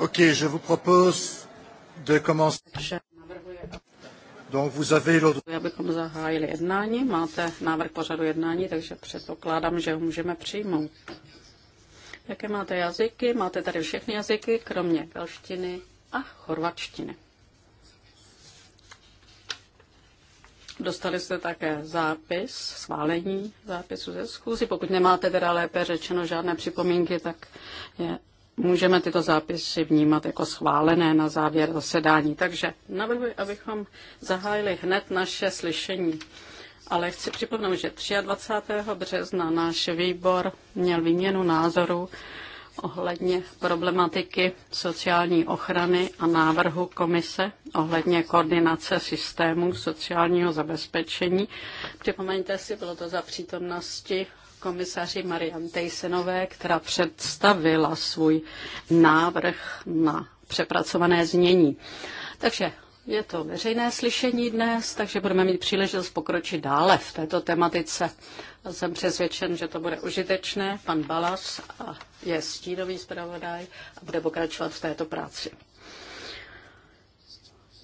OK, je vous propose de commencer. Donc vous avez Abychom zahájili jednání, máte návrh pořadu jednání, takže předpokládám, že ho můžeme přijmout. Jaké máte jazyky? Máte tady všechny jazyky, kromě velštiny a chorvačtiny. Dostali jste také zápis, schválení zápisu ze schůzy. Pokud nemáte teda lépe řečeno žádné připomínky, tak je můžeme tyto zápisy vnímat jako schválené na závěr zasedání. Takže navrhuji, abychom zahájili hned naše slyšení. Ale chci připomenout, že 23. března náš výbor měl výměnu názoru ohledně problematiky sociální ochrany a návrhu komise ohledně koordinace systému sociálního zabezpečení. Připomeňte si, bylo to za přítomnosti komisaři Marian Tejsenové, která představila svůj návrh na přepracované znění. Takže je to veřejné slyšení dnes, takže budeme mít příležitost pokročit dále v této tematice. Jsem přesvědčen, že to bude užitečné. Pan Balas je stínový zpravodaj a bude pokračovat v této práci.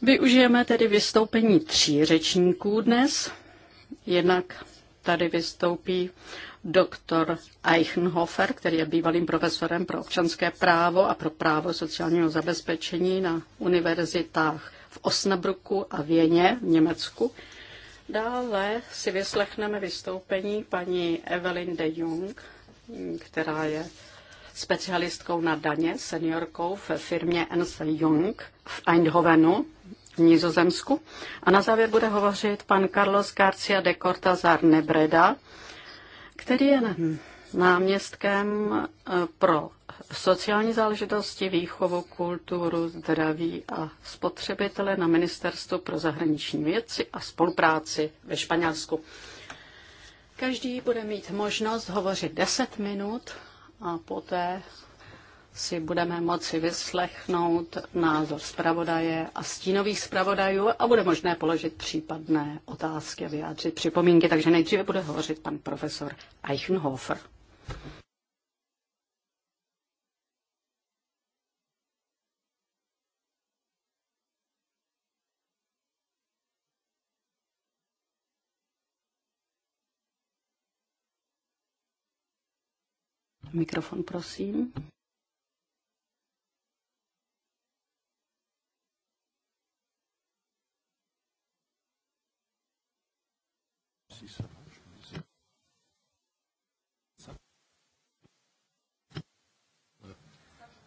Využijeme tedy vystoupení tří řečníků dnes. Jednak tady vystoupí doktor Eichenhofer, který je bývalým profesorem pro občanské právo a pro právo sociálního zabezpečení na univerzitách v Osnabruku a Věně v Německu. Dále si vyslechneme vystoupení paní Evelyn de Jong, která je specialistkou na daně, seniorkou v firmě Ernst Jung v Eindhovenu v Nizozemsku. A na závěr bude hovořit pan Carlos Garcia de Cortazar Nebreda, který je náměstkem eh, pro sociální záležitosti, výchovu, kulturu, zdraví a spotřebitele na Ministerstvu pro zahraniční věci a spolupráci ve Španělsku. Každý bude mít možnost hovořit 10 minut a poté si budeme moci vyslechnout názor zpravodaje a stínových zpravodajů a bude možné položit případné otázky a vyjádřit připomínky. Takže nejdříve bude hovořit pan profesor Eichenhofer. Mikrofon, prosím.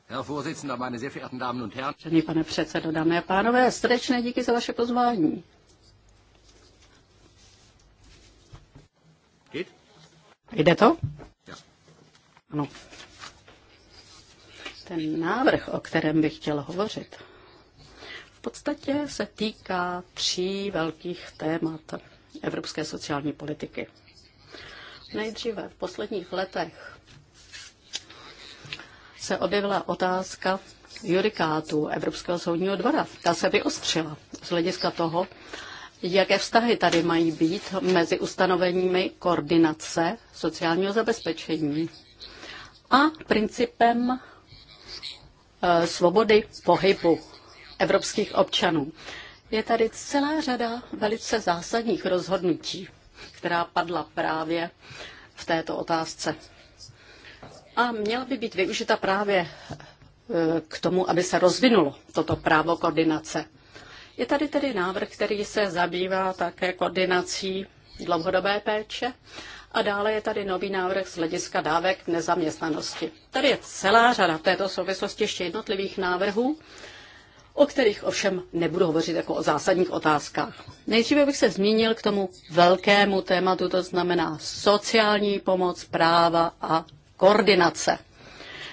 Vážený pane předsedo, dámy a pánové, srdečné díky za vaše pozvání. Jde to? Ano. Ten návrh, o kterém bych chtěl hovořit, v podstatě se týká tří velkých témat evropské sociální politiky. Nejdříve v posledních letech se objevila otázka judikátu Evropského soudního dvora. Ta se vyostřila z hlediska toho, jaké vztahy tady mají být mezi ustanoveními koordinace sociálního zabezpečení a principem eh, svobody pohybu evropských občanů. Je tady celá řada velice zásadních rozhodnutí, která padla právě v této otázce a měla by být využita právě e, k tomu, aby se rozvinulo toto právo koordinace. Je tady tedy návrh, který se zabývá také koordinací dlouhodobé péče a dále je tady nový návrh z hlediska dávek nezaměstnanosti. Tady je celá řada v této souvislosti ještě jednotlivých návrhů, o kterých ovšem nebudu hovořit jako o zásadních otázkách. Nejdříve bych se zmínil k tomu velkému tématu, to znamená sociální pomoc, práva a koordinace.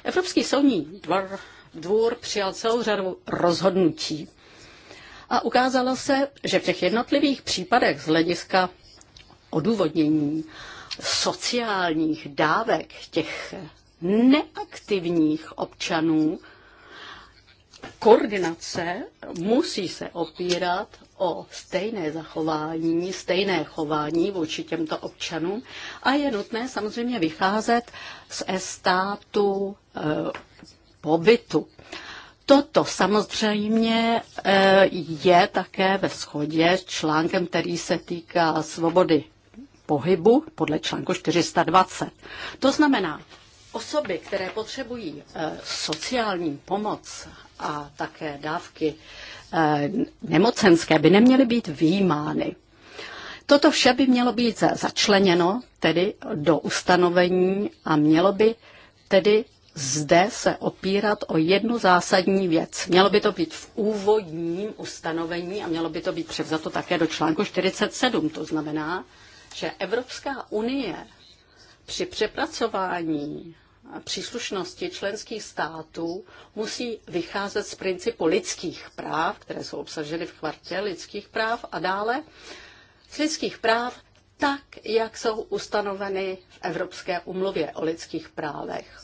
Evropský soudní dvor, dvůr přijal celou řadu rozhodnutí a ukázalo se, že v těch jednotlivých případech z hlediska odůvodnění sociálních dávek těch neaktivních občanů koordinace musí se opírat o stejné zachování, stejné chování vůči těmto občanům a je nutné samozřejmě vycházet z estátu e, eh, pobytu. Toto samozřejmě eh, je také ve shodě s článkem, který se týká svobody pohybu podle článku 420. To znamená, osoby, které potřebují eh, sociální pomoc a také dávky eh, nemocenské by neměly být výjímány. Toto vše by mělo být začleněno tedy do ustanovení a mělo by tedy zde se opírat o jednu zásadní věc. Mělo by to být v úvodním ustanovení a mělo by to být převzato také do článku 47. To znamená, že Evropská unie při přepracování příslušnosti členských států musí vycházet z principu lidských práv, které jsou obsaženy v kvartě lidských práv a dále z lidských práv tak, jak jsou ustanoveny v Evropské umluvě o lidských právech.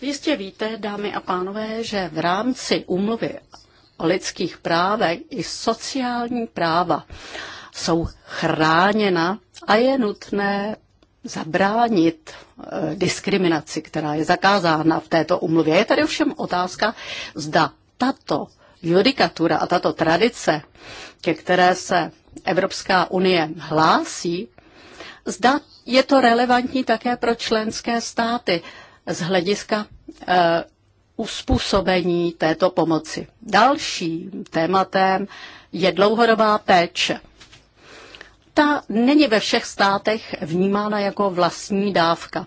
Jistě víte, dámy a pánové, že v rámci umluvy o lidských právech i sociální práva jsou chráněna a je nutné zabránit eh, diskriminaci, která je zakázána v této umluvě. Je tady ovšem otázka, zda tato judikatura a tato tradice, ke které se Evropská unie hlásí, zda je to relevantní také pro členské státy z hlediska uh, uspůsobení této pomoci. Dalším tématem je dlouhodobá péče ta není ve všech státech vnímána jako vlastní dávka.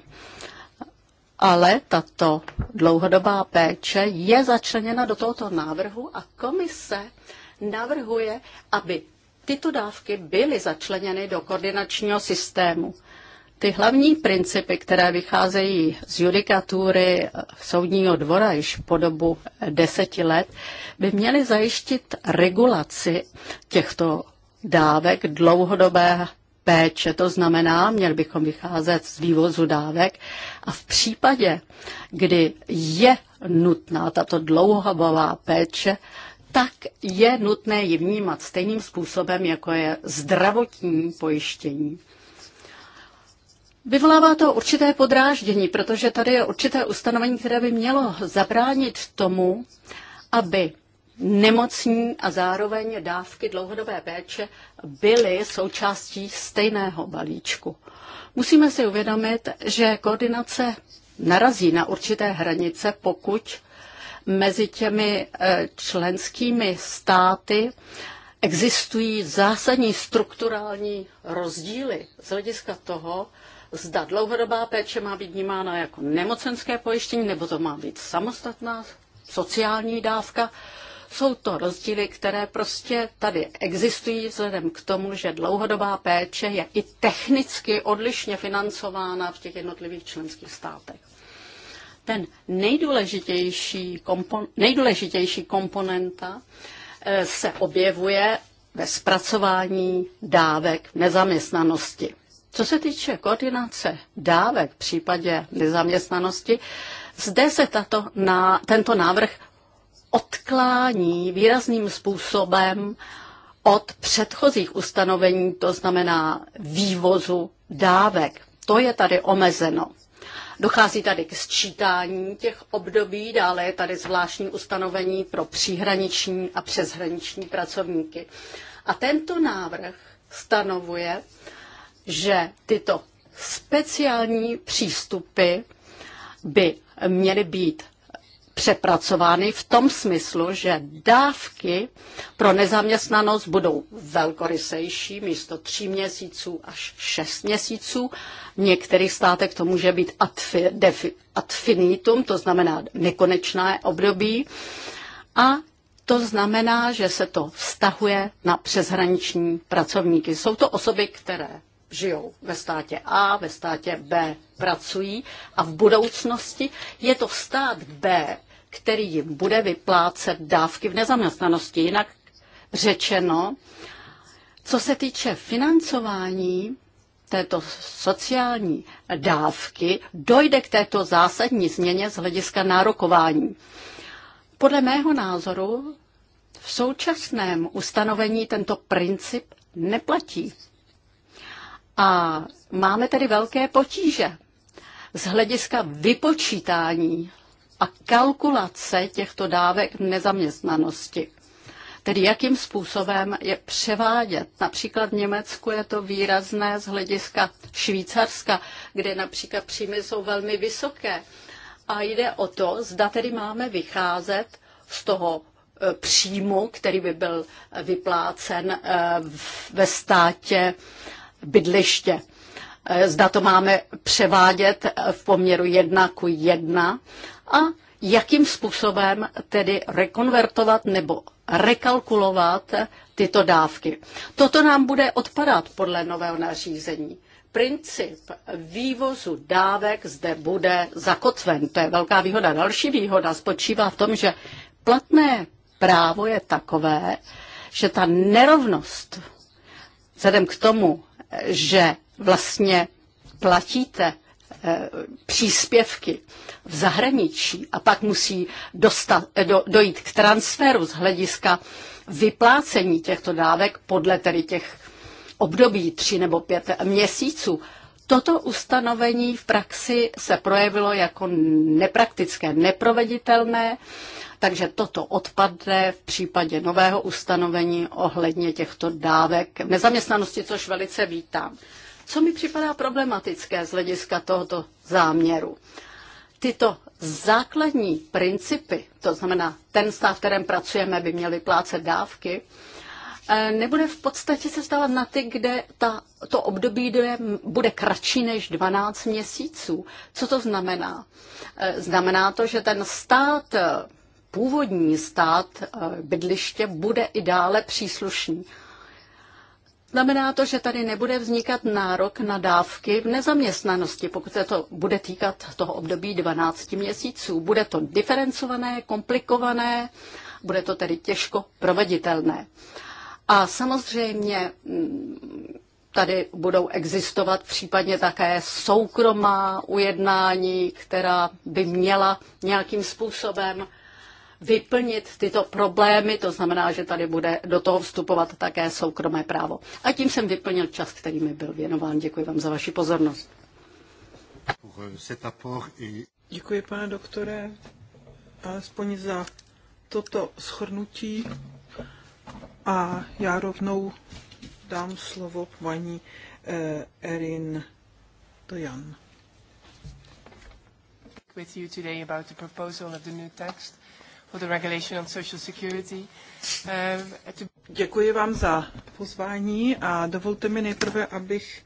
Ale tato dlouhodobá péče je začleněna do tohoto návrhu a komise navrhuje, aby tyto dávky byly začleněny do koordinačního systému. Ty hlavní principy, které vycházejí z judikatury soudního dvora již po dobu deseti let, by měly zajištit regulaci těchto dávek dlouhodobé péče. To znamená, měli bychom vycházet z vývozu dávek a v případě, kdy je nutná tato dlouhodobá péče, tak je nutné ji vnímat stejným způsobem, jako je zdravotní pojištění. Vyvolává to určité podráždění, protože tady je určité ustanovení, které by mělo zabránit tomu, aby nemocní a zároveň dávky dlouhodobé péče byly součástí stejného balíčku. Musíme si uvědomit, že koordinace narazí na určité hranice, pokud mezi těmi eh, členskými státy existují zásadní strukturální rozdíly z hlediska toho, zda dlouhodobá péče má být vnímána jako nemocenské pojištění, nebo to má být samostatná sociální dávka. Jsou to rozdíly, které prostě tady existují vzhledem k tomu, že dlouhodobá péče je i technicky odlišně financována v těch jednotlivých členských státech. Ten nejdůležitější, kompon, nejdůležitější komponenta eh, se objevuje ve zpracování dávek nezaměstnanosti. Co se týče koordinace dávek v případě nezaměstnanosti, zde se tato na, tento návrh odklání výrazným způsobem od předchozích ustanovení, to znamená vývozu dávek. To je tady omezeno. Dochází tady k sčítání těch období, dále je tady zvláštní ustanovení pro příhraniční a přeshraniční pracovníky. A tento návrh stanovuje, že tyto speciální přístupy by měly být přepracovány v tom smyslu, že dávky pro nezaměstnanost budou velkorysejší, místo tří měsíců až šest měsíců. V některých státech to může být ad, finitum, to znamená nekonečné období. A to znamená, že se to vztahuje na přeshraniční pracovníky. Jsou to osoby, které žijou ve státě A, ve státě B pracují a v budoucnosti je to stát B, který jim bude vyplácet dávky v nezaměstnanosti. Jinak řečeno, co se týče financování této sociální dávky, dojde k této zásadní změně z hlediska nárokování. Podle mého názoru v současném ustanovení tento princip neplatí. A máme tedy velké potíže z hlediska vypočítání a kalkulace těchto dávek nezaměstnanosti. Tedy jakým způsobem je převádět. Například v Německu je to výrazné z hlediska Švýcarska, kde například příjmy jsou velmi vysoké. A jde o to, zda tedy máme vycházet z toho e, příjmu, který by byl vyplácen e, ve státě bydliště. E, zda to máme převádět v poměru 1 ku 1, a jakým způsobem tedy rekonvertovat nebo rekalkulovat tyto dávky. Toto nám bude odpadat podle nového nařízení. Princip vývozu dávek zde bude zakotven. To je velká výhoda. Další výhoda spočívá v tom, že platné právo je takové, že ta nerovnost, vzhledem k tomu, že vlastně platíte eh, příspěvky v zahraničí a pak musí dostat, do, dojít k transferu z hlediska vyplácení těchto dávek podle tedy těch období tři nebo pět měsíců. Toto ustanovení v praxi se projevilo jako nepraktické, neproveditelné, takže toto odpadne v případě nového ustanovení ohledně těchto dávek v nezaměstnanosti, což velice vítám. Co mi připadá problematické z hlediska tohoto záměru? tyto základní principy, to znamená ten stát, v kterém pracujeme, by měl vyplácet dávky, eh, nebude v podstatě se stávat na ty, kde ta, to období bude, bude kratší než 12 měsíců. Co to znamená? Eh, znamená to, že ten stát, eh, původní stát bydliště, bude i dále příslušný. Znamená to, že tady nebude vznikat nárok na dávky v nezaměstnanosti, pokud se to bude týkat toho období 12 měsíců. Bude to diferencované, komplikované, bude to tedy těžko proveditelné. A samozřejmě mm, tady budou existovat případně také soukromá ujednání, která by měla nějakým způsobem vyplnit tyto problémy, to znamená, že tady bude do toho vstupovat také soukromé právo. A tím jsem vyplnil čas, který mi byl věnován. Děkuji vám za vaši pozornost. Děkuji, pane doktore, alespoň za toto shrnutí a já rovnou dám slovo paní eh, Erin Dojan. With you today about the proposal of the new text. Um, Děkuji vám za pozvání a dovolte mi nejprve, abych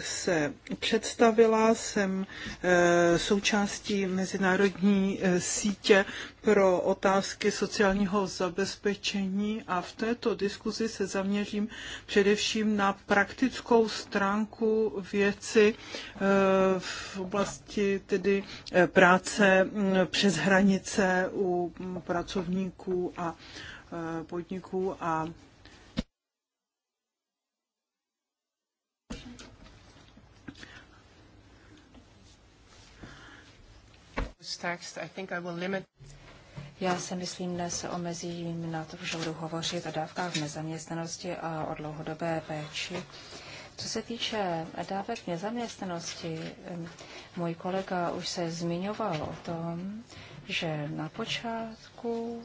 se představila, jsem eh, součástí mezinárodní eh, sítě pro otázky sociálního zabezpečení a v této diskuzi se zaměřím především na praktickou stránku věci eh, v oblasti tedy práce mm, přes hranice u mm, pracovníků a podniků a Já se myslím, dnes se omezím na to, že budu hovořit o dávkách v nezaměstnanosti a o dlouhodobé péči. Co se týče dávek v nezaměstnanosti, můj kolega už se zmiňoval o tom, že na počátku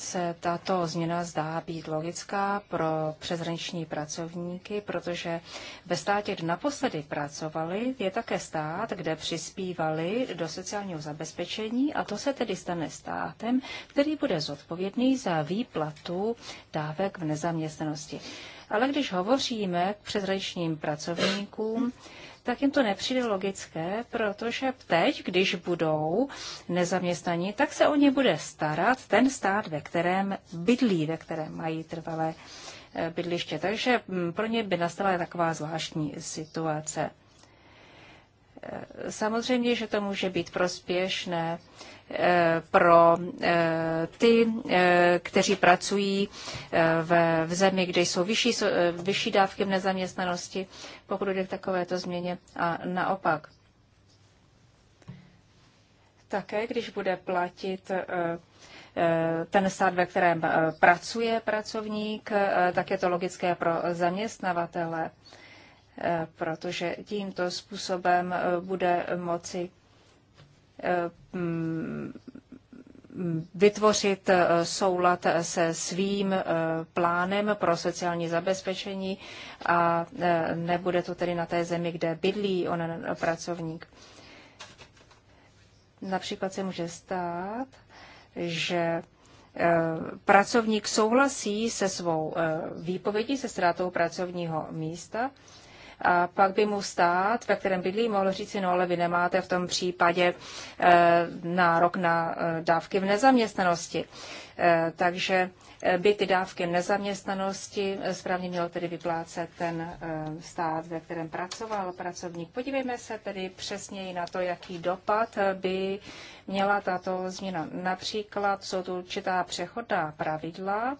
se tato změna zdá být logická pro přezraniční pracovníky, protože ve státě, kde naposledy pracovali, je také stát, kde přispívali do sociálního zabezpečení a to se tedy stane státem, který bude zodpovědný za výplatu dávek v nezaměstnanosti. Ale když hovoříme k přezraničním pracovníkům, tak jim to nepřijde logické, protože teď, když budou nezaměstnaní, tak se o ně bude starat ten stát, ve kterém bydlí, ve kterém mají trvalé eh, bydliště. Takže mm, pro ně by nastala taková zvláštní situace. Eh, samozřejmě, že to může být prospěšné pro eh, ty, eh, kteří pracují eh, v zemi, kde jsou vyšší, vyšší dávky v nezaměstnanosti, pokud jde k takovéto změně a naopak. Také, když bude platit ten stát, ve kterém pracuje pracovník, tak je to logické pro zaměstnavatele, protože tímto způsobem bude moci Eh, mm, vytvořit eh, soulad se svým eh, plánem pro sociální zabezpečení a nebude to tedy na té zemi, kde bydlí on pracovník. Například se může stát, že pracovník souhlasí se svou výpovědí, se ztrátou pracovního místa, a pak by mu stát, ve kterém bydlí, mohl říci, no ale vy nemáte v tom případě eh, nárok na eh, dávky v nezaměstnanosti. Eh, takže by ty dávky nezaměstnanosti správně měl tedy vyplácet ten stát, ve kterém pracoval pracovník. Podívejme se tedy přesněji na to, jaký dopad by měla tato změna. Například jsou tu určitá přechodná pravidla,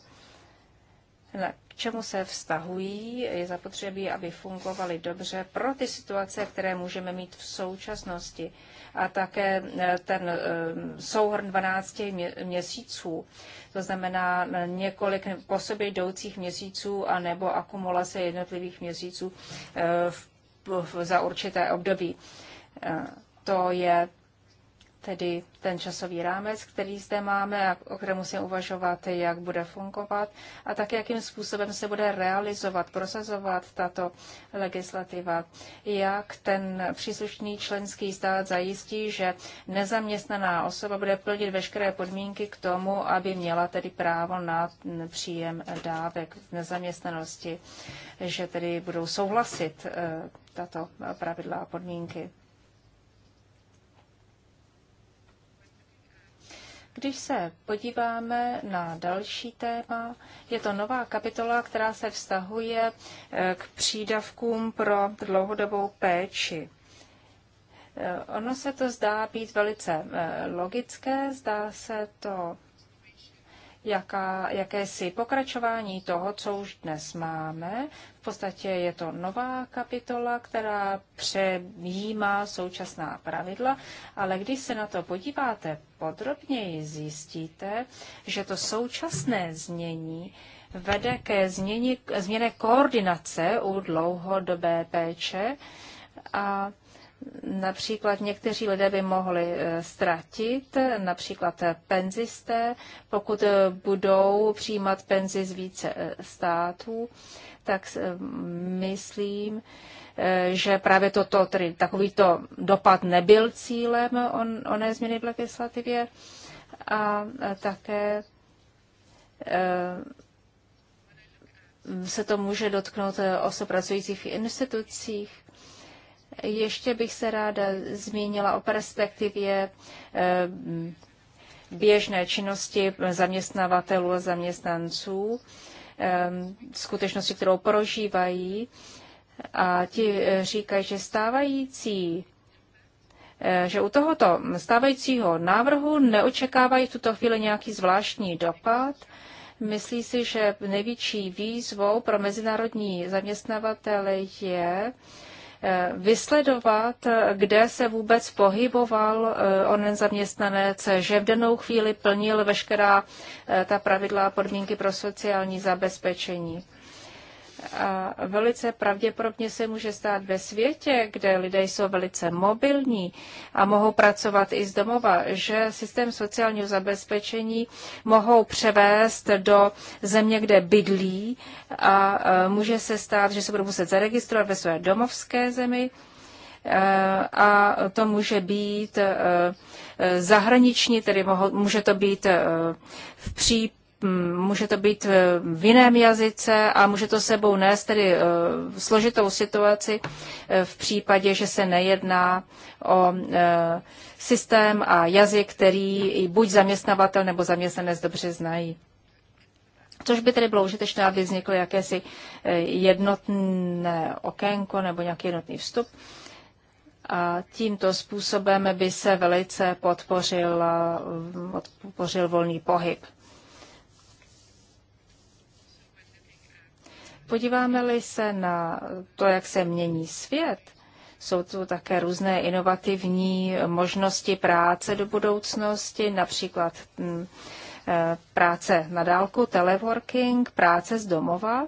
čemu se vztahují, je zapotřebí, aby fungovaly dobře pro ty situace, které můžeme mít v současnosti. A také eh, ten eh, souhrn 12 měsíců, to znamená eh, několik po sobě jdoucích měsíců a nebo akumulace jednotlivých měsíců v, v, za určité období. To je tedy ten časový rámec, který zde máme, a o kterém musíme uvažovat, jak bude fungovat a tak, jakým způsobem se bude realizovat, prosazovat tato legislativa, jak ten příslušný členský stát zajistí, že nezaměstnaná osoba bude plnit veškeré podmínky k tomu, aby měla tedy právo na příjem dávek v nezaměstnanosti, že tedy budou souhlasit eh, tato pravidla a podmínky. Když se podíváme na další téma, je to nová kapitola, která se vztahuje eh, k přídavkům pro dlouhodobou péči. Eh, ono se to zdá být velice eh, logické, zdá se to jaká, jakési pokračování toho, co už dnes máme. V podstatě je to nová kapitola, která přejímá současná pravidla, ale když se na to podíváte podrobněji, zjistíte, že to současné změní vede ke změně, změně koordinace u dlouhodobé péče a Například někteří lidé by mohli eh, ztratit, například eh, penzisté, pokud eh, budou přijímat penzi z více států, tak myslím, že právě toto, tedy takovýto dopad nebyl cílem on, oné změny v legislativě a také se to může dotknout osob pracujících v institucích. Ještě bych se ráda zmínila o perspektivě eh, běžné činnosti zaměstnavatelů a zaměstnanců, eh, skutečnosti, kterou prožívají. A ti eh, říkají, že stávající že u tohoto stávajícího návrhu neočekávají v tuto chvíli nějaký zvláštní dopad. Myslí si, že největší výzvou pro mezinárodní zaměstnavatele je Eh, vysledovat, eh, kde se vůbec pohyboval eh, onen zaměstnanec, že v danou chvíli plnil veškerá ta pravidla a podmínky pro sociální zabezpečení. A velice pravděpodobně se může stát ve světě, kde lidé jsou velice mobilní a mohou pracovat i z domova, že systém sociálního zabezpečení mohou převést do země, kde bydlí a e, může se stát, že se budou muset zaregistrovat ve své domovské zemi e, a to může být e, zahraniční, tedy může to být v případě Mm, může to být eh, v jiném jazyce a může to sebou nést tedy eh, složitou situaci eh, v případě, že se nejedná o systém a jazyk, který buď zaměstnavatel nebo zaměstnanec dobře znají. Což by tedy bylo užitečné, aby vzniklo jakési jednotné okénko nebo nějaký jednotný vstup. A tímto způsobem by se velice podpořil, podpořil volný pohyb. Podíváme-li se na to, jak se mění svět, jsou tu také různé inovativní možnosti práce do budoucnosti, například hm, eh, práce na dálku, teleworking, práce z domova.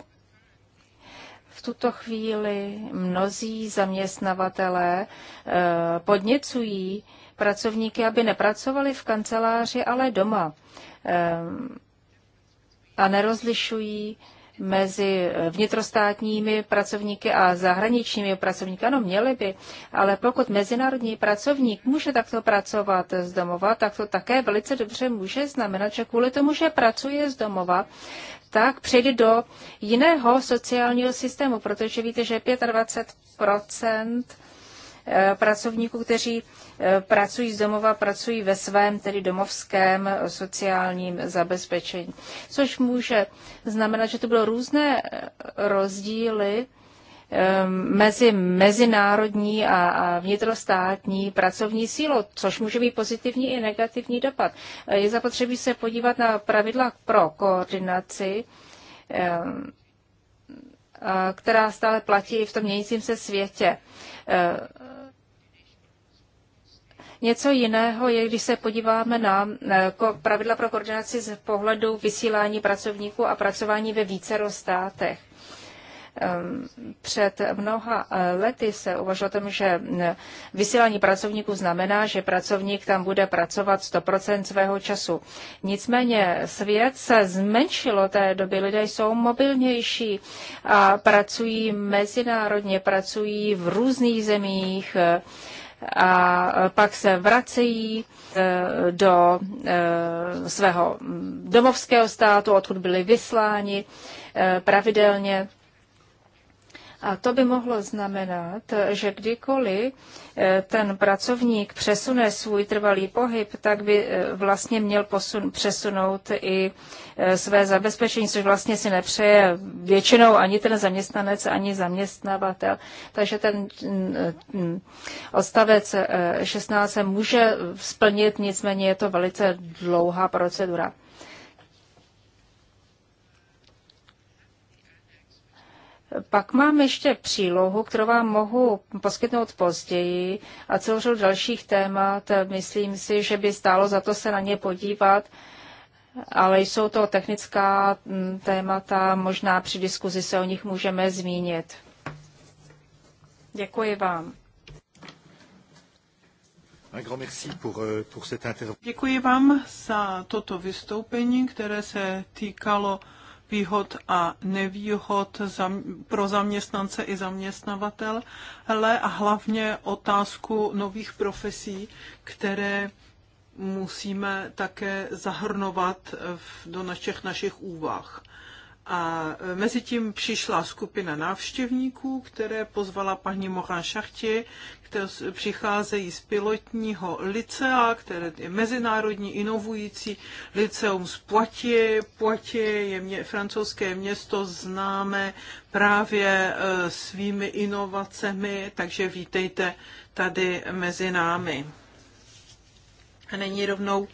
V tuto chvíli mnozí zaměstnavatelé eh, podněcují pracovníky, aby nepracovali v kanceláři, ale doma eh, a nerozlišují mezi vnitrostátními pracovníky a zahraničními pracovníky. Ano, měli by, ale pokud mezinárodní pracovník může takto pracovat z domova, tak to také velice dobře může znamenat, že kvůli tomu, že pracuje z domova, tak přejde do jiného sociálního systému, protože víte, že 25 eh, pracovníků, kteří Eh, pracují z domova, pracují ve svém, tedy domovském eh, sociálním zabezpečení. Což může znamenat, že to bylo různé eh, rozdíly ehm, mezi mezinárodní a, a vnitrostátní pracovní sílou, což může být pozitivní i negativní dopad. Je zapotřebí se podívat na pravidla pro koordinaci, ehm, která stále platí i v tom měnícím se světě. Něco jiného je, když se podíváme na eh, pravidla pro koordinaci z pohledu vysílání pracovníků a pracování ve více státech. Ehm, před mnoha eh, lety se uvažovalo o tom, že eh, vysílání pracovníků znamená, že pracovník tam bude pracovat 100% svého času. Nicméně svět se zmenšilo té doby, lidé jsou mobilnější a pracují mezinárodně, pracují v různých zemích, a pak se vracejí eh, do eh, svého domovského státu, odkud byli vysláni eh, pravidelně. A to by mohlo znamenat, že kdykoliv eh, ten pracovník přesune svůj trvalý pohyb, tak by eh, vlastně měl posun, přesunout i eh, své zabezpečení, což vlastně si nepřeje většinou ani ten zaměstnanec, ani zaměstnavatel. Takže ten mm, mm, odstavec 16 se může splnit, nicméně je to velice dlouhá procedura. Pak mám ještě přílohu, kterou vám mohu poskytnout později a celou řadu dalších témat. Myslím si, že by stálo za to se na ně podívat, ale jsou to technická mm, témata, možná při diskuzi se o nich můžeme zmínit. Děkuji vám. Euh, Děkuji vám za toto vystoupení, které se týkalo výhod a nevýhod pro zaměstnance i zaměstnavatel, ale a hlavně otázku nových profesí, které musíme také zahrnovat do našich našich úvah. A e, mezi tím přišla skupina návštěvníků, které pozvala paní Moran Šachti, které přicházejí z pilotního licea, které je mezinárodní inovující liceum z Poitiers. Poitiers je mě, francouzské město známé právě e, svými inovacemi, takže vítejte tady mezi námi. A není rovnou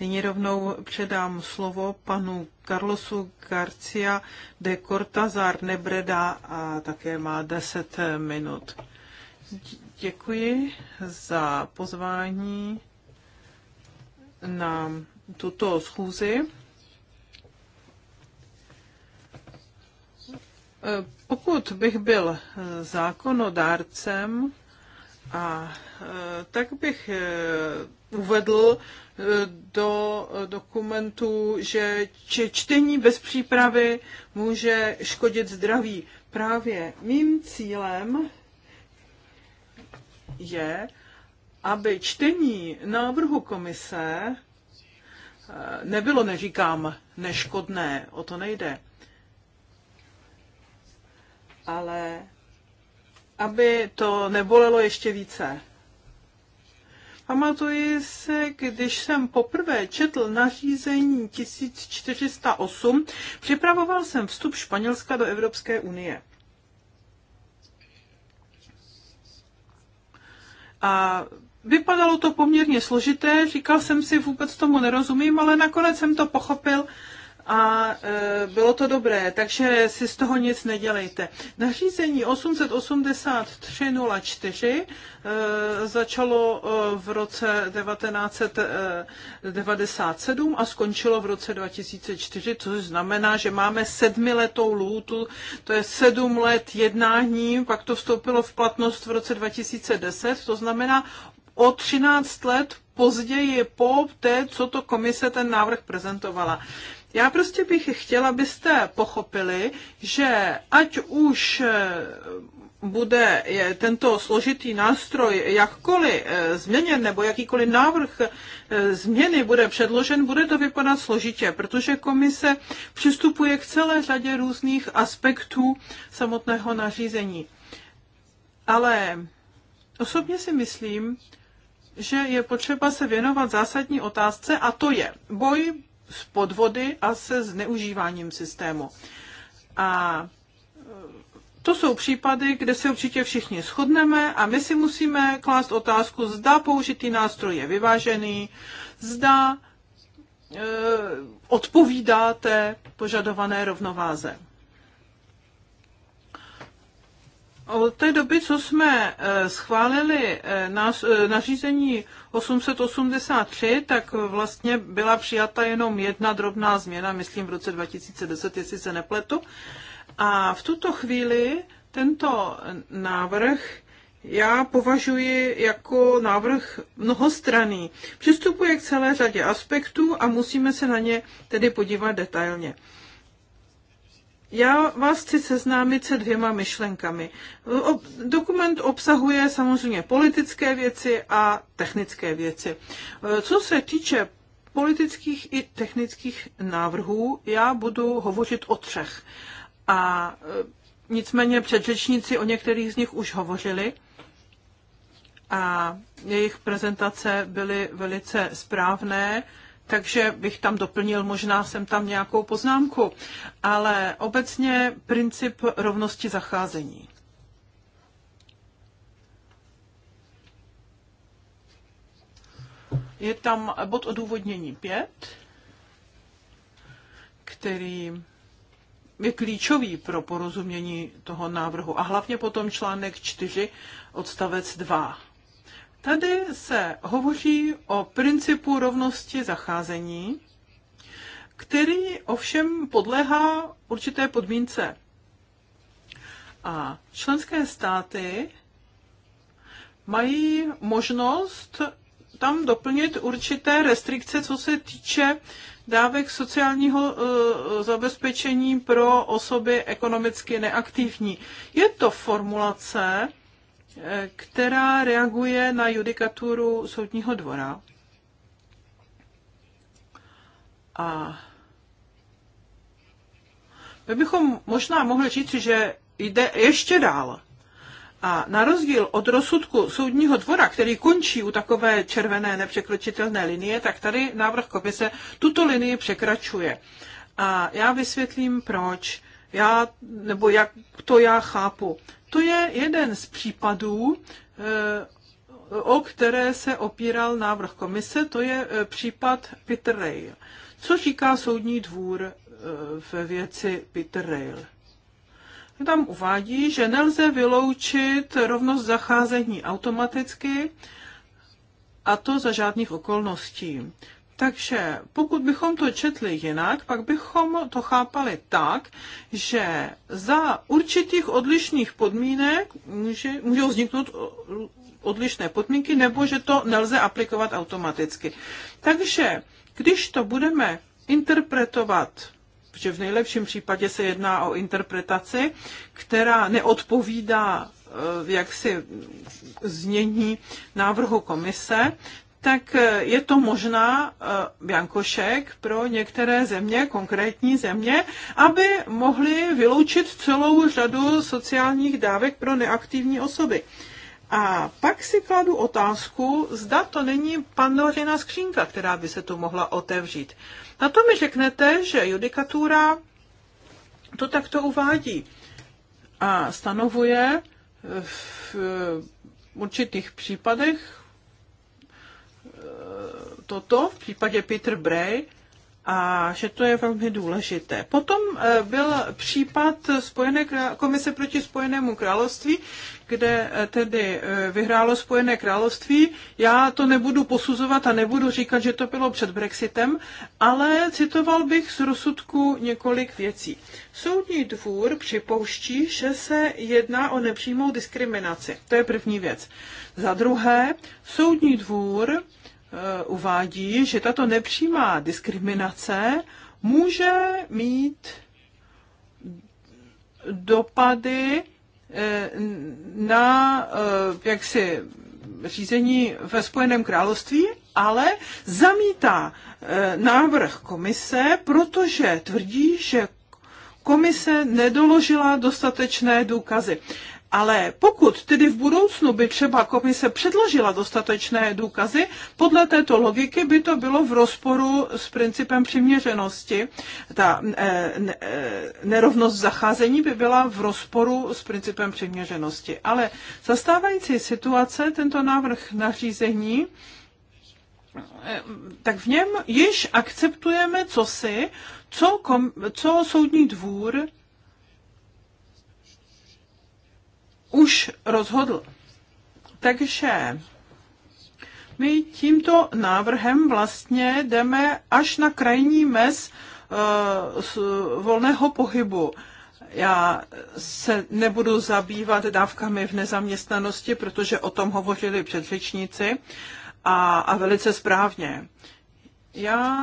Nyní rovnou předám slovo panu Carlosu Garcia de Cortazar Nebreda a také má 10 minut. Děkuji za pozvání na tuto schůzi. Pokud bych byl zákonodárcem, a tak bych uvedl, do dokumentu, že čtení bez přípravy může škodit zdraví. Právě mým cílem je, aby čtení návrhu komise eh, nebylo, neříkám, neškodné, o to nejde, ale aby to nebolelo ještě více. Pamatuji se, když jsem poprvé četl nařízení 1408, připravoval jsem vstup Španělska do Evropské unie. A vypadalo to poměrně složité, říkal jsem si, vůbec tomu nerozumím, ale nakonec jsem to pochopil a e, bylo to dobré, takže si z toho nic nedělejte. Nařízení 883.04 e, začalo e, v roce 1997 a skončilo v roce 2004, což znamená, že máme sedmiletou lůtu, to je sedm let jednání, pak to vstoupilo v platnost v roce 2010, to znamená o 13 let později po té, co to komise ten návrh prezentovala. Já prostě bych chtěla, abyste pochopili, že ať už eh, bude tento složitý nástroj jakkoliv eh, změněn nebo jakýkoliv návrh eh, změny bude předložen, bude to vypadat složitě, protože komise přistupuje k celé řadě různých aspektů samotného nařízení. Ale osobně si myslím, že je potřeba se věnovat zásadní otázce a to je boj s podvody a se zneužíváním systému. A e, to jsou případy, kde se určitě všichni shodneme a my si musíme klást otázku, zda použitý nástroj je vyvážený, zda e, odpovídá té požadované rovnováze. Od té doby, co jsme eh, schválili eh, eh, nařízení 883, tak vlastně byla přijata jenom jedna drobná změna, myslím v roce 2010, jestli se nepletu. A v tuto chvíli tento návrh já považuji jako návrh mnohostraný. Přistupuje k celé řadě aspektů a musíme se na ně tedy podívat detailně. Já vás chci seznámit se dvěma myšlenkami. Dokument obsahuje samozřejmě politické věci a technické věci. Co se týče politických i technických návrhů, já budu hovořit o třech. A e, nicméně předřečníci o některých z nich už hovořili a jejich prezentace byly velice správné takže bych tam doplnil možná jsem tam nějakou poznámku, ale obecně princip rovnosti zacházení. Je tam bod odůvodnění 5, který je klíčový pro porozumění toho návrhu a hlavně potom článek 4 odstavec 2 Tady se hovoří o principu rovnosti zacházení, který ovšem podléhá určité podmínce. A členské státy mají možnost tam doplnit určité restrikce, co se týče dávek sociálního e, zabezpečení pro osoby ekonomicky neaktivní. Je to formulace, která reaguje na judikaturu soudního dvora. A my bychom možná mohli říct, že jde ještě dál. A na rozdíl od rozsudku soudního dvora, který končí u takové červené nepřekročitelné linie, tak tady návrh komise tuto linii překračuje. A já vysvětlím proč, já, nebo jak to já chápu. To je jeden z případů, eh, o které se opíral návrh komise, to je eh, případ Peter Rail. Co říká soudní dvůr eh, ve věci Peter Rail? Tam uvádí, že nelze vyloučit rovnost zacházení automaticky, a to za žádných okolností. Takže pokud bychom to četli jinak, pak bychom to chápali tak, že za určitých odlišných podmínek může, můžou vzniknout odlišné podmínky, nebo že to nelze aplikovat automaticky. Takže když to budeme interpretovat, protože v nejlepším případě se jedná o interpretaci, která neodpovídá eh, jaksi znění návrhu komise, tak eh, je to možná eh, biankošek pro některé země, konkrétní země, aby mohli vyloučit celou řadu sociálních dávek pro neaktivní osoby. A pak si kladu otázku, zda to není pandořina skřínka, která by se tu mohla otevřít. Na to mi řeknete, že judikatura to takto uvádí a stanovuje v určitých případech toto v případě Peter Bray a že to je velmi důležité. Potom eh, byl případ Spojené komise proti Spojenému království, kde eh, tedy eh, vyhrálo Spojené království. Já to nebudu posuzovat a nebudu říkat, že to bylo před Brexitem, ale citoval bych z rozsudku několik věcí. Soudní dvůr připouští, že se jedná o nepřímou diskriminaci. To je první věc. Za druhé, soudní dvůr Eh, uvádí, že tato nepřímá diskriminace může mít dopady eh, na eh, jaksi řízení ve Spojeném království, ale zamítá návrh komise, protože tvrdí, že komise nedoložila dostatečné důkazy. Ale pokud tedy v budoucnu by třeba komise předložila dostatečné důkazy, podle této logiky by to bylo v rozporu s principem přiměřenosti. Ta eh, eh, nerovnost zacházení by byla v rozporu s principem přiměřenosti. Ale zastávající situace tento návrh nařízení eh, tak v něm již akceptujeme cosi, co, kom, co soudní dvůr už rozhodl. Takže my tímto návrhem vlastně jdeme až na krajní mez eh, volného pohybu. Já se nebudu zabývat dávkami v nezaměstnanosti, protože o tom hovořili předřečníci a, a velice správně. Já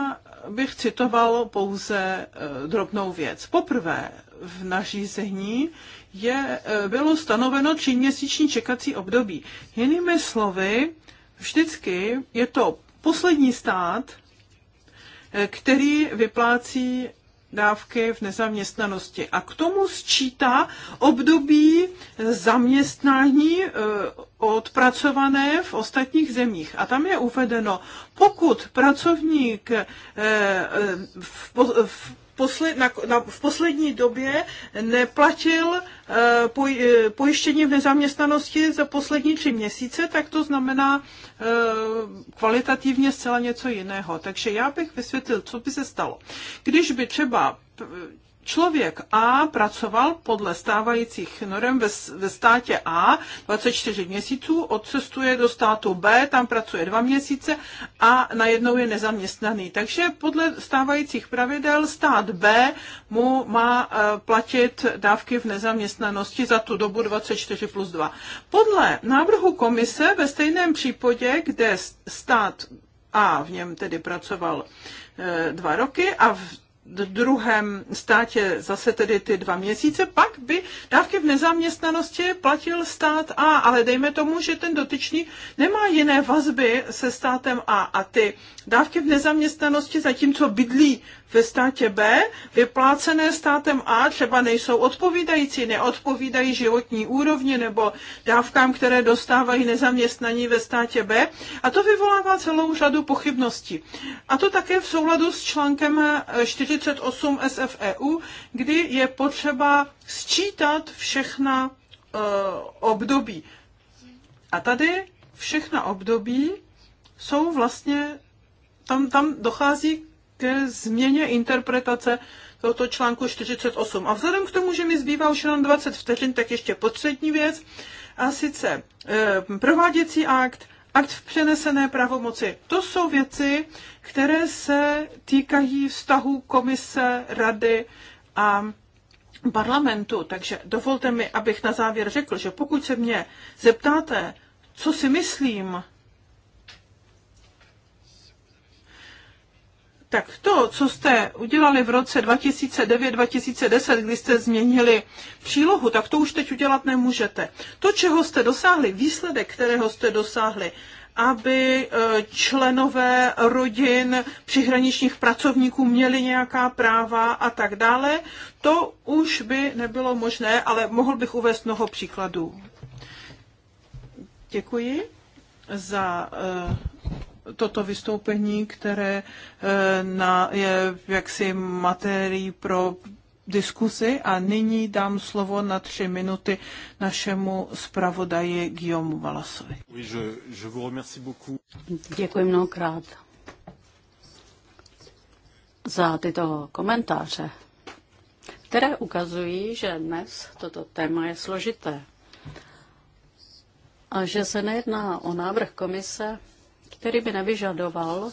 bych citoval pouze eh, drobnou věc. Poprvé v nařízení je, e, bylo stanoveno tříměsíční čekací období. Jinými slovy, vždycky je to poslední stát, e, který vyplácí dávky v nezaměstnanosti a k tomu sčítá období zaměstnání e, odpracované v ostatních zemích. A tam je uvedeno, pokud pracovník v posled, na, na, v poslední době neplatil eh, poj, eh, pojištění v nezaměstnanosti za poslední tři měsíce, tak to znamená eh, kvalitativně zcela něco jiného. Takže já bych vysvětlil, co by se stalo. Když by třeba člověk A pracoval podle stávajících norm ve, ve státě A 24 měsíců, odcestuje do státu B, tam pracuje dva měsíce a najednou je nezaměstnaný. Takže podle stávajících pravidel stát B mu má eh, platit dávky v nezaměstnanosti za tu dobu 24 plus 2. Podle návrhu komise ve stejném případě, kde stát a v něm tedy pracoval eh, dva roky a v druhém státě zase tedy ty dva měsíce, pak by dávky v nezaměstnanosti platil stát A, ale dejme tomu, že ten dotyčný nemá jiné vazby se státem A a ty dávky v nezaměstnanosti, zatímco bydlí ve státě B, vyplácené státem A třeba nejsou odpovídající, neodpovídají životní úrovni nebo dávkám, které dostávají nezaměstnaní ve státě B. A to vyvolává celou řadu pochybností. A to také v souladu s článkem 48 SFEU, kdy je potřeba sčítat všechna uh, období. A tady všechna období jsou vlastně, tam, tam dochází ke změně interpretace tohoto článku 48. A vzhledem k tomu, že mi zbývá už jenom 20 vteřin, tak ještě poslední věc, a sice e, prováděcí akt, akt v přenesené pravomoci. To jsou věci, které se týkají vztahu komise, rady a parlamentu. Takže dovolte mi, abych na závěr řekl, že pokud se mě zeptáte, co si myslím tak to, co jste udělali v roce 2009-2010, kdy jste změnili přílohu, tak to už teď udělat nemůžete. To, čeho jste dosáhli, výsledek, kterého jste dosáhli, aby e, členové rodin přihraničních pracovníků měli nějaká práva a tak dále, to už by nebylo možné, ale mohl bych uvést mnoho příkladů. Děkuji za e, toto vystoupení, které eh, na, je jaksi materií pro diskusy a nyní dám slovo na tři minuty našemu zpravodaji Guillaume Valasovi. Děkuji mnohokrát za tyto komentáře, které ukazují, že dnes toto téma je složité a že se nejedná o návrh komise, který by nevyžadoval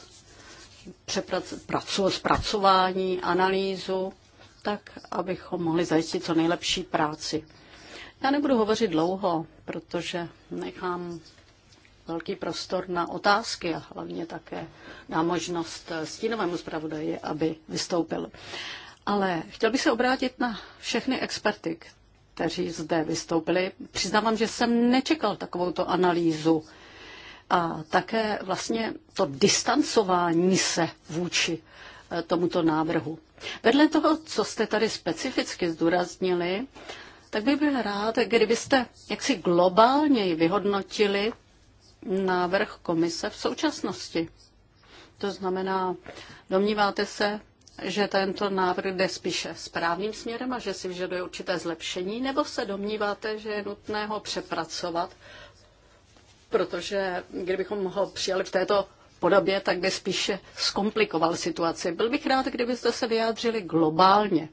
zpracování, analýzu, tak abychom mohli zajistit co nejlepší práci. Já nebudu hovořit dlouho, protože nechám velký prostor na otázky a hlavně také na možnost stínovému zpravodaji, aby vystoupil. Ale chtěl bych se obrátit na všechny experty, kteří zde vystoupili. Přiznávám, že jsem nečekal takovouto analýzu a také vlastně to distancování se vůči eh, tomuto návrhu. Vedle toho, co jste tady specificky zdůraznili, tak bych byl rád, kdybyste jaksi globálněji vyhodnotili návrh komise v současnosti. To znamená, domníváte se, že tento návrh jde spíše správným směrem a že si vyžaduje určité zlepšení, nebo se domníváte, že je nutné ho přepracovat protože kdybychom ho přijali v této podobě, tak by spíše zkomplikoval situaci. Byl bych rád, kdybyste se vyjádřili globálně,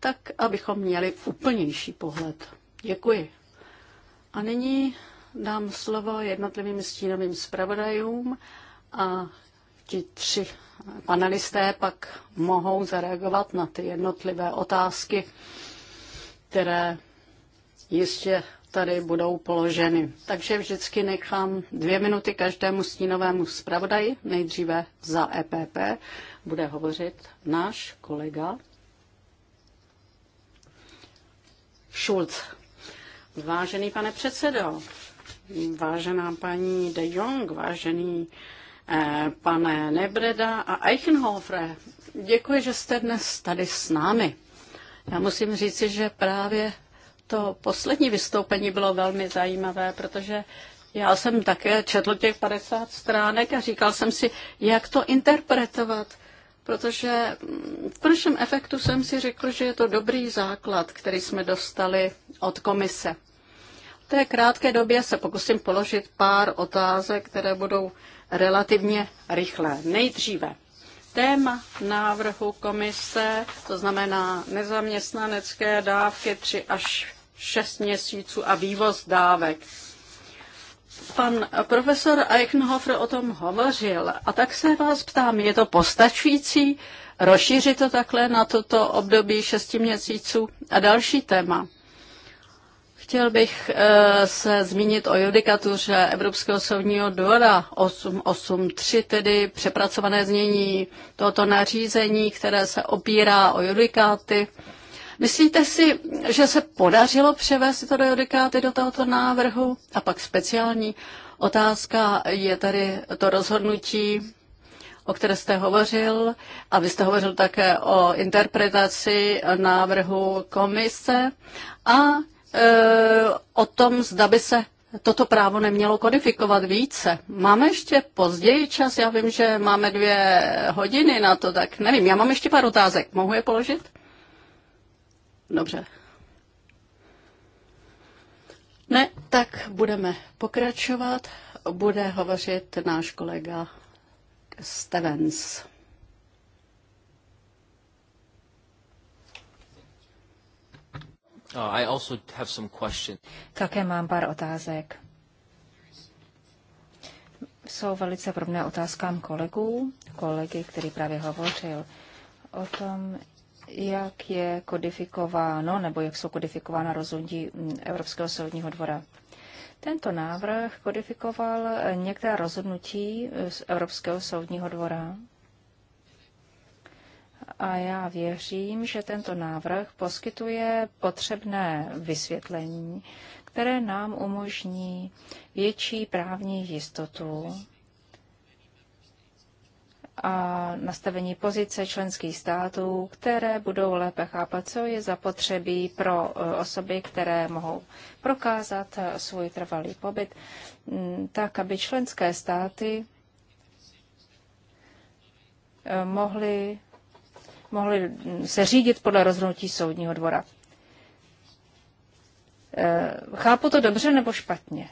tak abychom měli úplnější pohled. Děkuji. A nyní dám slovo jednotlivým stínovým zpravodajům a ti tři panelisté pak mohou zareagovat na ty jednotlivé otázky, které jistě tady budou položeny. Takže vždycky nechám dvě minuty každému stínovému zpravodaji. Nejdříve za EPP bude hovořit náš kolega Schulz. Vážený pane předsedo, vážená paní de Jong, vážený eh, pane Nebreda a Eichenhofer, děkuji, že jste dnes tady s námi. Já musím říci, že právě to poslední vystoupení bylo velmi zajímavé, protože já jsem také četl těch 50 stránek a říkal jsem si, jak to interpretovat, protože v prvním efektu jsem si řekl, že je to dobrý základ, který jsme dostali od komise. V té krátké době se pokusím položit pár otázek, které budou relativně rychlé. Nejdříve téma návrhu komise, to znamená nezaměstnanecké dávky 3 až 6 měsíců a vývoz dávek. Pan profesor Eichenhofer o tom hovořil a tak se vás ptám, je to postačující rozšířit to takhle na toto období 6 měsíců a další téma? Chtěl bych eh, se zmínit o judikatuře Evropského soudního dvora 883, tedy přepracované znění tohoto nařízení, které se opírá o judikáty Myslíte si, že se podařilo převést tyto judikáty do tohoto návrhu? A pak speciální otázka je tady to rozhodnutí o které jste hovořil, a vy jste hovořil také o interpretaci návrhu komise a e, o tom, zda by se toto právo nemělo kodifikovat více. Máme ještě později čas, já vím, že máme dvě hodiny na to, tak nevím, já mám ještě pár otázek, mohu je položit? Dobře. Ne, tak budeme pokračovat. Bude hovořit náš kolega Stevens. Oh, I also have some questions. Také mám pár otázek. Jsou velice podobné otázkám kolegů, kolegy, který právě hovořil o tom, jak je kodifikováno nebo jak jsou kodifikována rozhodnutí Evropského soudního dvora. Tento návrh kodifikoval některá rozhodnutí z Evropského soudního dvora. A já věřím, že tento návrh poskytuje potřebné vysvětlení, které nám umožní větší právní jistotu a nastavení pozice členských států, které budou lépe chápat, co je zapotřebí pro e, osoby, které mohou prokázat e, svůj trvalý pobyt, mm, tak aby členské státy e, mohly, mohly mm, se řídit podle rozhodnutí soudního dvora. Chápu to dobře nebo špatně?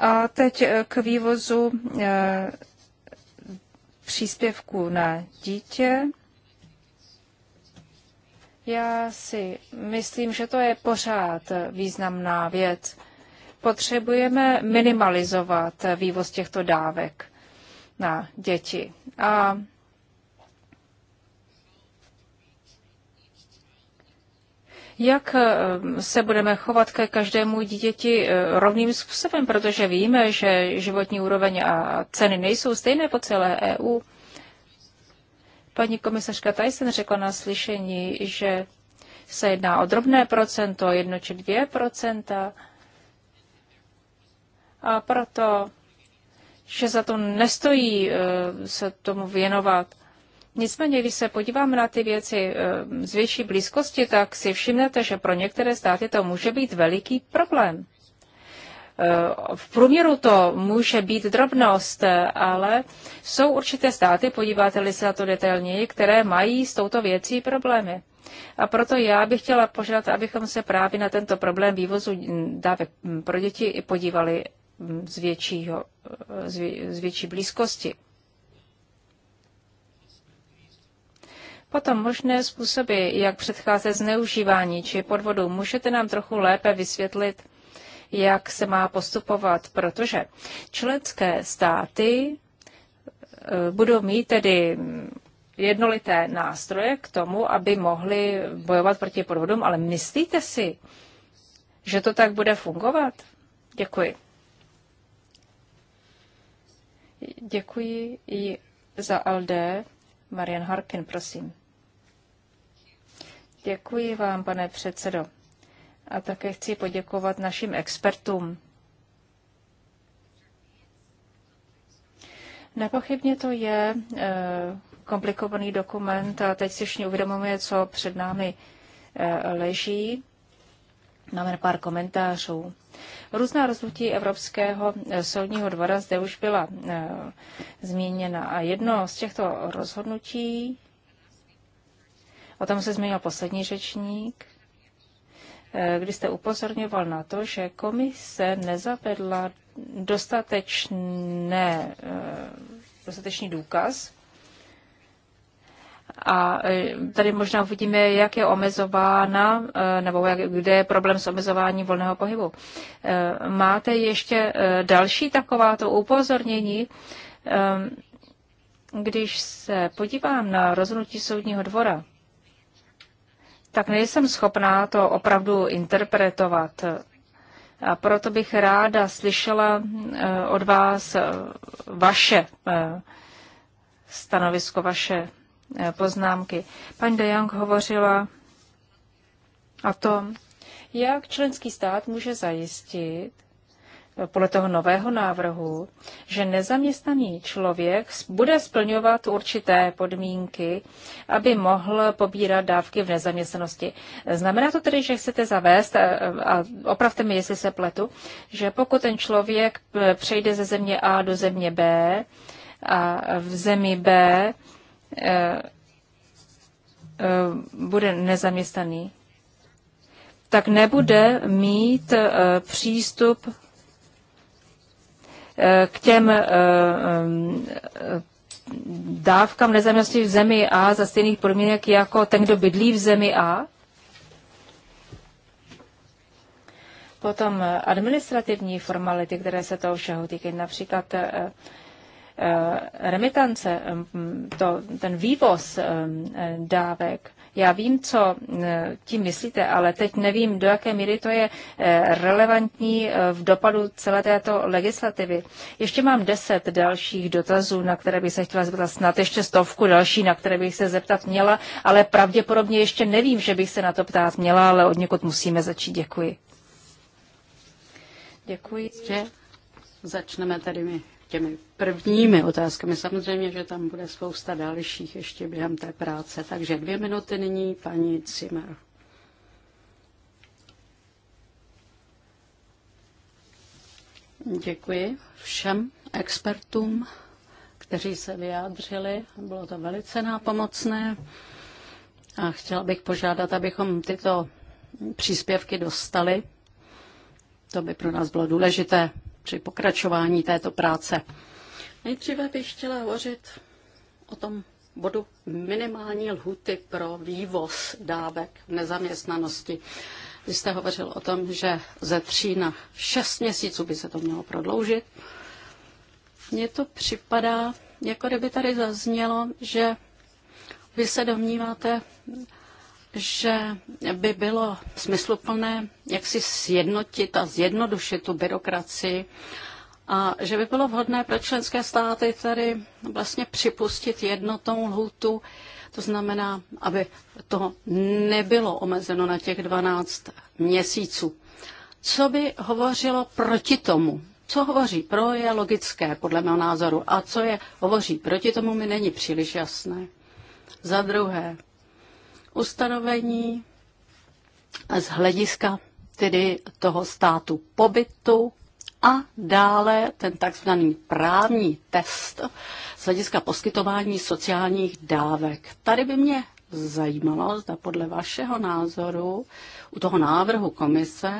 A teď eh, k vývozu eh, příspěvku na dítě. Já si myslím, že to je pořád významná věc. Potřebujeme minimalizovat vývoz těchto dávek na děti. A jak eh, se budeme chovat ke každému dítěti eh, rovným způsobem, protože víme, že životní úroveň a ceny nejsou stejné po celé EU. Paní komisařka Tyson řekla na slyšení, že se jedná o drobné procento, jedno či dvě procenta. A proto, že za to nestojí eh, se tomu věnovat. Nicméně, když se podíváme na ty věci eh, z větší blízkosti, tak si všimnete, že pro některé státy to může být veliký problém. Eh, v průměru to může být drobnost, eh, ale jsou určité státy, podíváte-li se na to detailněji, které mají s touto věcí problémy. A proto já bych chtěla požádat, abychom se právě na tento problém vývozu dávek mm, pro děti podívali mm, z, většího, z větší blízkosti. Potom možné způsoby, jak předcházet zneužívání či podvodu. Můžete nám trochu lépe vysvětlit, jak se má postupovat, protože členské státy eh, budou mít tedy jednolité nástroje k tomu, aby mohli bojovat proti podvodům, ale myslíte si, že to tak bude fungovat? Děkuji. Děkuji i za LD. Marian Harkin, prosím. Děkuji vám, pane předsedo. A také chci poděkovat našim expertům. Nepochybně to je eh, komplikovaný dokument a teď si všichni uvědomujeme, co před námi eh, leží. Máme pár komentářů. Různá rozhodnutí Evropského eh, soudního dvora zde už byla zmíněna a jedno z těchto rozhodnutí O tom se zmínil poslední řečník, eh, kdy jste upozorňoval na to, že komise nezavedla dostatečné, eh, dostatečný důkaz. A eh, tady možná uvidíme, jak je omezována, nebo jak, kde je problém s omezováním volného pohybu. Máte ještě další takováto upozornění? Když se podívám na rozhodnutí soudního dvora, tak nejsem schopná to opravdu interpretovat. A proto bych ráda slyšela eh, od vás eh, vaše eh, stanovisko, vaše poznámky. Paní de Jong hovořila o tom, jak členský stát může zajistit, podle toho nového návrhu, že nezaměstnaný člověk bude splňovat určité podmínky, aby mohl pobírat dávky v nezaměstnanosti. Znamená to tedy, že chcete zavést, eh, a opravte mi, jestli se pletu, že pokud ten člověk eh, přejde ze země A do země B a v zemi B eh, bude nezaměstnaný, tak nebude mít přístup Eh, k těm eh, eh, dávkám nezaměstnanosti v zemi A za stejných podmínek jako ten, kdo bydlí v zemi A? Potom administrativní formality, které se toho všeho týkají, například remitance, mm, to, ten vývoz dávek, já vím, co e, tím myslíte, ale teď nevím, do jaké míry to je e, relevantní e, v dopadu celé této legislativy. Ještě mám deset dalších dotazů, na které bych se chtěla zeptat, snad ještě stovku další, na které bych se zeptat měla, ale pravděpodobně ještě nevím, že bych se na to ptát měla, ale od někud musíme začít. Děkuji. Děkuji. Že začneme tady my těmi prvními otázkami. Samozřejmě, že tam bude spousta dalších ještě během té práce. Takže dvě minuty nyní, paní Cimer. Děkuji všem expertům, kteří se vyjádřili. Bylo to velice nápomocné. A chtěla bych požádat, abychom tyto příspěvky dostali. To by pro nás bylo důležité při pokračování této práce. Nejdříve bych chtěla hovořit o tom bodu minimální lhuty pro vývoz dávek v nezaměstnanosti. Vy jste hovořil o tom, že ze tří na šest měsíců by se to mělo prodloužit. Mně to připadá, jako kdyby tady zaznělo, že vy se domníváte, že by bylo smysluplné, jak si sjednotit a zjednodušit tu byrokracii a že by bylo vhodné pro členské státy tady vlastně připustit jednotnou lhůtu, to znamená, aby to nebylo omezeno na těch 12 měsíců. Co by hovořilo proti tomu? Co hovoří pro je logické, podle mého názoru, a co je hovoří proti tomu mi není příliš jasné. Za druhé, ustanovení z hlediska tedy toho státu pobytu a dále ten takzvaný právní test z hlediska poskytování sociálních dávek. Tady by mě zajímalo, zda podle vašeho názoru u toho návrhu komise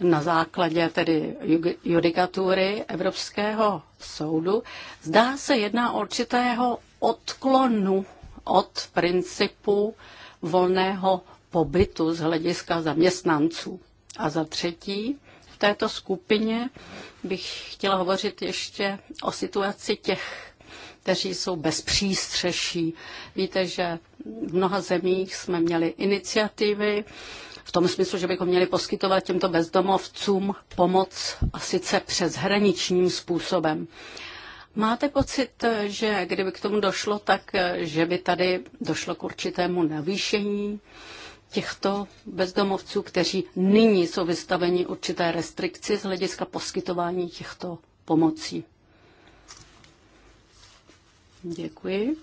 na základě tedy judikatury Evropského soudu, zdá se jedná o určitého odklonu od principu volného pobytu z hlediska zaměstnanců. A za třetí, v této skupině bych chtěla hovořit ještě o situaci těch, kteří jsou bez přístřeší. Víte, že v mnoha zemích jsme měli iniciativy, v tom smyslu, že bychom měli poskytovat těmto bezdomovcům pomoc a sice hraničním způsobem. Máte pocit, že kdyby k tomu došlo, tak že by tady došlo k určitému navýšení těchto bezdomovců, kteří nyní jsou vystaveni určité restrikci z hlediska poskytování těchto pomocí? Děkuji.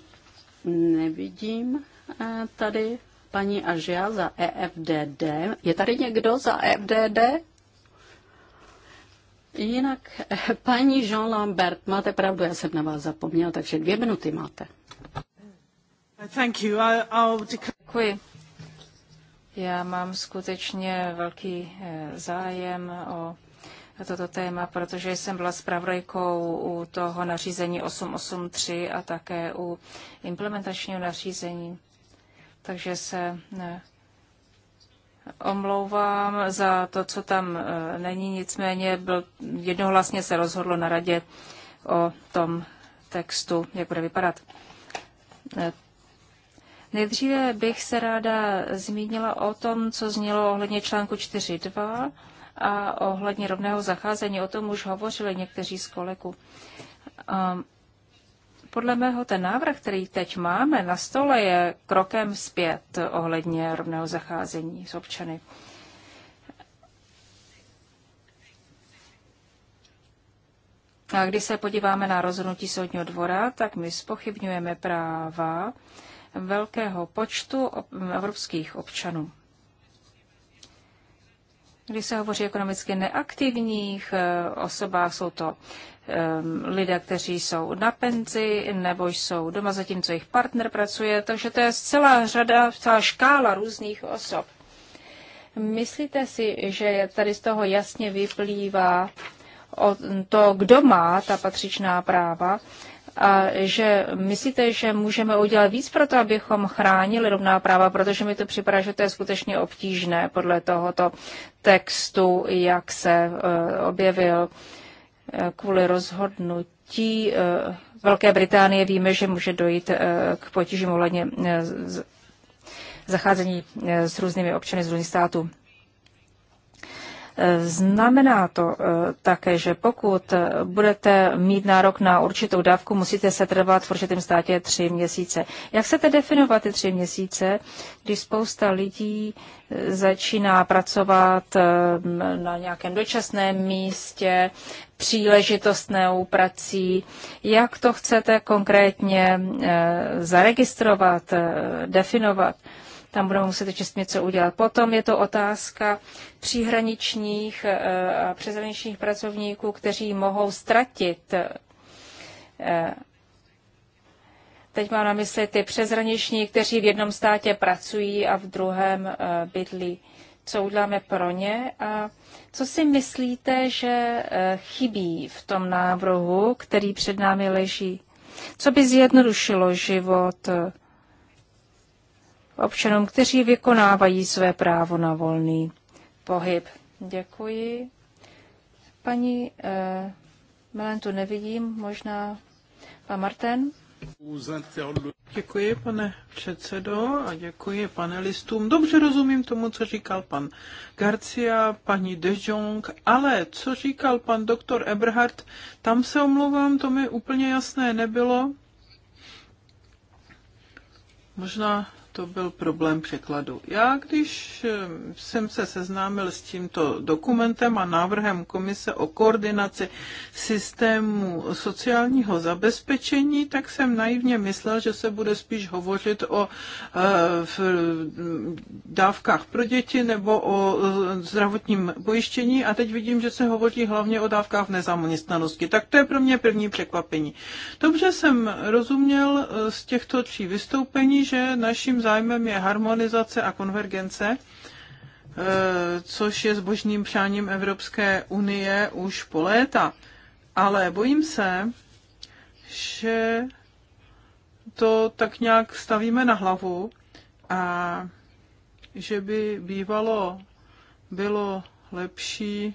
Nevidím eh, tady paní Ažia za EFDD. Je tady někdo za EFDD? Jinak, paní Jean Lambert, máte pravdu, já jsem na vás zapomněla, takže dvě minuty máte. Thank you. I, I'll... Děkuji. Já mám skutečně velký eh, zájem o toto téma, protože jsem byla zpravodajkou u toho nařízení 883 a také u implementačního nařízení. Takže se eh, omlouvám za to, co tam e, není, nicméně byl, jednohlasně se rozhodlo na radě o tom textu, jak bude vypadat. E, nejdříve bych se ráda zmínila o tom, co znělo ohledně článku 4.2 a ohledně rovného zacházení. O tom už hovořili někteří z kolegů. Um, podle mého ten návrh, který teď máme na stole, je krokem zpět ohledně rovného zacházení s občany. A když se podíváme na rozhodnutí soudního dvora, tak my spochybňujeme práva velkého počtu evropských občanů. Když se hovoří o ekonomicky neaktivních eh, osobách, jsou to eh, lidé, kteří jsou na penzi nebo jsou doma, zatímco jejich partner pracuje. Takže to je celá řada, celá škála různých osob. Myslíte si, že tady z toho jasně vyplývá o to, kdo má ta patřičná práva a že myslíte, že můžeme udělat víc pro to, abychom chránili rovná práva, protože mi to připadá, že to je skutečně obtížné podle tohoto textu, jak se e, objevil e, kvůli rozhodnutí e, Velké Británie. Víme, že může dojít k potížím ohledně zacházení s různými občany z různých států. Znamená to eh, také, že pokud budete mít nárok na určitou dávku, musíte se trvat v určitém státě tři měsíce. Jak tedy definovat ty tři měsíce, když spousta lidí eh, začíná pracovat eh, na nějakém dočasném místě, příležitostnou prací. Jak to chcete konkrétně zaregistrovat, definovat? tam budeme muset ještě něco udělat. Potom je to otázka příhraničních eh, a přezraničních pracovníků, kteří mohou ztratit eh, Teď mám na mysli ty přezraniční, kteří v jednom státě pracují a v druhém eh, bydlí. Co uděláme pro ně a co si myslíte, že chybí v tom návrhu, který před námi leží? Co by zjednodušilo život občanům, kteří vykonávají své právo na volný pohyb. Děkuji. Paní eh, Melentu nevidím, možná pan Marten. Děkuji, pane předsedo, a děkuji panelistům. Dobře rozumím tomu, co říkal pan Garcia, paní De Jong, ale co říkal pan doktor Eberhardt, tam se omlouvám, to mi úplně jasné nebylo. Možná to byl problém překladu. Já, když eh, jsem se seznámil s tímto dokumentem a návrhem Komise o koordinaci systému sociálního zabezpečení, tak jsem naivně myslel, že se bude spíš hovořit o eh, mm, dávkách pro děti nebo o eh, zdravotním pojištění a teď vidím, že se hovoří hlavně o dávkách v nezaměstnanosti. Tak to je pro mě první překvapení. Dobře jsem rozuměl z těchto tří vystoupení, že naším zájmem je harmonizace a konvergence, e, což je zbožným přáním Evropské unie už po léta. Ale bojím se, že to tak nějak stavíme na hlavu a že by bývalo bylo lepší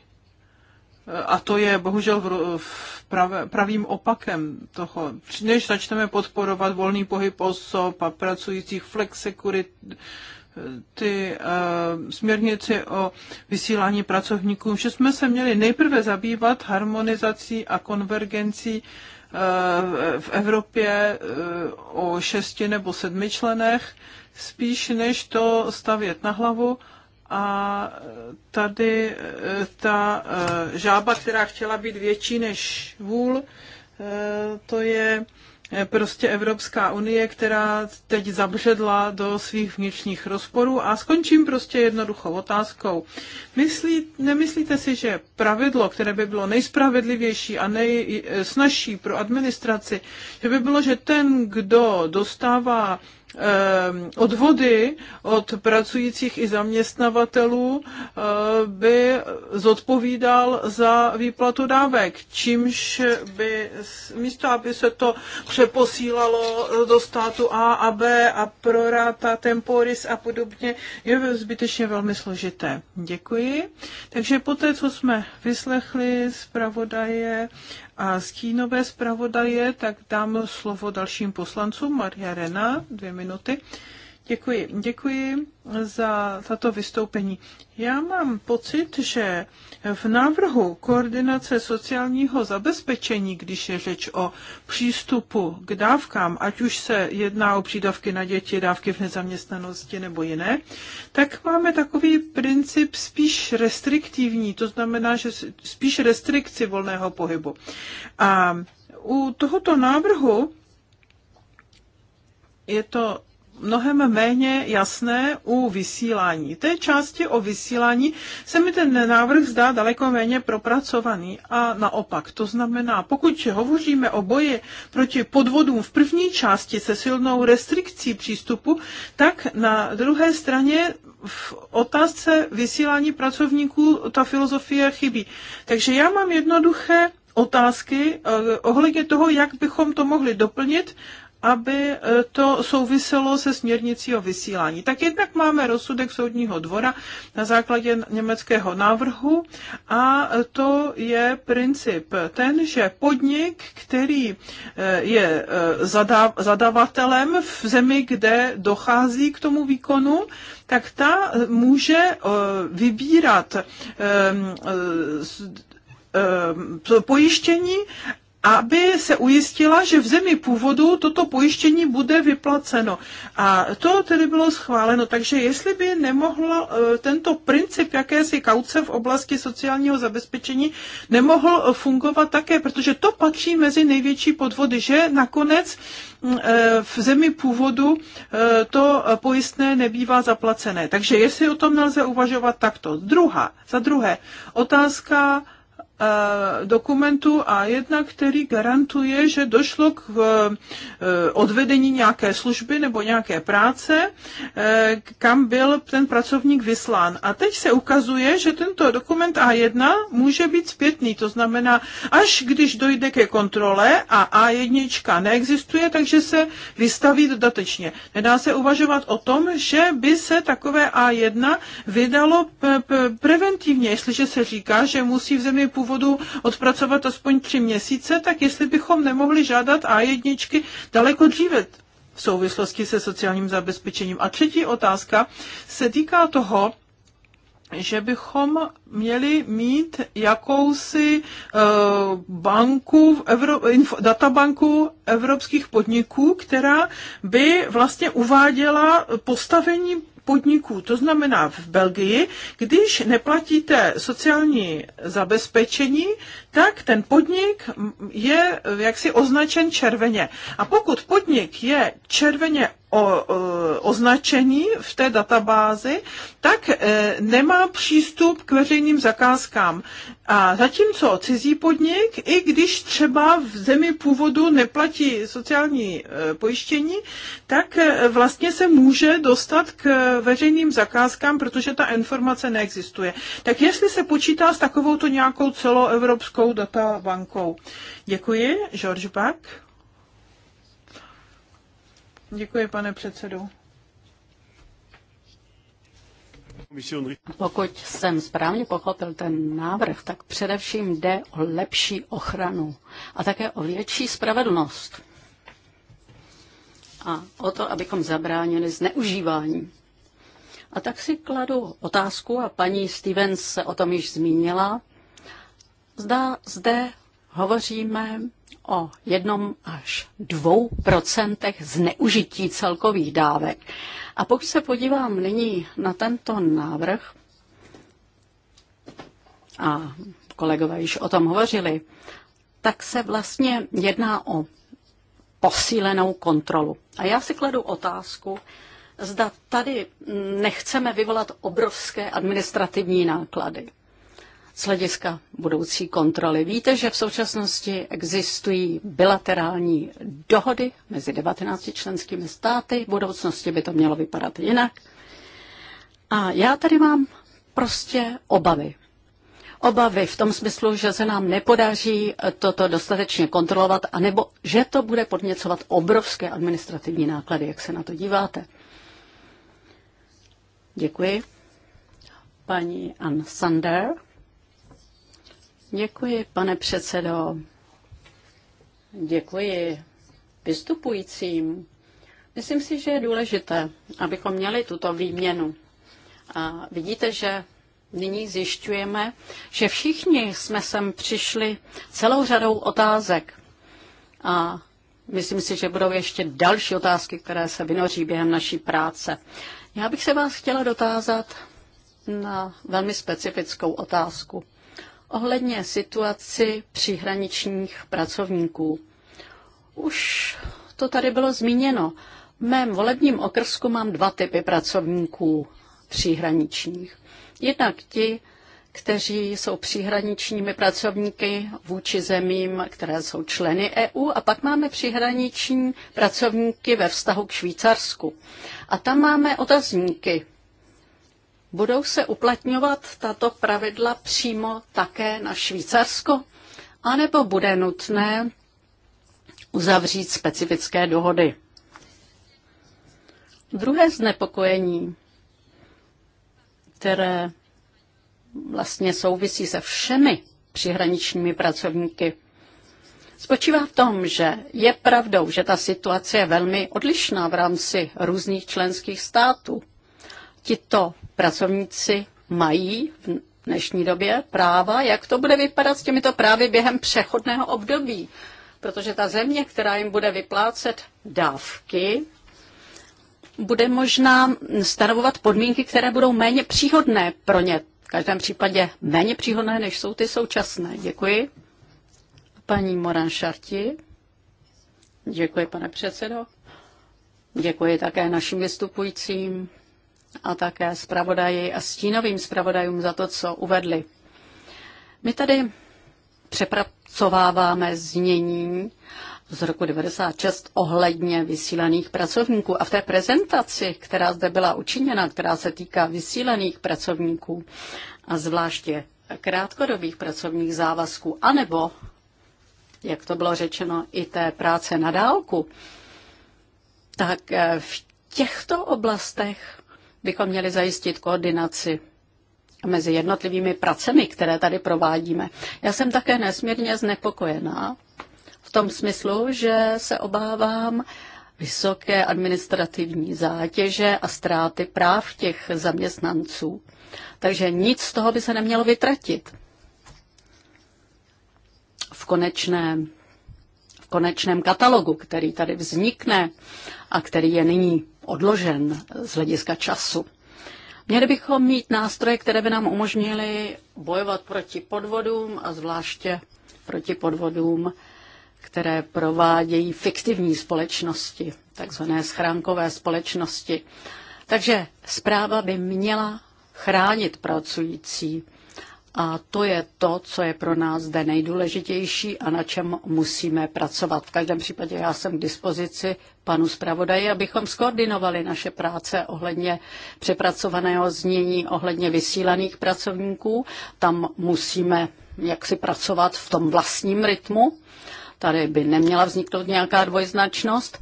a to je bohužel v, v pravé, pravým opakem toho. Než začneme podporovat volný pohyb osob a pracujících flexikurit, ty uh, eh, směrnici o vysílání pracovníků, že jsme se měli nejprve zabývat harmonizací a konvergencí uh, v Evropě uh, o šesti nebo sedmi členech, spíš než to stavět na hlavu a tady eh, ta eh, žába, která chtěla být větší než vůl, eh, to je prostě Evropská unie, která teď zabředla do svých vnitřních rozporů a skončím prostě jednoduchou otázkou. Myslí, nemyslíte si, že pravidlo, které by bylo nejspravedlivější a nejsnažší pro administraci, že by bylo, že ten, kdo dostává Ehm, odvody od pracujících i zaměstnavatelů eh, by zodpovídal za výplatu dávek, čímž by místo, aby se to přeposílalo do státu A a B a prorata temporis a podobně, je zbytečně velmi složité. Děkuji. Takže poté, co jsme vyslechli zpravodaje a stínové zpravodaje, tak dám slovo dalším poslancům. Maria Rena, dvě minuty. Děkuji. Děkuji za tato vystoupení. Já mám pocit, že v návrhu koordinace sociálního zabezpečení, když je řeč o přístupu k dávkám, ať už se jedná o přídavky na děti, dávky v nezaměstnanosti nebo jiné, tak máme takový princip spíš restriktivní, to znamená, že spíš restrikci volného pohybu. A u tohoto návrhu je to mnohem méně jasné u vysílání. Té části o vysílání se mi ten návrh zdá daleko méně propracovaný a naopak. To znamená, pokud hovoříme o boji proti podvodům v první části se silnou restrikcí přístupu, tak na druhé straně v otázce vysílání pracovníků ta filozofie chybí. Takže já mám jednoduché otázky eh, ohledně toho, jak bychom to mohli doplnit aby e, to souviselo se směrnicí o vysílání. Tak jednak máme rozsudek soudního dvora na základě německého návrhu a to je princip ten, že podnik, který e, je e, zadavatelem v zemi, kde dochází k tomu výkonu, tak ta může vybírat pojištění aby se ujistila, že v zemi původu toto pojištění bude vyplaceno. A to tedy bylo schváleno. Takže jestli by nemohl e, tento princip jakési kauce v oblasti sociálního zabezpečení nemohl fungovat také, protože to patří mezi největší podvody, že nakonec e, v zemi původu e, to pojistné nebývá zaplacené. Takže jestli o tom nelze uvažovat takto. Druhá, za druhé, otázka Eh, dokumentu A1, který garantuje, že došlo k eh, eh, odvedení nějaké služby nebo nějaké práce, kam byl ten pracovník vyslán. A teď se ukazuje, že tento dokument A1 může být zpětný, to znamená, až když dojde ke kontrole a A1 neexistuje, takže se vystaví dodatečně. Nedá se uvažovat o tom, že by se takové A1 vydalo preventivně, jestliže se říká, že musí v zemi původit důvodů odpracovat aspoň tři měsíce, tak jestli bychom nemohli žádat A1 daleko dříve v souvislosti se sociálním zabezpečením. A třetí otázka se týká toho, že bychom měli mít jakousi e, banku, Evro, databanku evropských podniků, která by vlastně uváděla postavení podniků. To znamená v Belgii, když neplatíte sociální zabezpečení, tak ten podnik je jaksi označen červeně. A pokud podnik je červeně o, označení v té databázi, tak e, nemá přístup k veřejným zakázkám. A zatímco cizí podnik, i když třeba v zemi původu neplatí sociální e, pojištění, tak e, vlastně se může dostat k veřejným zakázkám, protože ta informace neexistuje. Tak jestli se počítá s takovouto nějakou celoevropskou databankou. Děkuji, George Bach. Děkuji, pane předsedo. Pokud jsem správně pochopil ten návrh, tak především jde o lepší ochranu a také o větší spravedlnost. A o to, abychom zabránili zneužívání. A tak si kladu otázku, a paní Stevens se o tom již zmínila, zda zde hovoříme o jednom až dvou procentech zneužití celkových dávek. A pokud se podívám nyní na tento návrh, a kolegové již o tom hovořili, tak se vlastně jedná o posílenou kontrolu. A já si kladu otázku, zda tady nechceme vyvolat obrovské administrativní náklady z hlediska budoucí kontroly. Víte, že v současnosti existují bilaterální dohody mezi 19 členskými státy, v budoucnosti by to mělo vypadat jinak. A já tady mám prostě obavy. Obavy v tom smyslu, že se nám nepodaří toto dostatečně kontrolovat, anebo že to bude podněcovat obrovské administrativní náklady. Jak se na to díváte? Děkuji. Paní Ann Sander. Děkuji, pane předsedo. Děkuji vystupujícím. Myslím si, že je důležité, abychom měli tuto výměnu. A vidíte, že nyní zjišťujeme, že všichni jsme sem přišli celou řadou otázek. A myslím si, že budou ještě další otázky, které se vynoří během naší práce. Já bych se vás chtěla dotázat na velmi specifickou otázku ohledně situaci příhraničních pracovníků. Už to tady bylo zmíněno. V mém volebním okrsku mám dva typy pracovníků příhraničních. Jednak ti, kteří jsou příhraničními pracovníky vůči zemím, které jsou členy EU. A pak máme příhraniční pracovníky ve vztahu k Švýcarsku. A tam máme otazníky Budou se uplatňovat tato pravidla přímo také na Švýcarsko? A nebo bude nutné uzavřít specifické dohody? Druhé znepokojení, které vlastně souvisí se všemi přihraničními pracovníky, spočívá v tom, že je pravdou, že ta situace je velmi odlišná v rámci různých členských států. Tito pracovníci mají v dnešní době práva, jak to bude vypadat s těmito právy během přechodného období. Protože ta země, která jim bude vyplácet dávky, bude možná stanovovat podmínky, které budou méně příhodné pro ně. V každém případě méně příhodné, než jsou ty současné. Děkuji. Paní Moran Šarti. Děkuji, pane předsedo. Děkuji také našim vystupujícím a také zpravodaji a stínovým zpravodajům za to, co uvedli. My tady přepracováváme znění z roku 96 ohledně vysílených pracovníků. A v té prezentaci, která zde byla učiněna, která se týká vysílených pracovníků a zvláště krátkodobých pracovních závazků, anebo, jak to bylo řečeno, i té práce na dálku, tak eh, v těchto oblastech bychom měli zajistit koordinaci mezi jednotlivými pracemi, které tady provádíme. Já jsem také nesmírně znepokojená v tom smyslu, že se obávám vysoké administrativní zátěže a ztráty práv těch zaměstnanců. Takže nic z toho by se nemělo vytratit. V konečném konečném katalogu, který tady vznikne a který je nyní odložen z hlediska času. Měli bychom mít nástroje, které by nám umožnily bojovat proti podvodům a zvláště proti podvodům, které provádějí fiktivní společnosti, takzvané schránkové společnosti. Takže zpráva by měla chránit pracující a to je to, co je pro nás zde nejdůležitější a na čem musíme pracovat. V každém případě já jsem k dispozici panu zpravodaji, abychom skoordinovali naše práce ohledně přepracovaného znění, ohledně vysílaných pracovníků. Tam musíme jaksi pracovat v tom vlastním rytmu. Tady by neměla vzniknout nějaká dvojznačnost,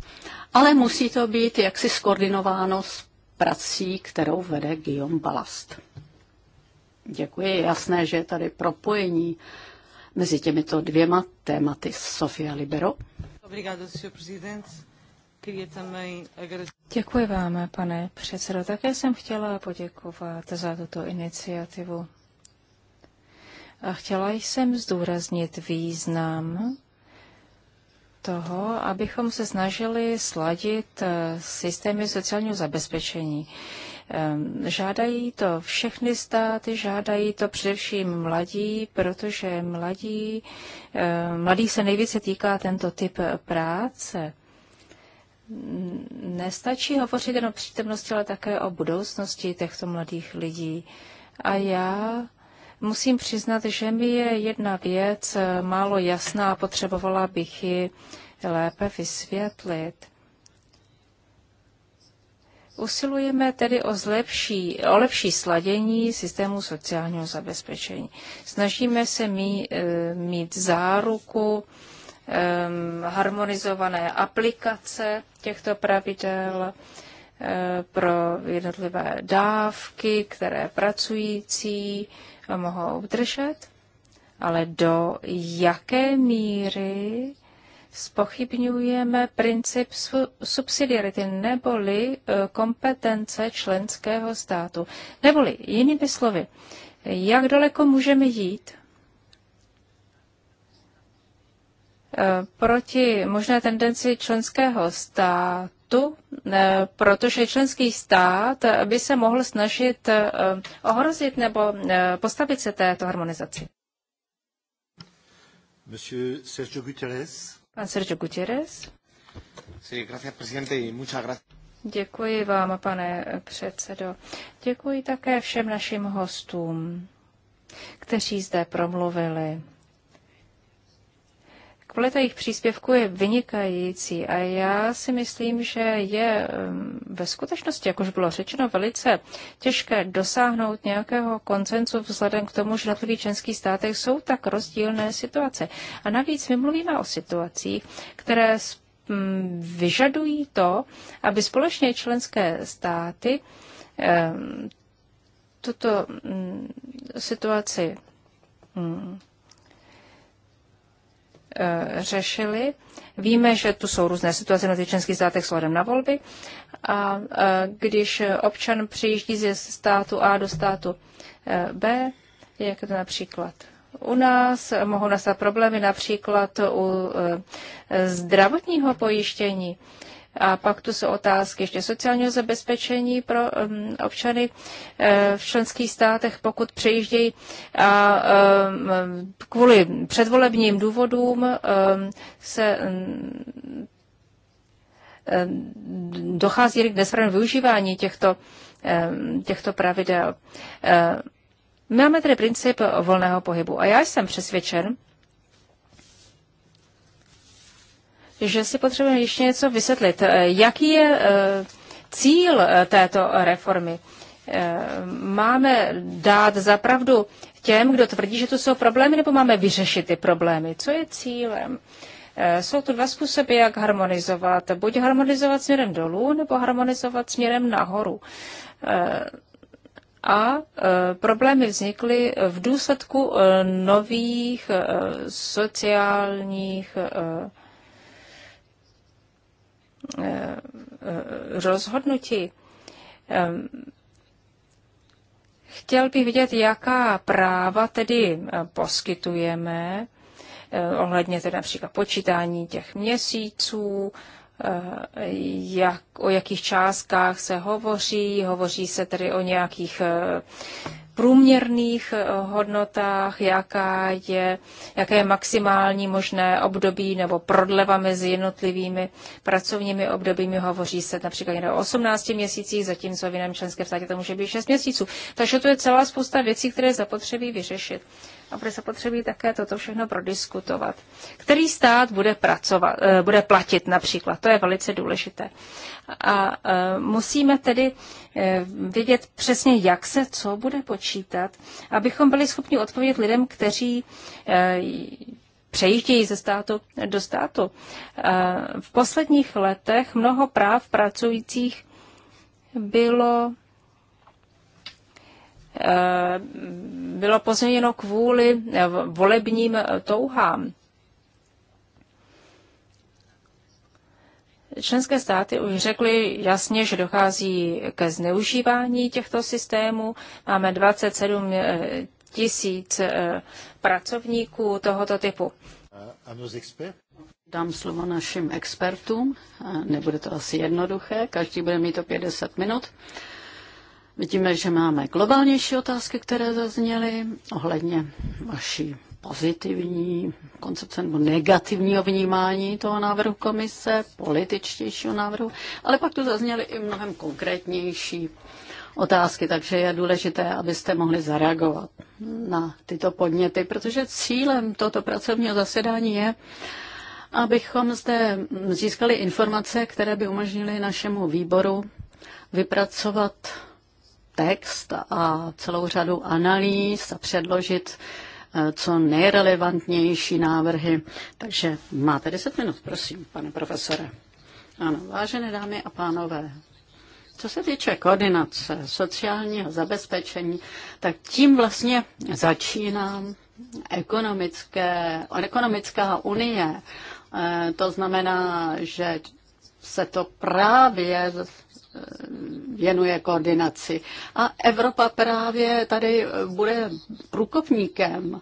ale musí to být jaksi skoordinováno s prací, kterou vede Guillaume Balast. Děkuji. Je jasné, že je tady propojení mezi těmito dvěma tématy. Sofia Libero. Děkuji vám, pane předsedo. Také jsem chtěla poděkovat za tuto iniciativu. A chtěla jsem zdůraznit význam toho, abychom se snažili sladit eh, systémy sociálního zabezpečení. Ehm, žádají to všechny státy, žádají to především mladí, protože mladí, ehm, mladí se nejvíce týká tento typ práce. Nestačí hovořit jen o přítomnosti, ale také o budoucnosti těchto mladých lidí. A já musím přiznat, že mi je jedna věc málo jasná a potřebovala bych ji lépe vysvětlit. Usilujeme tedy o, zlepší, o lepší sladění systému sociálního zabezpečení. Snažíme se mít, eh, mít záruku ehm, harmonizované aplikace těchto pravidel eh, pro jednotlivé dávky, které pracující eh, mohou obdržet, ale do jaké míry spochybňujeme princip subsidiarity neboli e, kompetence členského státu. Neboli jinými slovy, jak daleko můžeme jít e, proti možné tendenci členského státu, e, protože členský stát by se mohl snažit ohrozit nebo postavit se této harmonizaci. Monsieur Sergio Guterres. Pan Sergio Gutierrez. Děkuji vám, pane předsedo. Děkuji také všem našim hostům, kteří zde promluvili. Kvalita jejich příspěvku je vynikající a já si myslím, že je ve skutečnosti, jak už bylo řečeno, velice těžké dosáhnout nějakého koncensu vzhledem k tomu, že na jednotlivých členských státech jsou tak rozdílné situace. A navíc my mluvíme o situacích, které mm, vyžadují to, aby společně členské státy tuto mm, situaci mm, Eh, řešili. Víme, že tu jsou různé situace na těch členských státech s na volby a eh, když občan přijíždí ze státu A do státu eh, B, jak to například u nás, mohou nastat problémy například u zdravotního pojištění. A pak tu jsou otázky ještě sociálního zabezpečení pro um, občany uh, v členských státech, pokud přejiždějí a um, kvůli předvolebním důvodům um, se um, dochází k nesprávnému využívání těchto, těchto pravidel. Máme tedy princip volného pohybu a já jsem přesvědčen, že si potřebujeme ještě něco vysvětlit. Eh, jaký je eh, cíl eh, této reformy? Máme dát zapravdu těm, kdo tvrdí, že tu jsou problémy, nebo máme vyřešit ty problémy? Co je cílem? Jsou tu dva způsoby, jak harmonizovat. Buď harmonizovat směrem dolů, nebo harmonizovat směrem nahoru. A problémy vznikly v důsledku nových sociálních rozhodnutí. Chtěl bych vidět, jaká práva tedy eh, poskytujeme eh, ohledně tedy například počítání těch měsíců, eh, jak, o jakých částkách se hovoří. Hovoří se tedy o nějakých průměrných eh, hodnotách, jaká je, jaké je maximální možné období nebo prodleva mezi jednotlivými pracovními obdobími. Hovoří se například o 18 měsících, zatímco v jiném členském státě to může být 6 měsíců. Takže to je celá spousta věcí, které zapotřebí vyřešit a bude zapotřebí také toto všechno prodiskutovat. Který stát bude, pracovat, eh, bude platit například, to je velice důležité. A eh, musíme tedy eh, vědět přesně, jak se co bude počítat, abychom byli schopni odpovědět lidem, kteří přejíždějí ze státu do státu. V posledních letech mnoho práv pracujících bylo Eh, bylo pozměněno kvůli eh, volebním eh, touhám. Členské státy už řekly jasně, že dochází ke zneužívání těchto systémů. Máme 27 tisíc pracovníků tohoto typu. Dám slovo našim expertům. Nebude to asi jednoduché, každý bude mít o 50 minut. Vidíme, že máme globálnější otázky, které zazněly ohledně vaší pozitivní koncepce nebo negativního vnímání toho návrhu komise, političtějšího návrhu, ale pak tu zazněly i mnohem konkrétnější otázky, takže je důležité, abyste mohli zareagovat na tyto podněty, protože cílem tohoto pracovního zasedání je, abychom zde získali informace, které by umožnily našemu výboru vypracovat text a celou řadu analýz a předložit eh, co nejrelevantnější návrhy. Takže máte 10 minut, prosím, pane profesore. Ano, vážené dámy a pánové, co se týče koordinace sociálního zabezpečení, tak tím vlastně začíná ekonomické, ekonomická unie. Eh, to znamená, že se to právě věnuje koordinaci. A Evropa právě tady bude průkopníkem.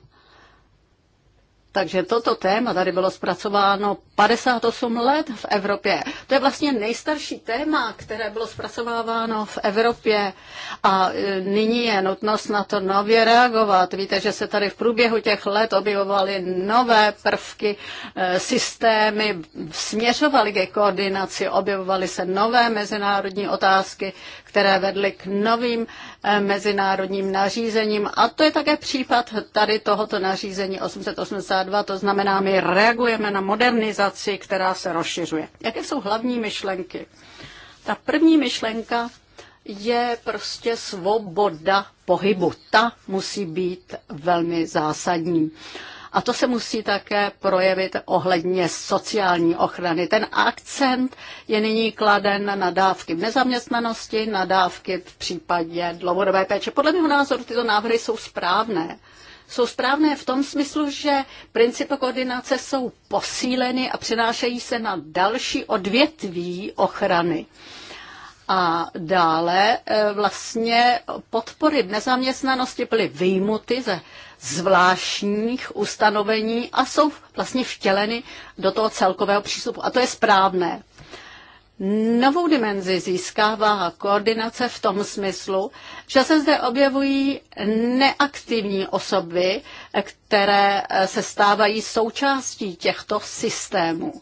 Takže toto téma tady bylo zpracováno 58 let v Evropě. To je vlastně nejstarší téma, které bylo zpracováváno v Evropě a e, nyní je nutnost na to nově reagovat. Víte, že se tady v průběhu těch let objevovaly nové prvky, e, systémy, směřovaly ke koordinaci, objevovaly se nové mezinárodní otázky, které vedly k novým e, mezinárodním nařízením. A to je také případ tady tohoto nařízení 882, to znamená, my reagujeme na modernizaci demokracii, která se rozšiřuje. Jaké jsou hlavní myšlenky? Ta první myšlenka je prostě svoboda pohybu. Ta musí být velmi zásadní. A to se musí také projevit ohledně sociální ochrany. Ten akcent je nyní kladen na dávky v nezaměstnanosti, na dávky v případě dlouhodobé péče. Podle mého názoru tyto návrhy jsou správné jsou správné v tom smyslu, že principy koordinace jsou posíleny a přenášejí se na další odvětví ochrany. A dále e, vlastně podpory v nezaměstnanosti byly vyjmuty ze zvláštních ustanovení a jsou vlastně vtěleny do toho celkového přístupu. A to je správné. Novou dimenzi získává koordinace v tom smyslu, že se zde objevují neaktivní osoby, které eh, se stávají součástí těchto systémů.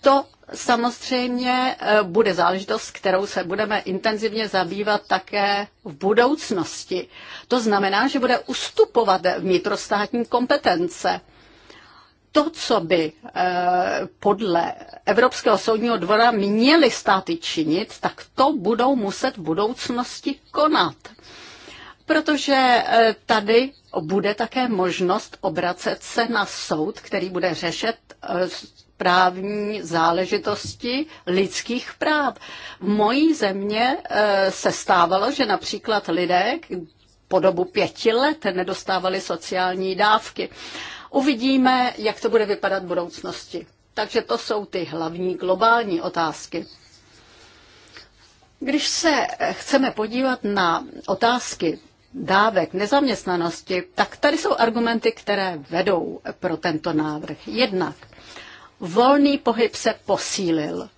To samozřejmě eh, bude záležitost, kterou se budeme intenzivně zabývat také v budoucnosti. To znamená, že bude ustupovat vnitrostátní kompetence to, co by eh, podle Evropského soudního dvora měly státy činit, tak to budou muset v budoucnosti konat. Protože eh, tady bude také možnost obracet se na soud, který bude řešit eh, právní záležitosti lidských práv. V mojí země se stávalo, že například lidé po dobu pěti let nedostávali sociální dávky. Uvidíme, jak to bude vypadat v budoucnosti. Takže to jsou ty hlavní globální otázky. Když se chceme podívat na otázky dávek nezaměstnanosti, tak tady jsou argumenty, které vedou pro tento návrh. Jednak volný pohyb se posílil.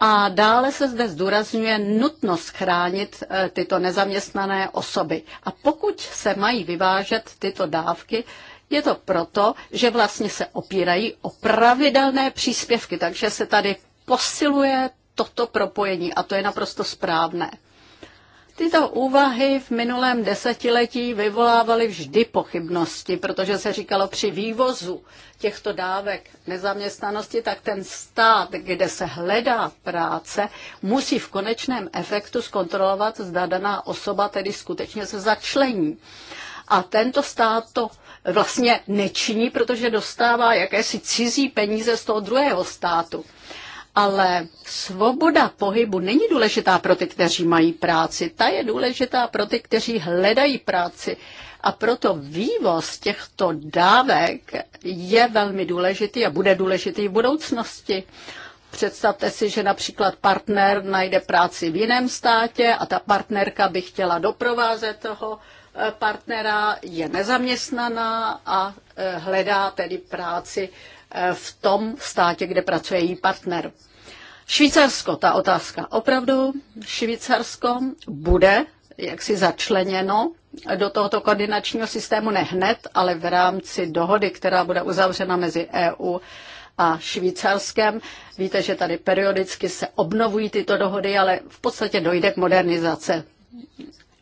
A dále se zde zdůrazňuje nutnost chránit eh, tyto nezaměstnané osoby. A pokud se mají vyvážet tyto dávky, je to proto, že vlastně se opírají o pravidelné příspěvky, takže se tady posiluje toto propojení a to je naprosto správné. Tyto úvahy v minulém desetiletí vyvolávaly vždy pochybnosti, protože se říkalo při vývozu těchto dávek nezaměstnanosti, tak ten stát, kde se hledá práce, musí v konečném efektu zkontrolovat, zda daná osoba tedy skutečně se začlení. A tento stát to vlastně nečiní, protože dostává jakési cizí peníze z toho druhého státu. Ale svoboda pohybu není důležitá pro ty, kteří mají práci. Ta je důležitá pro ty, kteří hledají práci. A proto vývoz těchto dávek je velmi důležitý a bude důležitý v budoucnosti. Představte si, že například partner najde práci v jiném státě a ta partnerka by chtěla doprovázet toho partnera, je nezaměstnaná a e, hledá tedy práci e, v tom státě, kde pracuje její partner. Švýcarsko, ta otázka. Opravdu Švýcarsko bude jaksi začleněno do tohoto koordinačního systému ne hned, ale v rámci dohody, která bude uzavřena mezi EU a Švýcarskem. Víte, že tady periodicky se obnovují tyto dohody, ale v podstatě dojde k modernizace.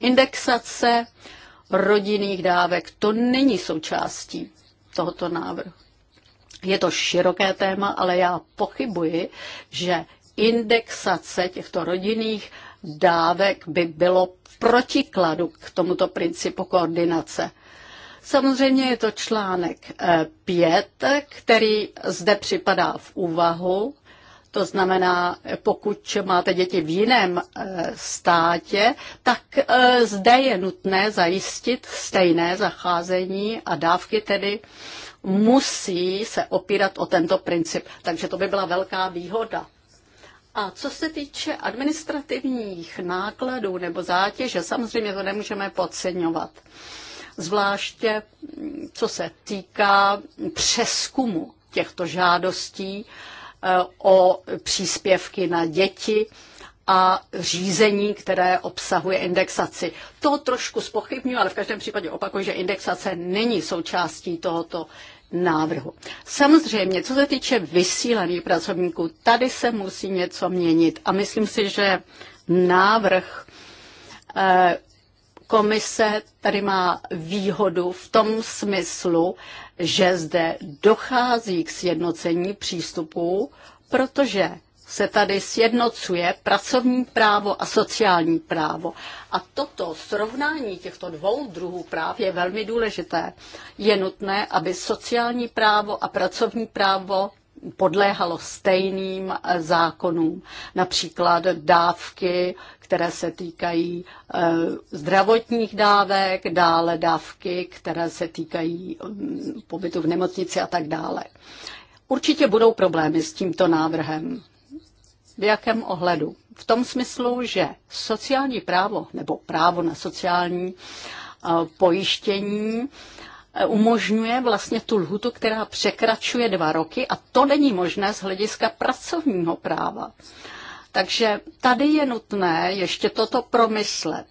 Indexace rodinných dávek. To není součástí tohoto návrhu. Je to široké téma, ale já pochybuji, že indexace těchto rodinných dávek by bylo protikladu k tomuto principu koordinace. Samozřejmě je to článek 5, eh, který zde připadá v úvahu to znamená, pokud máte děti v jiném eh, státě, tak eh, zde je nutné zajistit stejné zacházení a dávky tedy musí se opírat o tento princip. Takže to by byla velká výhoda. A co se týče administrativních nákladů nebo zátěže, samozřejmě to nemůžeme podceňovat. Zvláště mm, co se týká přeskumu těchto žádostí Eh, o příspěvky na děti a řízení, které obsahuje indexaci. To trošku spochybnuju, ale v každém případě opakuju, že indexace není součástí tohoto návrhu. Samozřejmě, co se týče vysílaných pracovníků, tady se musí něco měnit a myslím si, že návrh eh, Komise tady má výhodu v tom smyslu, že zde dochází k sjednocení přístupů, protože se tady sjednocuje pracovní právo a sociální právo. A toto srovnání těchto dvou druhů práv je velmi důležité. Je nutné, aby sociální právo a pracovní právo podléhalo stejným zákonům, například dávky, které se týkají eh, zdravotních dávek, dále dávky, které se týkají mm, pobytu v nemocnici a tak dále. Určitě budou problémy s tímto návrhem. V jakém ohledu? V tom smyslu, že sociální právo nebo právo na sociální eh, pojištění Eh, umožňuje vlastně tu lhutu, která překračuje dva roky a to není možné z hlediska pracovního práva. Takže tady je nutné ještě toto promyslet.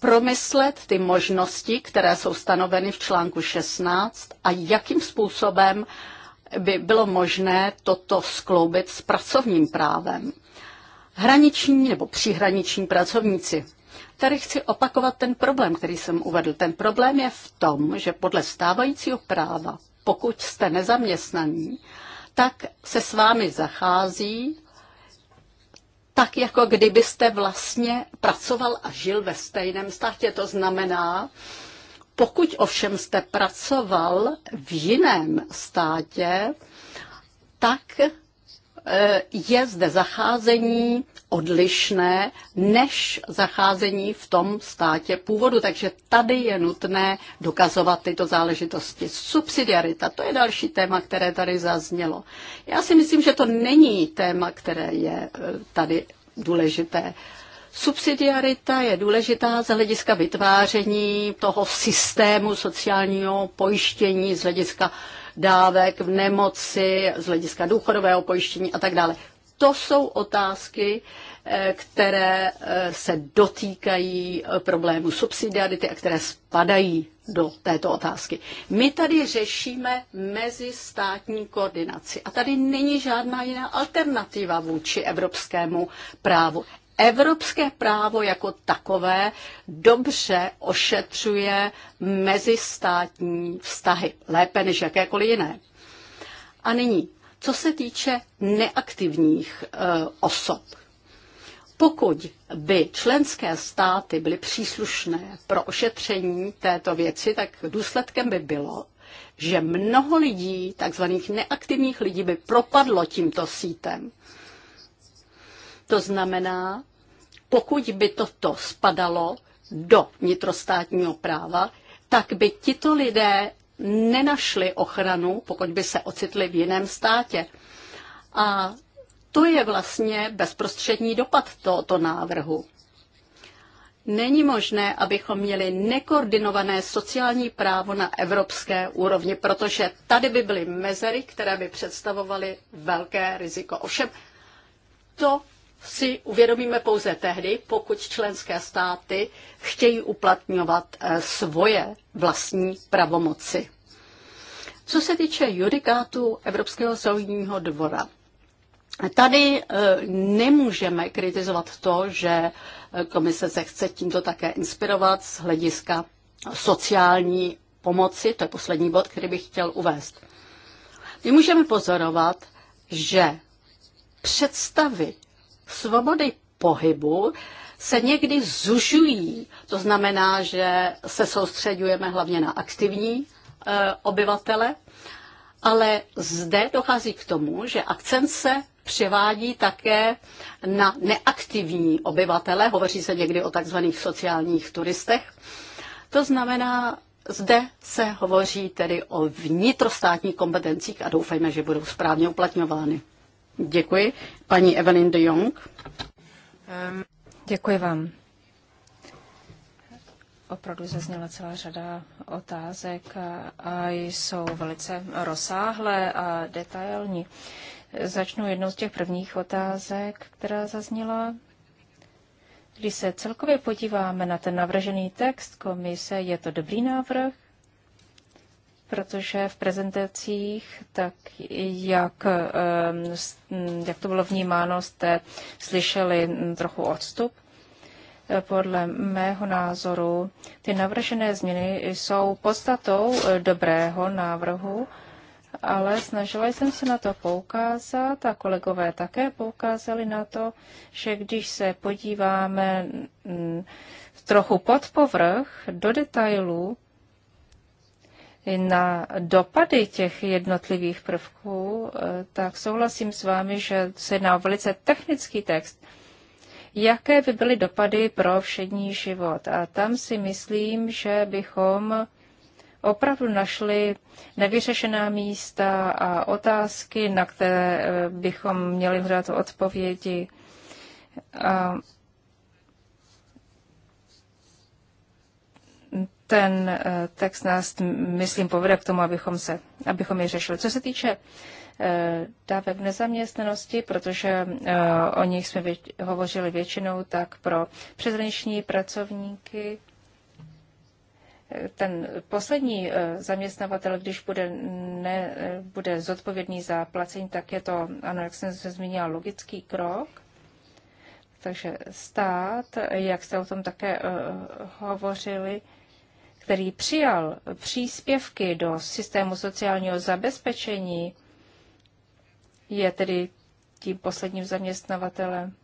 Promyslet ty možnosti, které jsou stanoveny v článku 16 a jakým způsobem by bylo možné toto skloubit s pracovním právem. Hraniční nebo příhraniční pracovníci, tady chci opakovat ten problém, který jsem uvedl. Ten problém je v tom, že podle stávajícího práva, pokud jste nezaměstnaní, tak se s vámi zachází tak, jako kdybyste vlastně pracoval a žil ve stejném státě. To znamená, pokud ovšem jste pracoval v jiném státě, tak je zde zacházení odlišné než zacházení v tom státě původu. Takže tady je nutné dokazovat tyto záležitosti. Subsidiarita, to je další téma, které tady zaznělo. Já si myslím, že to není téma, které je eh, tady důležité. Subsidiarita je důležitá z hlediska vytváření toho systému sociálního pojištění, z hlediska dávek v nemoci, z hlediska důchodového pojištění a tak dále. To jsou otázky, eh, které eh, se dotýkají eh, problému subsidiarity a které spadají do této otázky. My tady řešíme mezistátní koordinaci a tady není žádná jiná alternativa vůči evropskému právu evropské právo jako takové dobře ošetřuje mezistátní vztahy, lépe než jakékoliv jiné. A nyní, co se týče neaktivních e, osob. Pokud by členské státy byly příslušné pro ošetření této věci, tak důsledkem by bylo, že mnoho lidí, takzvaných neaktivních lidí, by propadlo tímto sítem. To znamená, pokud by toto spadalo do vnitrostátního práva, tak by tito lidé nenašli ochranu, pokud by se ocitli v jiném státě. A to je vlastně bezprostřední dopad tohoto návrhu. Není možné, abychom měli nekoordinované sociální právo na evropské úrovni, protože tady by byly mezery, které by představovaly velké riziko. Ovšem, to si uvědomíme pouze tehdy, pokud členské státy chtějí uplatňovat eh, svoje vlastní pravomoci. Co se týče judikátu Evropského soudního dvora, tady eh, nemůžeme kritizovat to, že eh, komise se chce tímto také inspirovat z hlediska sociální pomoci, to je poslední bod, který bych chtěl uvést. My můžeme pozorovat, že představy svobody pohybu se někdy zužují. To znamená, že se soustředujeme hlavně na aktivní e, obyvatele, ale zde dochází k tomu, že akcent se převádí také na neaktivní obyvatele, hovoří se někdy o takzvaných sociálních turistech. To znamená, zde se hovoří tedy o vnitrostátních kompetencích a doufejme, že budou správně uplatňovány. Děkuji. Paní Evelyn de Jong. Ehm. Děkuji vám. Opravdu zazněla celá řada otázek a jsou velice rozsáhlé a detailní. Začnu jednou z těch prvních otázek, která zazněla. Když se celkově podíváme na ten navržený text komise, je to dobrý návrh, protože v prezentacích, tak jak, jak to bylo vnímáno, jste slyšeli trochu odstup. E, podle mého názoru ty navržené změny jsou podstatou e, dobrého návrhu, ale snažila jsem se na to poukázat a kolegové také poukázali na to, že když se podíváme mm, trochu pod povrch do detailů, na dopady těch jednotlivých prvků, eh, tak souhlasím s vámi, že se jedná o velice technický text. Jaké by byly dopady pro všední život? A tam si myslím, že bychom opravdu našli nevyřešená místa a otázky, na které eh, bychom měli hledat odpovědi. A ten eh, text nás, myslím, povede k tomu, abychom, se, abychom je řešili. Co se týče eh, dávek nezaměstnanosti, protože eh, o nich jsme hovořili většinou, tak pro přezraniční pracovníky ten poslední zaměstnavatel, když bude, ne, bude zodpovědný za placení, tak je to, ano, jak jsem se zmínila, logický krok. Takže stát, jak jste o tom také hovořili, který přijal příspěvky do systému sociálního zabezpečení, je tedy tím posledním zaměstnavatelem.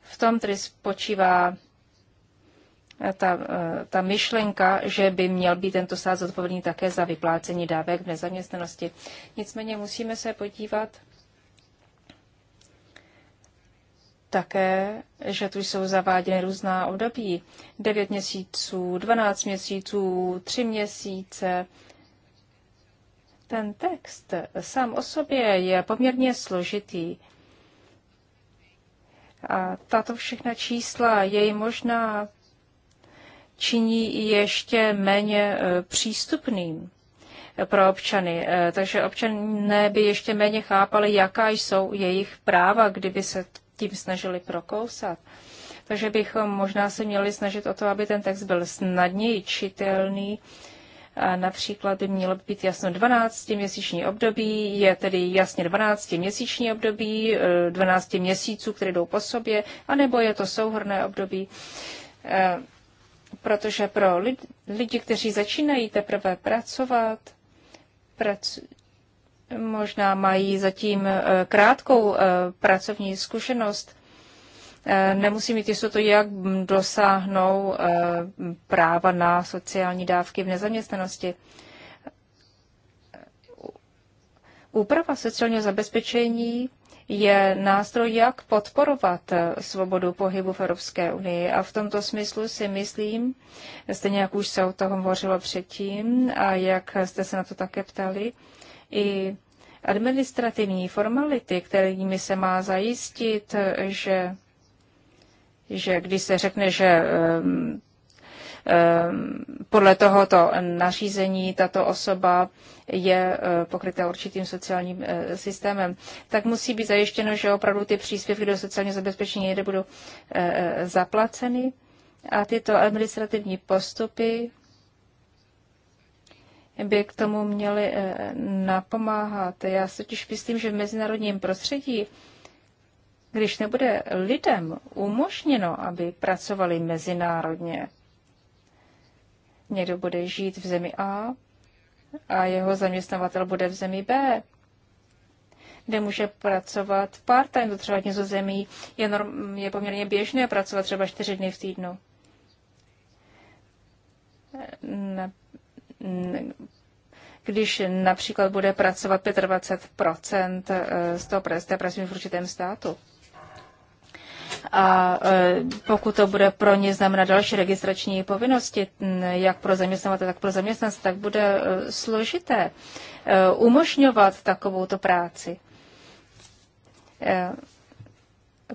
V tom tedy spočívá eh, ta, eh, ta myšlenka, že by měl být tento stát zodpovědný také za vyplácení dávek v nezaměstnanosti. Nicméně musíme se podívat také, že tu jsou zaváděny různá období. 9 měsíců, 12 měsíců, 3 měsíce. Ten text sám o sobě je poměrně složitý. A tato všechna čísla jej možná činí ještě méně e, přístupným pro občany. E, takže občané by ještě méně chápali, jaká jsou jejich práva, kdyby se tím snažili prokousat. Takže bychom možná se měli snažit o to, aby ten text byl snadněji čitelný. A například by mělo být jasno 12-měsíční období, je tedy jasně 12-měsíční období, 12 eh, měsíců, které jdou po sobě, anebo je to souhrné období. Eh, protože pro lidi, kteří začínají teprve pracovat, pracují možná mají zatím eh, krátkou eh, pracovní zkušenost, eh, nemusí mít jistotu, jak dosáhnou práva na sociální dávky v nezaměstnanosti. Úprava sociálního zabezpečení je nástroj, jak podporovat svobodu pohybu v Evropské unii. A v tomto smyslu si myslím, stejně jak už se o tom hovořilo předtím a jak jste se na to také ptali, i administrativní formality, kterými se má zajistit, že, že když se řekne, že um, um, podle tohoto nařízení tato osoba je e, pokryta určitým sociálním e, systémem, tak musí být zajištěno, že opravdu ty příspěvky do sociálního zabezpečení budou e, zaplaceny a tyto administrativní postupy by k tomu měly eh, napomáhat. Já si totiž myslím, že v mezinárodním prostředí, když nebude lidem umožněno, aby pracovali mezinárodně, někdo bude žít v zemi A a jeho zaměstnavatel bude v zemi B, kde může pracovat part-time, to třeba něco zemí je, norm, je poměrně běžné pracovat třeba čtyři dny v týdnu když například bude pracovat 25 eh, z toho z té pracují v určitém státu. A eh, pokud to bude pro ně znamenat další registrační povinnosti, jak pro zaměstnavatele, tak pro zaměstnance, tak bude eh, složité umožňovat takovouto práci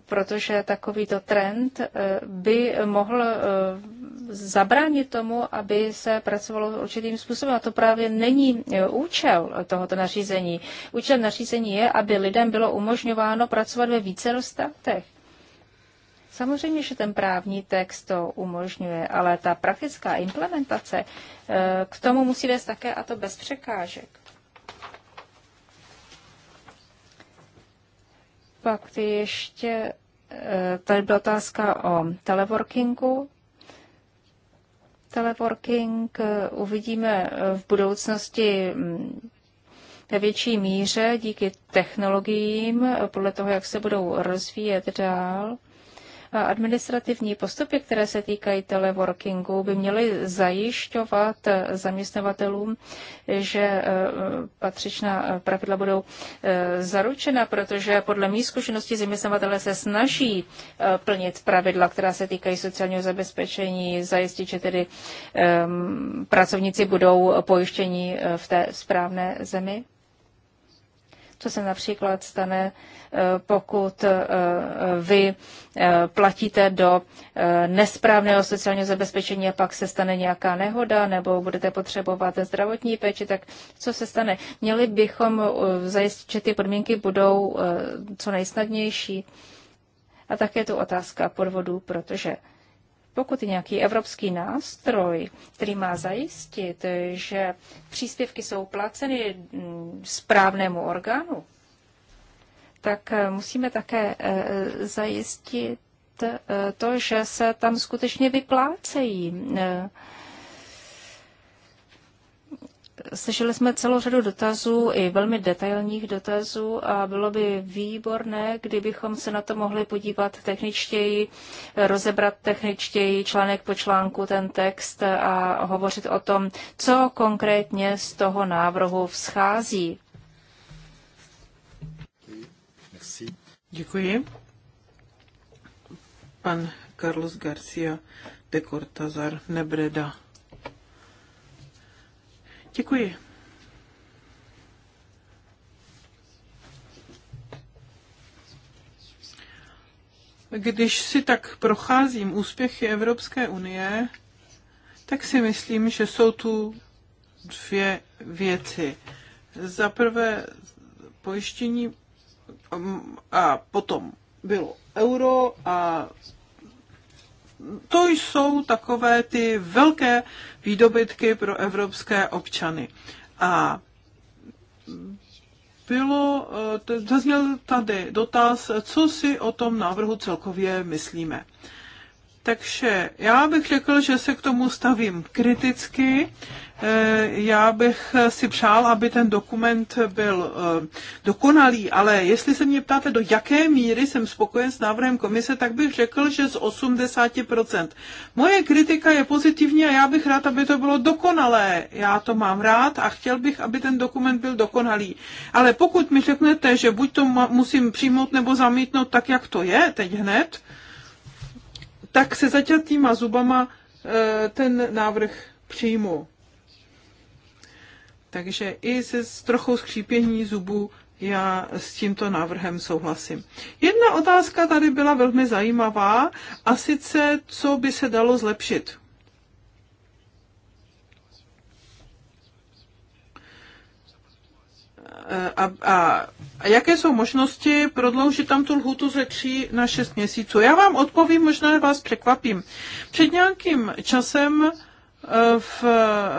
protože takovýto trend eh, by mohl eh, zabránit tomu, aby se pracovalo určitým způsobem. A to právě není eh, účel tohoto nařízení. Účel nařízení je, aby lidem bylo umožňováno pracovat ve více státech. Samozřejmě, že ten právní text to umožňuje, ale ta praktická implementace k tomu musí vést také a to bez překážek. Pak ty ještě, eh, tady byla otázka o teleworkingu. Teleworking eh, uvidíme eh, v budoucnosti mm, ve větší míře díky technologiím, podle toho, jak se budou rozvíjet dál administrativní postupy, které se týkají teleworkingu, by měly zajišťovat zaměstnavatelům, že e, patřičná pravidla budou e, zaručena, protože podle mých zkušeností zaměstnavatele se snaží e, plnit pravidla, která se týkají sociálního zabezpečení, zajistit, že tedy pracovníci budou pojištěni v té správné zemi. Co se například stane, eh, pokud eh, eh, vy platíte do nesprávného sociálního zabezpečení a pak se stane nějaká nehoda nebo budete potřebovat zdravotní péči, tak co se stane? Měli bychom zajistit, že ty podmínky budou co nejsnadnější. A také tu otázka podvodů, protože pokud je nějaký evropský nástroj, který má zajistit, že příspěvky jsou placeny mm, správnému orgánu, tak eh, musíme také eh, zajistit eh, to, že se tam skutečně vyplácejí Slyšeli jsme celou řadu dotazů, i velmi detailních dotazů a bylo by výborné, kdybychom se na to mohli podívat techničtěji, rozebrat techničtěji článek po článku ten text a hovořit o tom, co konkrétně z toho návrhu vzchází. Děkuji. Pan Carlos Garcia de Cortazar Nebreda. Děkuji. Když si tak procházím úspěchy Evropské unie, tak si myslím, že jsou tu dvě věci. Za prvé pojištění a potom bylo euro a to jsou takové ty velké výdobytky pro evropské občany. A bylo, eh, zazněl tady dotaz, co si o tom návrhu celkově myslíme. Takže já bych řekl, že se k tomu stavím kriticky. Eh, já bych si přál, aby ten dokument byl eh, dokonalý, ale jestli se mě ptáte, do jaké míry jsem spokojen s návrhem komise, tak bych řekl, že z 80%. Moje kritika je pozitivní a já bych rád, aby to bylo dokonalé. Já to mám rád a chtěl bych, aby ten dokument byl dokonalý. Ale pokud mi řeknete, že buď to musím přijmout nebo zamítnout tak, jak to je teď hned, tak se zaťatýma zubama eh, ten návrh přijmu. Takže i se s trochou skřípění zubu já s tímto návrhem souhlasím. Jedna otázka tady byla velmi zajímavá, a sice, co by se dalo zlepšit. a, a, a jaké jsou možnosti prodloužit tam tu lhutu ze 3 na 6 měsíců. Já vám odpovím, možná vás překvapím. Před nějakým časem eh, v,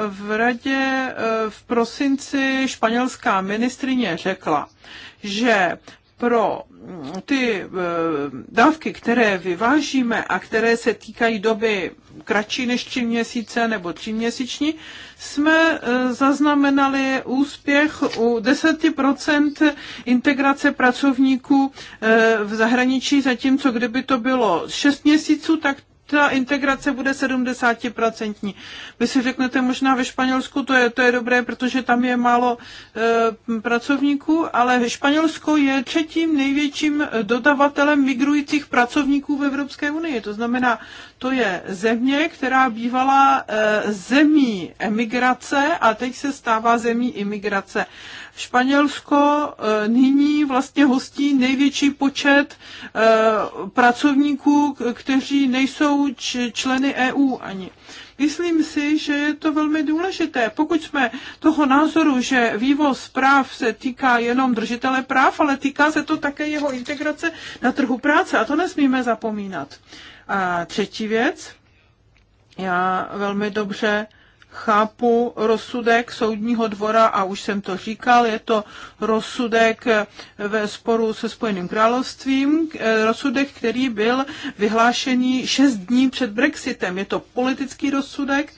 v radě eh, v prosinci španělská ministrině řekla, že pro ty eh, dávky, které vyvážíme a které se týkají doby kratší než tři měsíce nebo tři měsíční, jsme eh, zaznamenali úspěch u 10% integrace pracovníků eh, v zahraničí, zatímco kdyby to bylo 6 měsíců, tak ta integrace bude 70%. Vy si řeknete možná ve Španělsku, to je, to je dobré, protože tam je málo e, pracovníků, ale Španělsko je třetím největším eh, dodavatelem migrujících pracovníků v Evropské unii. To znamená, to je země, která bývala e, zemí emigrace a teď se stává zemí imigrace. Španělsko e, nyní vlastně hostí největší počet e, pracovníků, kteří nejsou členy EU ani. Myslím si, že je to velmi důležité. Pokud jsme toho názoru, že vývoz práv se týká jenom držitele práv, ale týká se to také jeho integrace na trhu práce a to nesmíme zapomínat. A třetí věc, já velmi dobře chápu rozsudek soudního dvora a už jsem to říkal, je to rozsudek eh, ve sporu se Spojeným královstvím, eh, rozsudek, který byl vyhlášený šest dní před Brexitem. Je to politický rozsudek,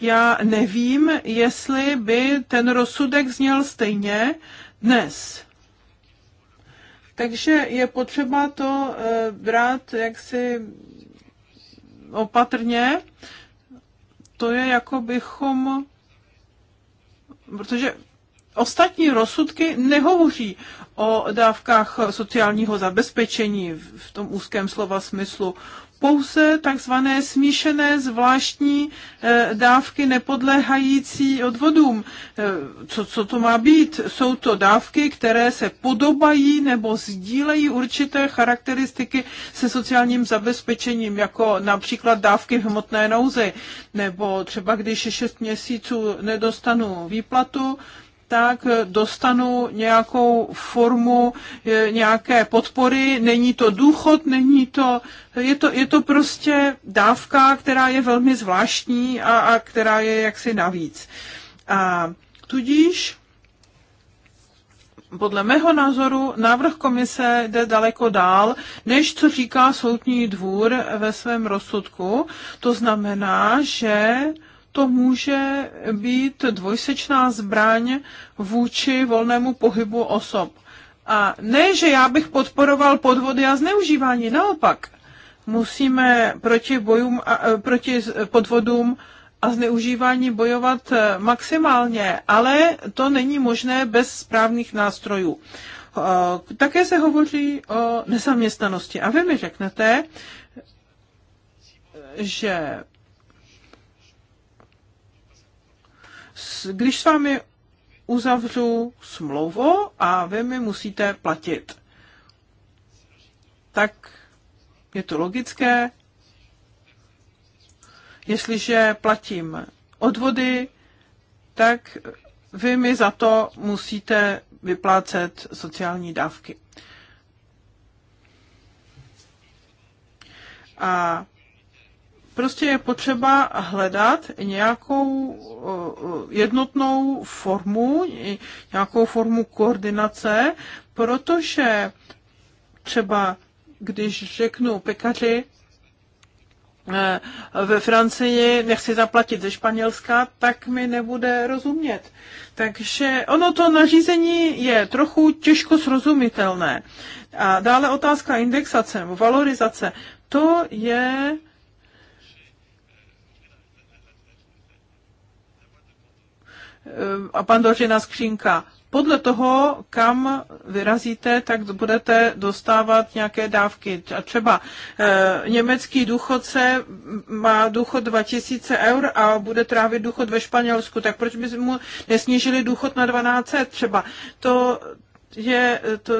já nevím, jestli by ten rozsudek zněl stejně dnes. Takže je potřeba to eh, brát jaksi opatrně to je jako bychom, protože ostatní rozsudky nehovoří o dávkách sociálního zabezpečení v tom úzkém slova smyslu pouze takzvané smíšené zvláštní eh, dávky nepodléhající odvodům. Eh, co, co to má být? Jsou to dávky, které se podobají nebo sdílejí určité charakteristiky se sociálním zabezpečením, jako například dávky v hmotné nouzi, nebo třeba když 6 měsíců nedostanu výplatu, tak dostanu nějakou formu eh, nějaké podpory. Není to důchod, není to, je to, je to prostě dávka, která je velmi zvláštní a, a která je jaksi navíc. A tudíž podle mého názoru návrh komise jde daleko dál, než co říká soudní dvůr ve svém rozsudku. To znamená, že to může být dvojsečná zbraň vůči volnému pohybu osob. A ne, že já bych podporoval podvody a zneužívání, naopak. Musíme proti, bojům a, e, proti e, podvodům a zneužívání bojovat e, maximálně, ale to není možné bez správných nástrojů. Také se hovoří o nezaměstnanosti. A vy mi řeknete, že když s vámi uzavřu smlouvu a vy mi musíte platit. Tak je to logické. Jestliže platím odvody, tak vy mi za to musíte vyplácet sociální dávky. A Prostě je potřeba hledat nějakou jednotnou formu, nějakou formu koordinace, protože třeba když řeknu pekaři, e, ve Francii nechci zaplatit ze Španělska, tak mi nebude rozumět. Takže ono to nařízení je trochu těžko srozumitelné. A dále otázka indexace nebo valorizace. To je Eh, a pandořina skřínka. Podle toho, kam vyrazíte, tak budete dostávat nějaké dávky. A třeba e, německý důchodce má důchod 2000 eur a bude trávit důchod ve Španělsku, tak proč by mu nesnížili důchod na 1200 třeba? To je eh, to,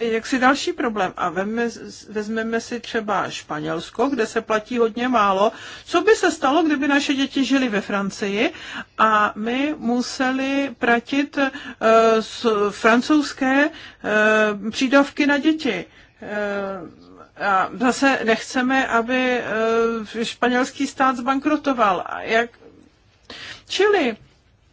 jaksi další problém a veme, vezmeme si třeba Španělsko, kde se platí hodně málo. Co by se stalo, kdyby naše děti žili ve Francii a my museli pratit uh, s, francouzské uh, přídavky na děti? Uh, a zase nechceme, aby uh, španělský stát zbankrotoval. A jak... Čili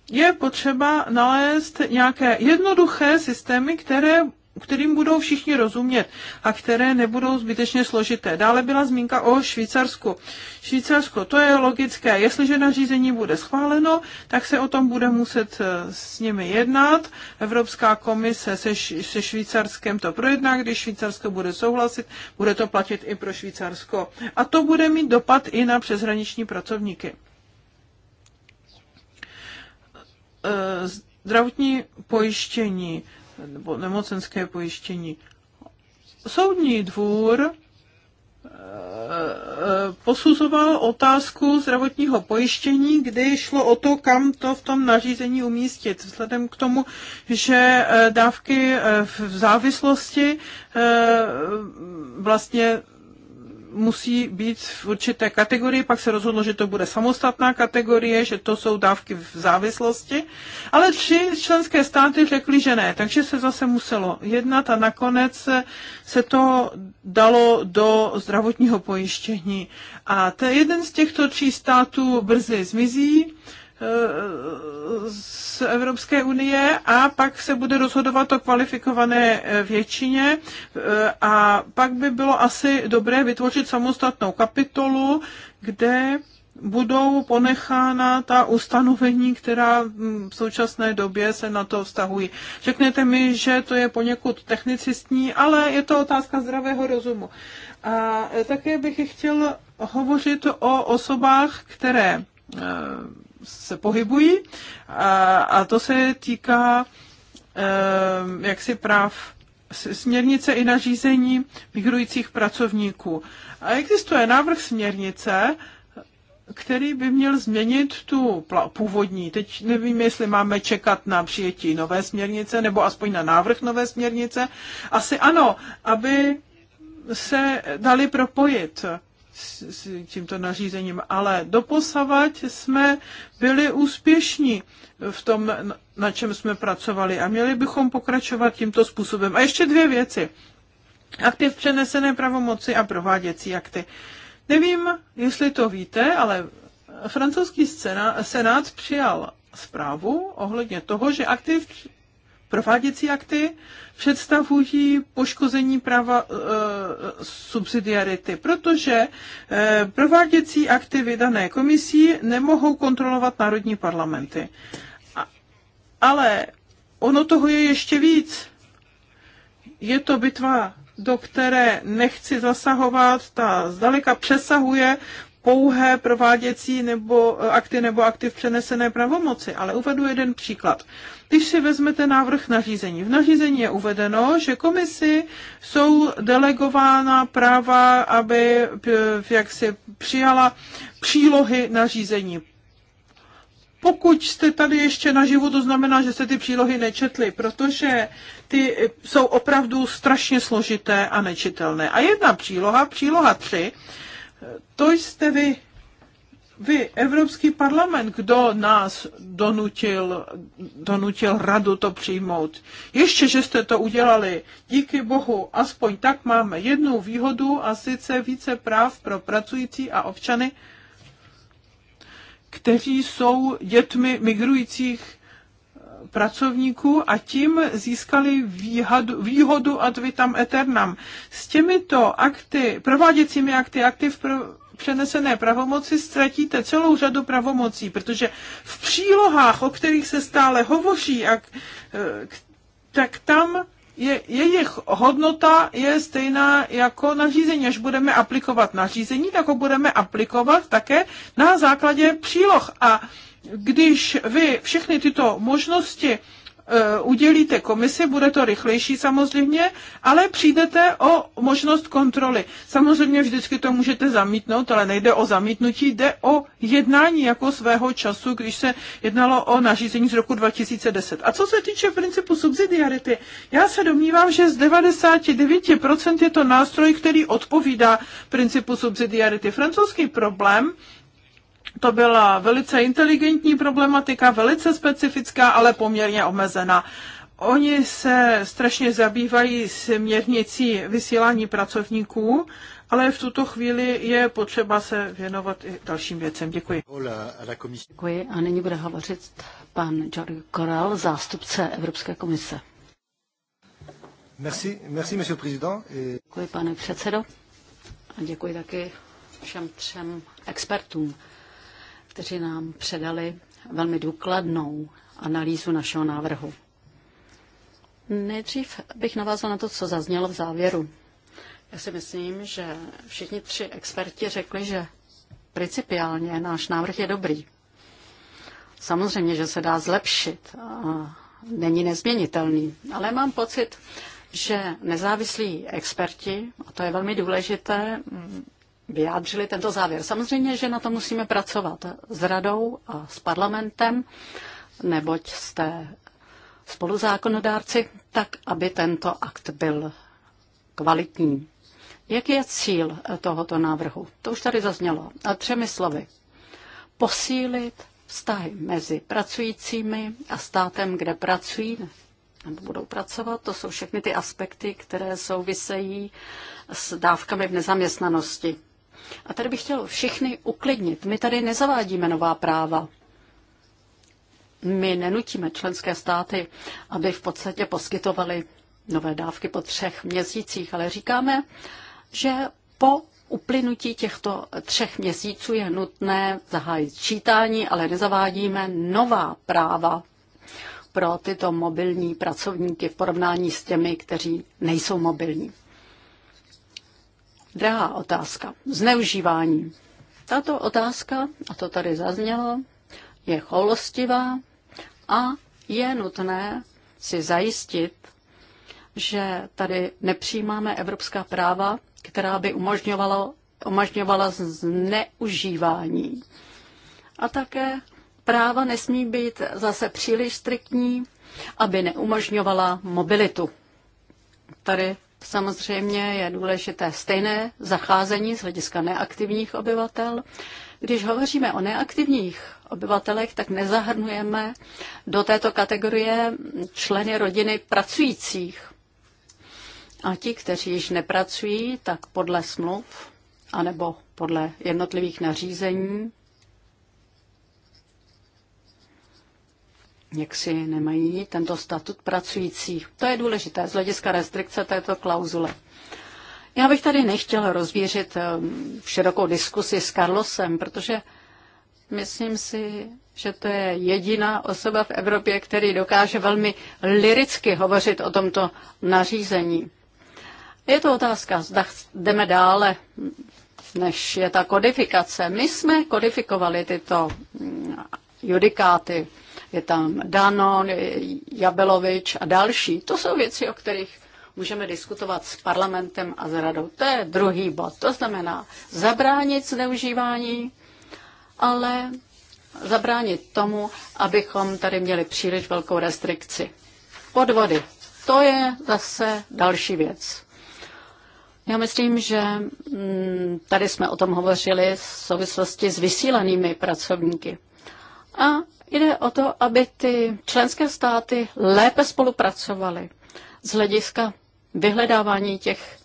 je potřeba nalézt nějaké jednoduché systémy, které kterým budou všichni rozumět a které nebudou zbytečně složité. Dále byla zmínka o Švýcarsku. Švýcarsko, to je logické. Jestliže nařízení bude schváleno, tak se o tom bude muset eh, s nimi jednat. Evropská komise se, se Švýcarskem to projedná, když Švýcarsko bude souhlasit, bude to platit i pro Švýcarsko. A to bude mít dopad i na přeshraniční pracovníky. Eh, zdravotní pojištění nebo nemocenské pojištění. Soudní dvůr eh, eh, posuzoval otázku zdravotního pojištění, kdy šlo o to, kam to v tom nařízení umístit. Vzhledem k tomu, že eh, dávky v závislosti vlastně musí být v určité kategorii, pak se rozhodlo, že to bude samostatná kategorie, že to jsou dávky v závislosti, ale tři členské státy řekly, že ne, takže se zase muselo jednat a nakonec se to dalo do zdravotního pojištění. A ten jeden z těchto tří států brzy zmizí, z Evropské unie a pak se bude rozhodovat o kvalifikované eh, většině eh, a pak by bylo asi dobré vytvořit samostatnou kapitolu, kde budou ponechána ta ustanovení, která v současné době se na to vztahují. Řeknete mi, že to je poněkud technicistní, ale je to otázka zdravého rozumu. A eh, také bych chtěl hovořit o osobách, které se pohybují a, a to se týká jaksi práv směrnice i nařízení migrujících pracovníků. A existuje návrh směrnice, který by měl změnit tu původní. Teď nevím, jestli máme čekat na přijetí nové směrnice, nebo aspoň na návrh nové směrnice. Asi ano, aby se dali propojit s, s tímto nařízením, ale doposavať jsme byli úspěšní v tom, na čem jsme pracovali a měli bychom pokračovat tímto způsobem. A ještě dvě věci. Akty v přenesené pravomoci a prováděcí akty. Nevím, jestli to víte, ale francouzský senát přijal zprávu ohledně toho, že akty v prováděcí akty představují poškození práva e, e, subsidiarity, protože e, prováděcí akty vydané komisí nemohou kontrolovat národní parlamenty. A, ale ono toho je ještě víc. Je to bitva do které nechci zasahovat, ta zdaleka přesahuje pouhé prováděcí nebo eh, akty nebo akty v přenesené pravomoci, ale uvedu jeden příklad. Když si vezmete návrh nařízení, v nařízení je uvedeno, že komisi jsou delegována práva, aby eh, jak si přijala přílohy nařízení. Pokud jste tady ještě naživu, to znamená, že jste ty přílohy nečetli, protože ty jsou opravdu strašně složité a nečitelné. A jedna příloha, příloha 3, to jste vy, vy, Evropský parlament, kdo nás donutil, donutil radu to přijmout. Ještě, že jste to udělali. Díky bohu, aspoň tak máme jednu výhodu a sice více práv pro pracující a občany, kteří jsou dětmi migrujících pracovníků a tím získali výhodu, výhodu ad vitam eternam. S těmito akty, prováděcími akty, akty v pro, přenesené pravomoci ztratíte celou řadu pravomocí, protože v přílohách, o kterých se stále hovoří, a, tak tam je, jejich hodnota je stejná jako nařízení. Až budeme aplikovat nařízení, tak ho budeme aplikovat také na základě příloh. A když vy všechny tyto možnosti eh, udělíte komisi, bude to rychlejší samozřejmě, ale přijdete o možnost kontroly. Samozřejmě vždycky to můžete zamítnout, ale nejde o zamítnutí, jde o jednání jako svého času, když se jednalo o nařízení z roku 2010. A co se týče principu subsidiarity, já se domnívám, že z 99% je to nástroj, který odpovídá principu subsidiarity. Francouzský problém to byla velice inteligentní problematika, velice specifická, ale poměrně omezená. Oni se strašně zabývají směrnicí vysílání pracovníků, ale v tuto chvíli je potřeba se věnovat i dalším věcem. Děkuji. Děkuji a nyní bude hovořit pan Jorge Koral, zástupce Evropské komise. Merci, merci, monsieur président. Děkuji, pane předsedo. A děkuji taky všem třem expertům kteří nám předali velmi důkladnou analýzu našeho návrhu. Nejdřív bych navázal na to, co zaznělo v závěru. Já si myslím, že všichni tři experti řekli, že principiálně náš návrh je dobrý. Samozřejmě, že se dá zlepšit a není nezměnitelný, ale mám pocit, že nezávislí experti, a to je velmi důležité, vyjádřili tento závěr. Samozřejmě, že na to musíme pracovat s radou a s parlamentem, neboť jste spoluzákonodárci, tak aby tento akt byl kvalitní. Jaký je cíl tohoto návrhu? To už tady zaznělo. A třemi slovy. Posílit vztahy mezi pracujícími a státem, kde pracují nebo budou pracovat. To jsou všechny ty aspekty, které souvisejí s dávkami v nezaměstnanosti. A tady bych chtěl všechny uklidnit. My tady nezavádíme nová práva. My nenutíme členské státy, aby v podstatě poskytovali nové dávky po třech měsících, ale říkáme, že po uplynutí těchto třech měsíců je nutné zahájit čítání, ale nezavádíme nová práva pro tyto mobilní pracovníky v porovnání s těmi, kteří nejsou mobilní. Drahá otázka. Zneužívání. Tato otázka, a to tady zaznělo, je choulostivá a je nutné si zajistit, že tady nepřijímáme evropská práva, která by umožňovala, umožňovala zneužívání. A také práva nesmí být zase příliš striktní, aby neumožňovala mobilitu. Tady Samozřejmě je důležité stejné zacházení z hlediska neaktivních obyvatel. Když hovoříme o neaktivních obyvatelech, tak nezahrnujeme do této kategorie členy rodiny pracujících. A ti, kteří již nepracují, tak podle smluv anebo podle jednotlivých nařízení jak si nemají tento statut pracujících. To je důležité z hlediska restrikce této klauzule. Já bych tady nechtěl rozvířit eh, širokou diskusi s Carlosem, protože myslím si, že to je jediná osoba v Evropě, který dokáže velmi liricky hovořit o tomto nařízení. Je to otázka, zda jdeme dále, než je ta kodifikace. My jsme kodifikovali tyto mm, judikáty je tam Danon, Jabelovič a další. To jsou věci, o kterých můžeme diskutovat s parlamentem a s radou. To je druhý bod. To znamená zabránit zneužívání, ale zabránit tomu, abychom tady měli příliš velkou restrikci. Podvody. To je zase další věc. Já myslím, že mm, tady jsme o tom hovořili v souvislosti s vysílanými pracovníky. A Jde o to, aby ty členské státy lépe spolupracovaly z hlediska vyhledávání těch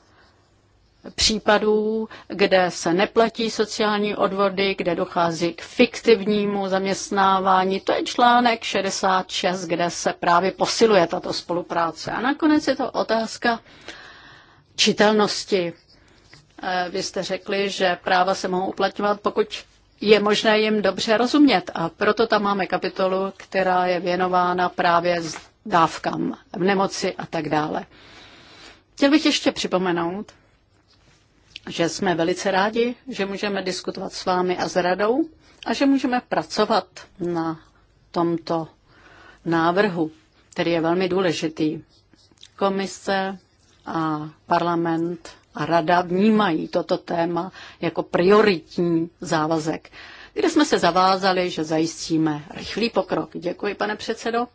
případů, kde se neplatí sociální odvody, kde dochází k fiktivnímu zaměstnávání. To je článek 66, kde se právě posiluje tato spolupráce. A nakonec je to otázka čitelnosti. Eh, vy jste řekli, že práva se mohou uplatňovat, pokud je možné jim dobře rozumět a proto tam máme kapitolu, která je věnována právě dávkám v nemoci a tak dále. Chtěl bych ještě připomenout, že jsme velice rádi, že můžeme diskutovat s vámi a s radou a že můžeme pracovat na tomto návrhu, který je velmi důležitý. Komise a parlament a rada vnímají toto téma jako prioritní závazek, kde jsme se zavázali, že zajistíme rychlý pokrok. Děkuji, pane předsedo.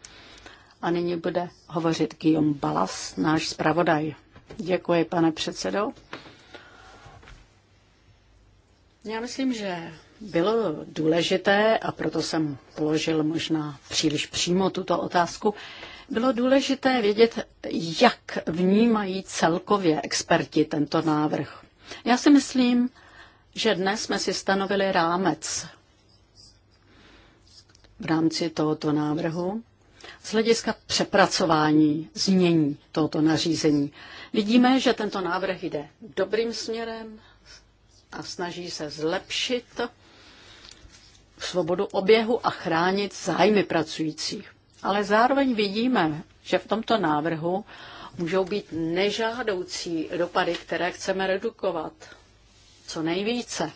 A nyní bude hovořit Guillaume Balas, náš zpravodaj. Děkuji, pane předsedo. Já myslím, že bylo důležité, a proto jsem položil možná příliš přímo tuto otázku, bylo důležité vědět, jak vnímají celkově experti tento návrh. Já si myslím, že dnes jsme si stanovili rámec v rámci tohoto návrhu z hlediska přepracování změní tohoto nařízení. Vidíme, že tento návrh jde dobrým směrem a snaží se zlepšit svobodu oběhu a chránit zájmy pracujících ale zároveň vidíme, že v tomto návrhu můžou být nežádoucí dopady, které chceme redukovat co nejvíce.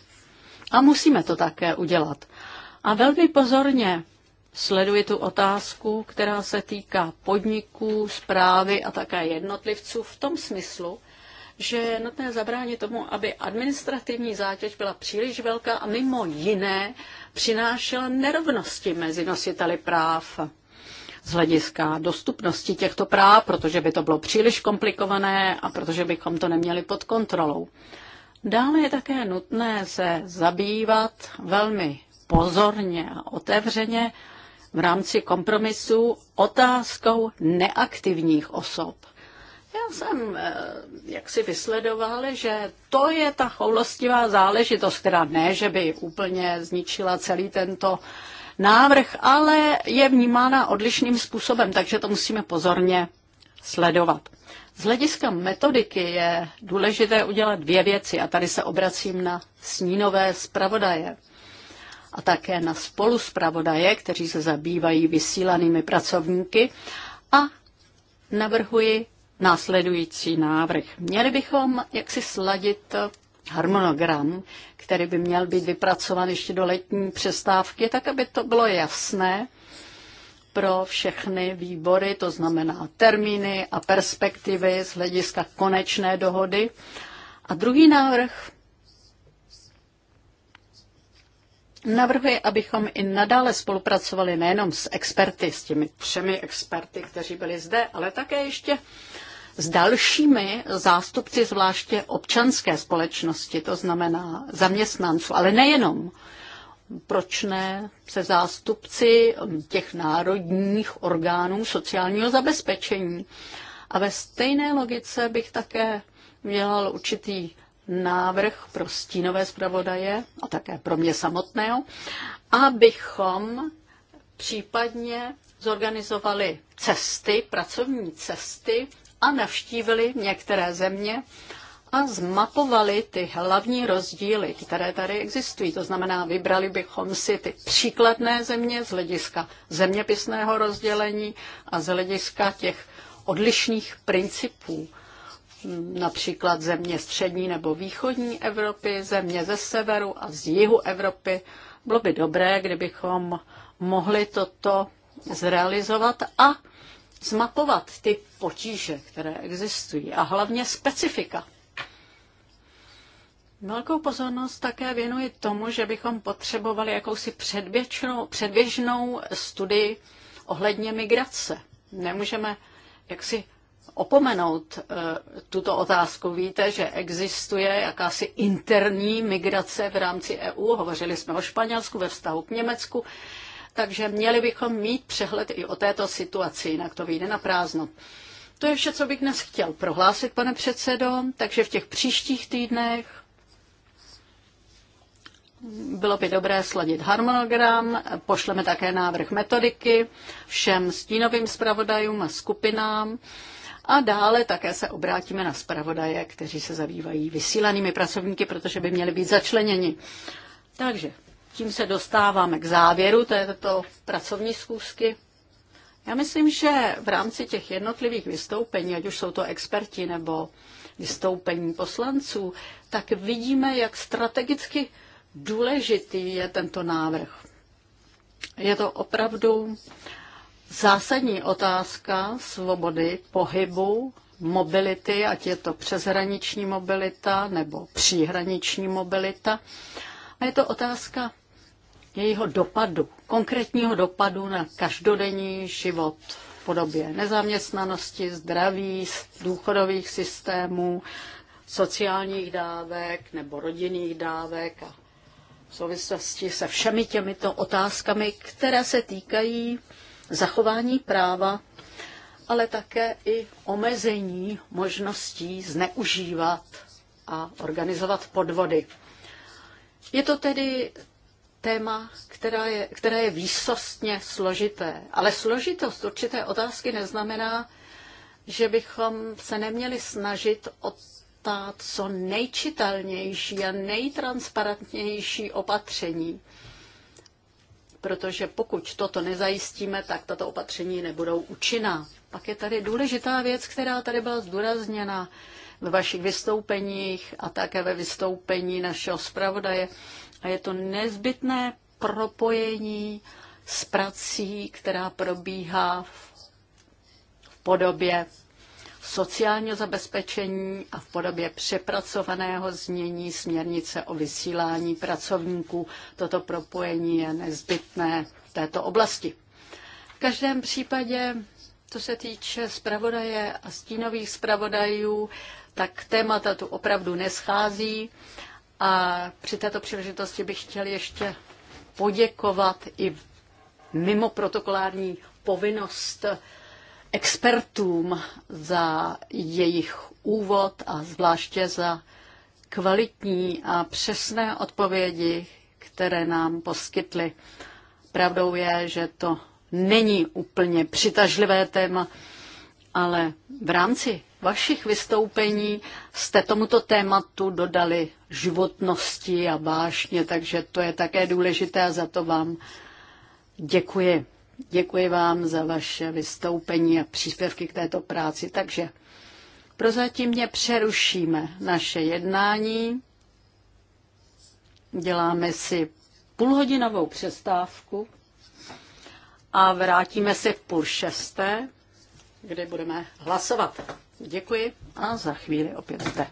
A musíme to také udělat. A velmi pozorně sleduji tu otázku, která se týká podniků, zprávy a také jednotlivců v tom smyslu, že je nutné zabránit tomu, aby administrativní zátěž byla příliš velká a mimo jiné přinášela nerovnosti mezi nositeli práv z hlediska dostupnosti těchto práv, protože by to bylo příliš komplikované a protože bychom to neměli pod kontrolou. Dále je také nutné se zabývat velmi pozorně a otevřeně v rámci kompromisu otázkou neaktivních osob. Já jsem eh, jak si vysledoval, že to je ta choulostivá záležitost, která ne, že by úplně zničila celý tento návrh ale je vnímána odlišným způsobem, takže to musíme pozorně sledovat. Z hlediska metodiky je důležité udělat dvě věci a tady se obracím na snínové zpravodaje a také na spoluspravodaje, kteří se zabývají vysílanými pracovníky a navrhuji následující návrh. Měli bychom jaksi sladit harmonogram, který by měl být vypracován ještě do letní přestávky, tak aby to bylo jasné pro všechny výbory, to znamená termíny a perspektivy z hlediska konečné dohody. A druhý návrh navrhuji, abychom i nadále spolupracovali nejenom s experty, s těmi třemi experty, kteří byli zde, ale také ještě s dalšími zástupci, zvláště občanské společnosti, to znamená zaměstnanců, ale nejenom. Proč ne se zástupci těch národních orgánů sociálního zabezpečení? A ve stejné logice bych také udělal určitý návrh pro stínové zpravodaje a také pro mě samotného, abychom případně zorganizovali cesty, pracovní cesty a navštívili některé země a zmapovali ty hlavní rozdíly, které tady existují. To znamená, vybrali bychom si ty příkladné země z hlediska zeměpisného rozdělení a z hlediska těch odlišných principů. Například země střední nebo východní Evropy, země ze severu a z jihu Evropy. Bylo by dobré, kdybychom mohli toto zrealizovat a zmapovat ty potíže, které existují a hlavně specifika. Velkou pozornost také věnuji tomu, že bychom potřebovali jakousi předběžnou, předběžnou studii ohledně migrace. Nemůžeme jaksi opomenout e, tuto otázku. Víte, že existuje jakási interní migrace v rámci EU. Hovořili jsme o Španělsku ve vztahu k Německu. E, takže měli bychom mít přehled i o této situaci, jinak to vyjde na prázdno. To je vše, co bych dnes chtěl prohlásit, pane předsedo, takže v těch příštích týdnech bylo by dobré sladit harmonogram, pošleme také návrh metodiky všem stínovým zpravodajům a skupinám a dále také se obrátíme na zpravodaje, kteří se zabývají vysílanými pracovníky, protože by měli být začleněni. Takže tím se dostáváme k závěru této pracovní zkoušky. Já myslím, že v rámci těch jednotlivých vystoupení, ať už jsou to experti nebo vystoupení poslanců, tak vidíme, jak strategicky důležitý je tento návrh. Je to opravdu zásadní otázka svobody pohybu, mobility, ať je to přeshraniční mobilita nebo příhraniční mobilita. A je to otázka jejího dopadu, konkrétního dopadu na každodenní život v podobě nezaměstnanosti, zdraví, důchodových systémů, sociálních dávek nebo rodinných dávek a v souvislosti se všemi těmito otázkami, které se týkají zachování práva, ale také i omezení možností zneužívat a organizovat podvody. Je to tedy téma, která je, které je výsostně složité. Ale složitost určité otázky neznamená, že bychom se neměli snažit o ta co nejčitelnější a nejtransparentnější opatření. Protože pokud toto nezajistíme, tak tato opatření nebudou účinná. Pak je tady důležitá věc, která tady byla zdůrazněna ve vašich vystoupeních a také ve vystoupení našeho zpravodaje. A je to nezbytné propojení s prací, která probíhá v podobě sociálního zabezpečení a v podobě přepracovaného znění směrnice o vysílání pracovníků. Toto propojení je nezbytné v této oblasti. V každém případě, co se týče zpravodaje a stínových zpravodajů, tak témata tu opravdu neschází. A při této příležitosti bych chtěl ještě poděkovat i mimo protokolární povinnost expertům za jejich úvod a zvláště za kvalitní a přesné odpovědi, které nám poskytly. Pravdou je, že to není úplně přitažlivé téma, ale v rámci vašich vystoupení jste tomuto tématu dodali životnosti a vášně, takže to je také důležité a za to vám děkuji. Děkuji vám za vaše vystoupení a příspěvky k této práci. Takže prozatím mě přerušíme naše jednání. Děláme si půlhodinovou přestávku a vrátíme se v půl šesté, kde budeme hlasovat. Děkuji a za chvíli opět zde.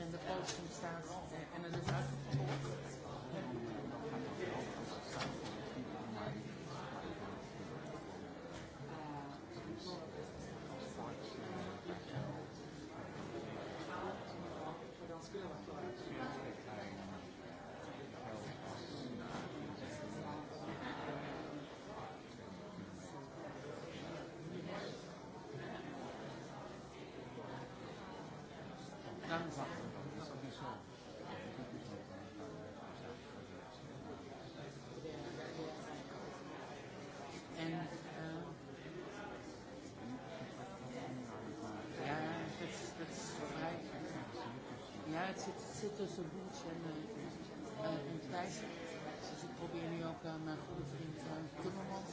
and the poll from Stars, and the tijd zit, zit tussen Boets en, uh, en Thijssen. Dus ik probeer nu ook aan mijn goede vriend uh, Timmermans uh,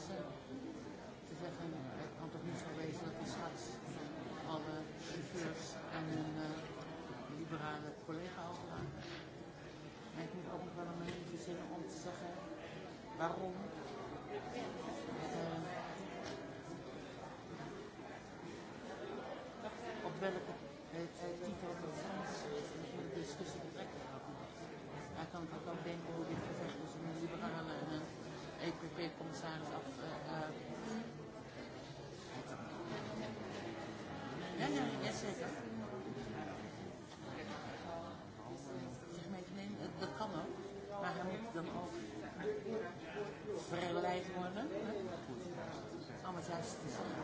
te zeggen, het kan toch niet zo wezen dat hij straks alle chauffeurs en hun uh, liberale collega overlaat. En ik moet ook nog wel een manier verzinnen om te zeggen waarom. Uh, op welke titel het kant dat ik ook denk hoe dit gezegd tussen een liberale en een EPP-commissaris af. Uh, uh. Ja, ja, ja, zeker. Zeg maar, ik neem, dat kan ook, maar hij moet dan ook verleid worden hè? om het juiste te zeggen.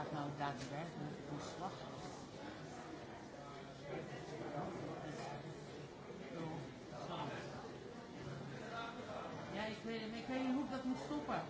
gaat nou daadwerkelijk aan slag. Ja, ik weet, ik weet niet hoe ik dat moet stoppen.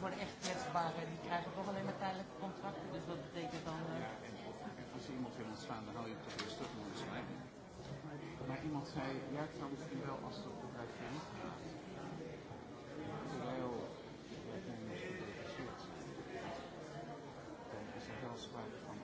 voor de echt kwetsbaren, die krijgen toch alleen maar tijdelijke contracten. Dus dat betekent dan... Uh... Ja, en als je iemand wil ontslaan, dan hou je het toch weer stuk moeten zijn. Maar iemand zei, ja, ik zou misschien wel als het bedrijf failliet gaat. Terwijl het nu niet zo dan is er wel sprake van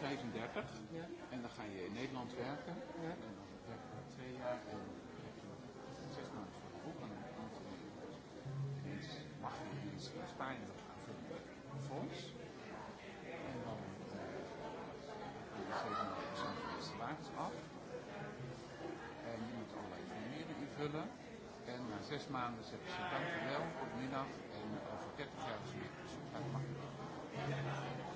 35 ja. en dan ga je in Nederland werken. Ja. En dan werk je daar twee jaar en dan je zes maanden voor de boek. En dan mag je in Spanje nog gaan vinden een fonds. En dan doe je 37% van de salaris af. En je moet allerlei formulieren invullen. En na zes maanden zeggen ze dankjewel, goedemiddag. En over 30 jaar zie ik, dus dat mag je.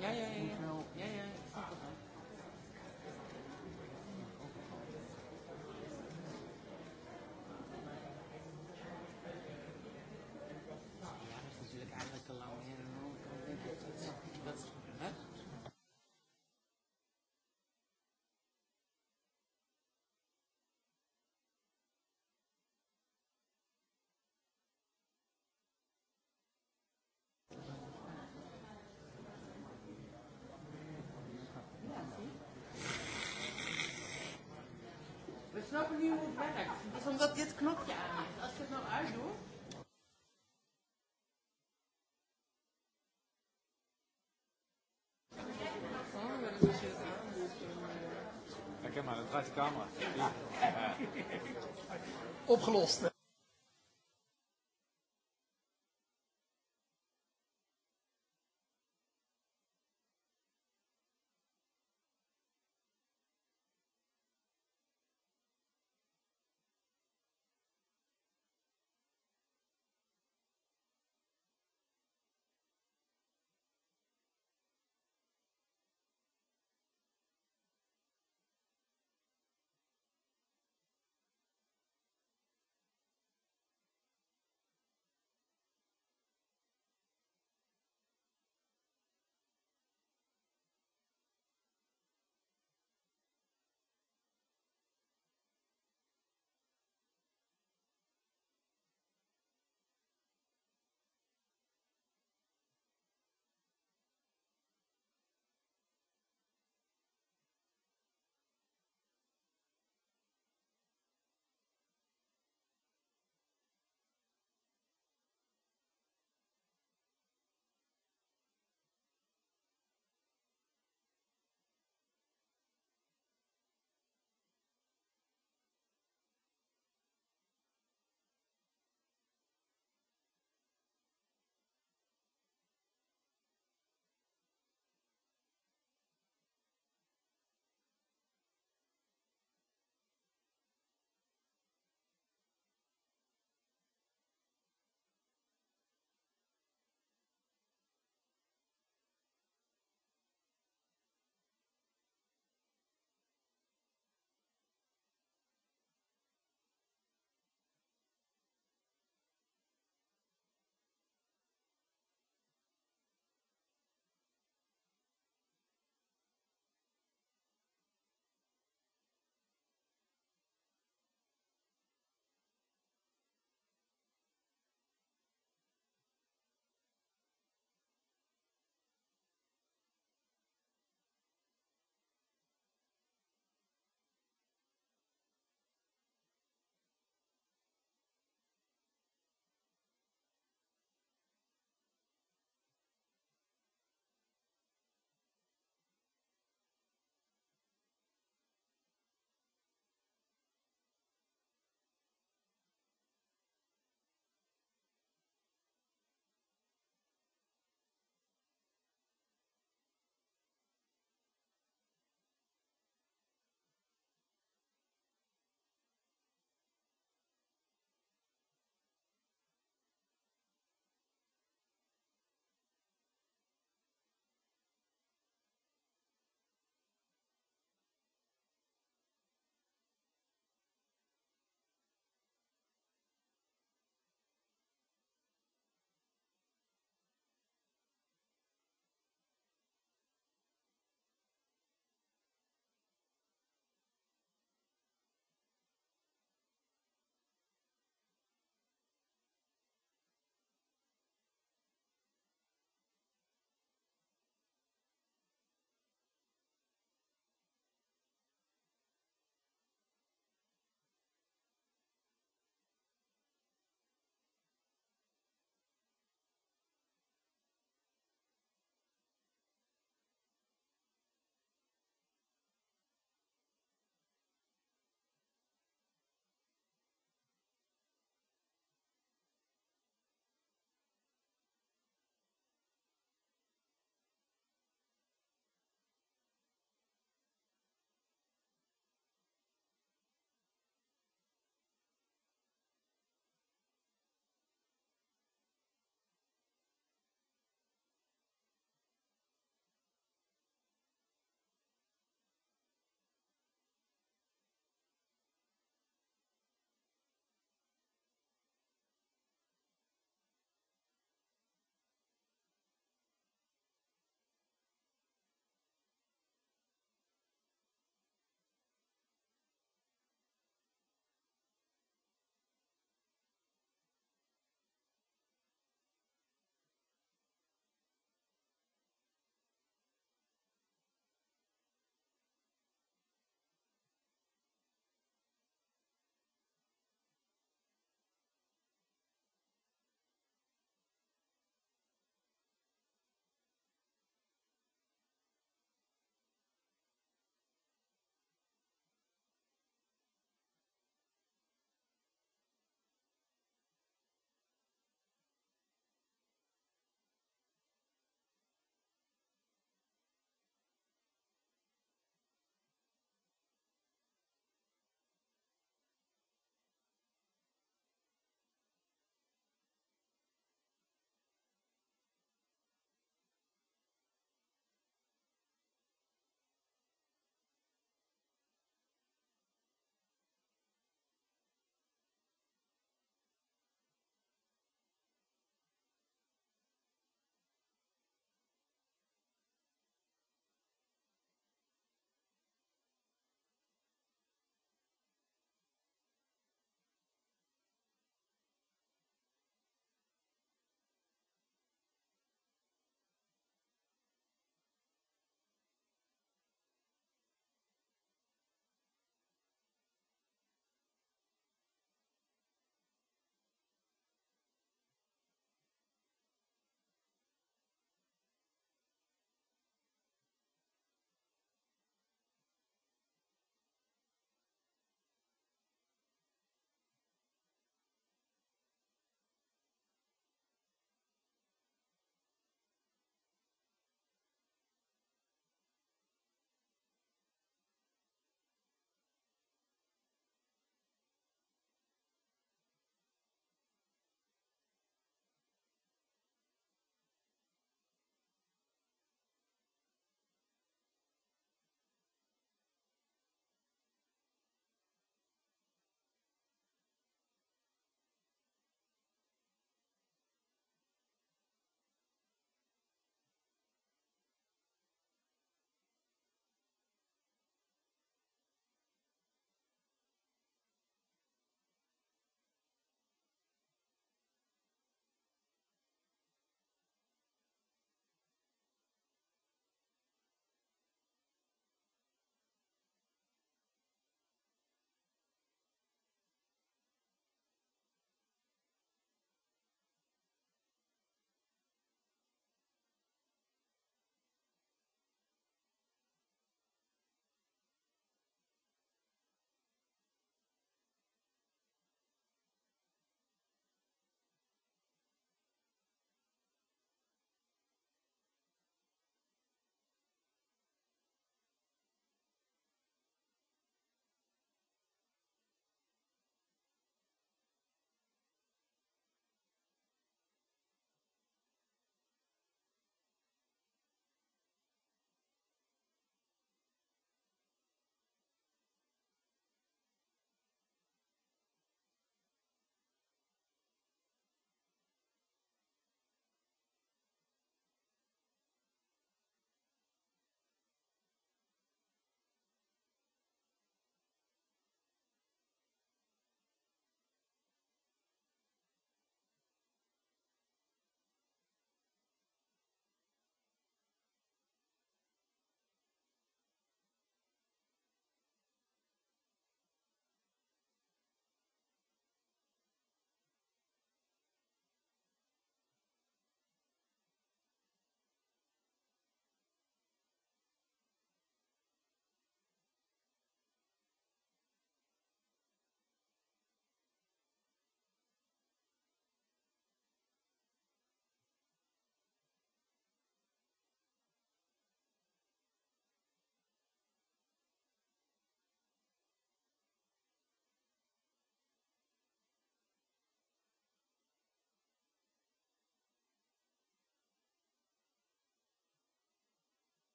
Ja, ja, ja. ja. ja, ja. Ik snappen nu hoe het werkt. Het is omdat dit knopje aan is. Als ik het nou uitdoe... Kijk maar, dan draait de camera. Opgelost.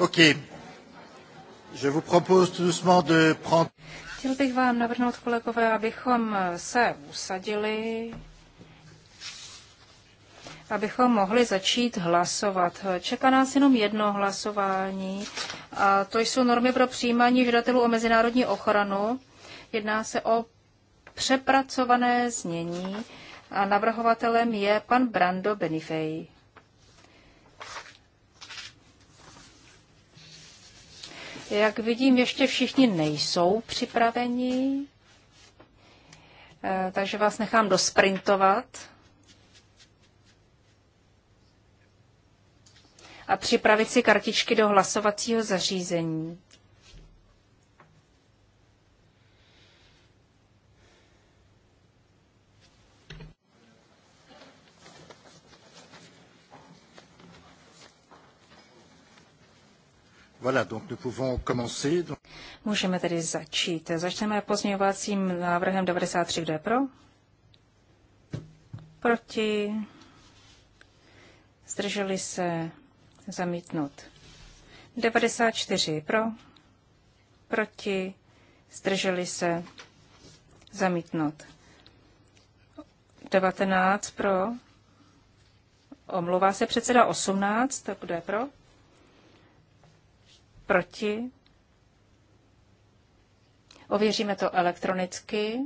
OK. Je vous propose tout doucement de prendre... Chtěl bych vám navrhnout, kolegové, abychom se usadili, abychom mohli začít hlasovat. Čeká nás jenom jedno hlasování. A to jsou normy pro přijímání žadatelů o mezinárodní ochranu. Jedná se o přepracované znění a navrhovatelem je pan Brando Benifej. Jak vidím, ještě všichni nejsou připraveni, eh, takže vás nechám dosprintovat. A připravit si kartičky do hlasovacího zařízení. Voilà, donc nous pouvons commencer. Donc... Můžeme tedy začít. Začneme pozměňovacím návrhem 93, kdo je pro? Proti? Zdrželi se zamítnout. 94 pro? Proti? Zdrželi se zamítnout. 19 pro? Omlouvá se předseda 18, tak kdo je pro? Proti? Ověříme to elektronicky.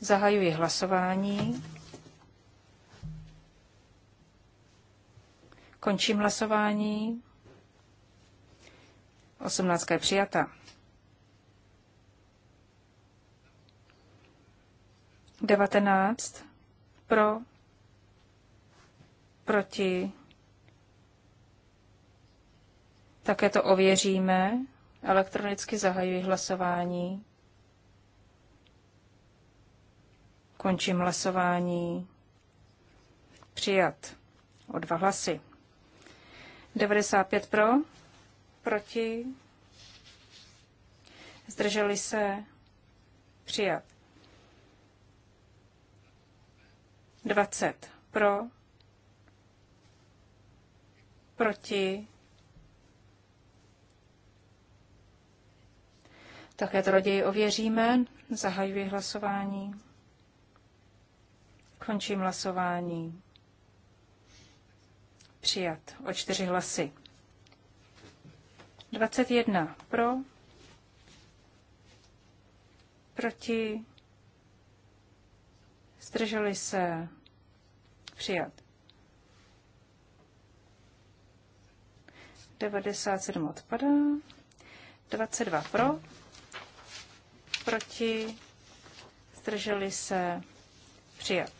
Zahajuji hlasování. Končím hlasování. 18 je přijata. Devatenáct pro, proti také to ověříme. Elektronicky zahajuji hlasování. Končím hlasování. Přijat o dva hlasy. 95 pro, proti, zdrželi se, přijat. 20 pro, proti, Také to raději ověříme. Zahajuji hlasování. Končím hlasování. Přijat o čtyři hlasy. 21 pro, proti, zdrželi se, přijat. 97 odpadá, 22 pro, proti, zdrželi se, přijat.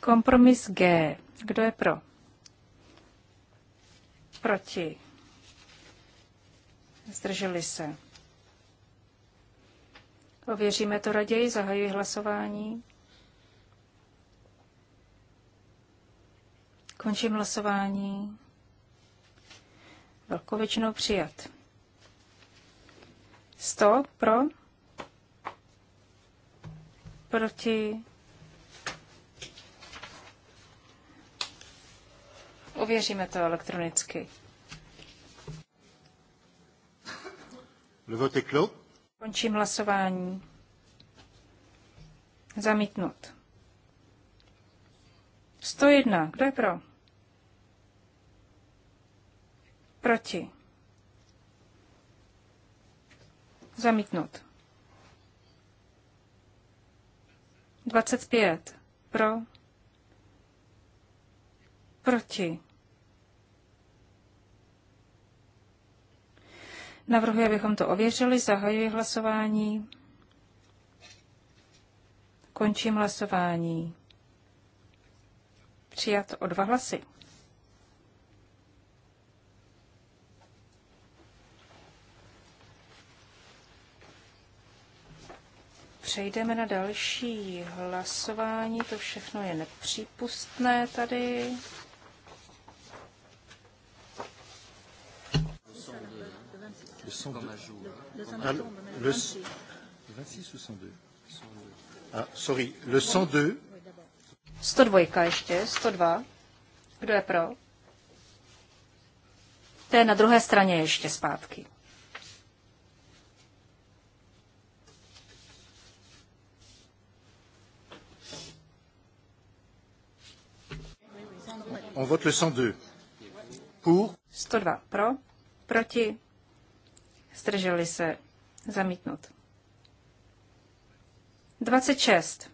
Kompromis G. Kdo je pro? Proti. Zdrželi se. Ověříme to raději, zahajuji hlasování. Končím hlasování. Velkou většinou přijat. 100 pro, proti, ověříme to elektronicky. Le vote est clos. Končím hlasování. Zamítnut. 101. Kdo je pro? Proti. Zamítnut. 25. Pro. Proti. Navrhuji, abychom to ověřili. Zahajuji hlasování. Končím hlasování. Přijat o dva hlasy. přejdeme na další hlasování. To všechno je nepřípustné tady. Le 102. 102 Sorry, le 102. 102 ještě, 102. Kdo je pro? To je na druhé straně ještě zpátky. On vote le 102. Pour. 102 pro, proti, zdrželi se, zamítnut. 26.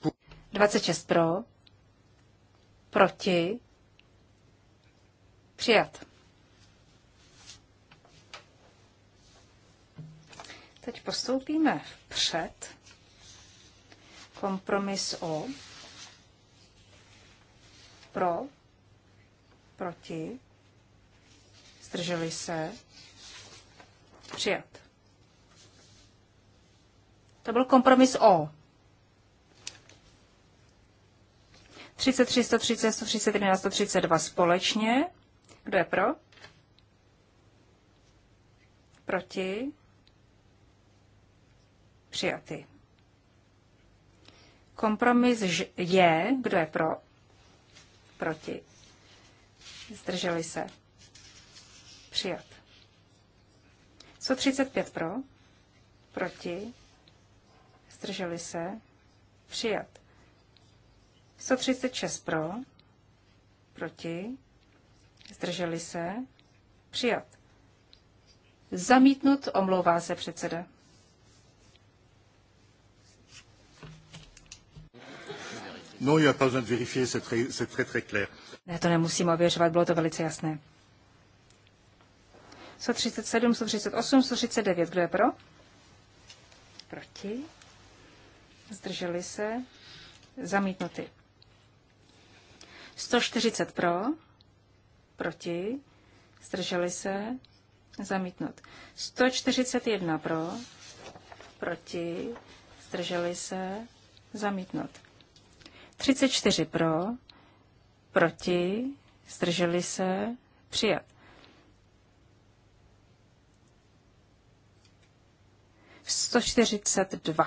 Pour. 26 pro, proti, přijat. Teď postoupíme vpřed. Kompromis O. Pro. Proti. Zdrželi se. Přijat. To byl kompromis O. 33, 130, 131, 132 společně. Kdo je pro? Proti? Přijaty. Kompromis je, kdo je pro, proti. Zdrželi se. Přijat. 135 pro, proti, zdrželi se, přijat. 136 pro, proti, zdrželi se, přijat. Zamítnut, omlouvá se předseda. No, il n'y a pas besoin de vérifier, c'est très, très, très clair. Ne, to nemusíme ověřovat, bylo to velice jasné. 137, 138, 139, kdo je pro? Proti. Zdrželi se. Zamítnuty. 140 pro. Proti. Zdrželi se. Zamítnut. 141 pro. Proti. Zdrželi se. Zamítnut. 34 pro, proti, zdrželi se, přijat. 142.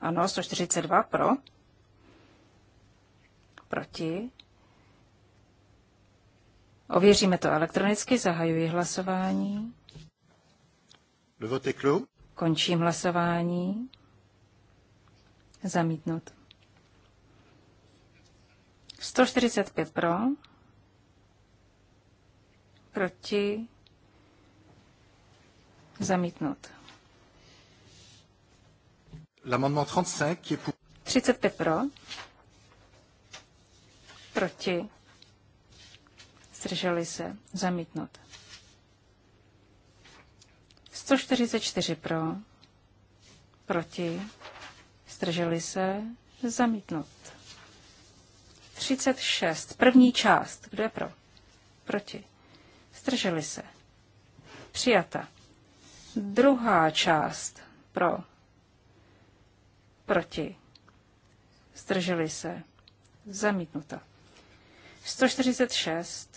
Ano, 142 pro. Proti. Ověříme to elektronicky, zahajuji hlasování. Končím hlasování. Zamítnut. 145 pro. Proti. Zamítnut. 35 35 pro. Proti. Zdrželi se. Zamítnut. 144 pro. Proti zdrželi se, zamítnut. 36. První část. Kdo je pro? Proti. Zdrželi se. Přijata. Druhá část. Pro. Proti. Zdrželi se. Zamítnuta. 146.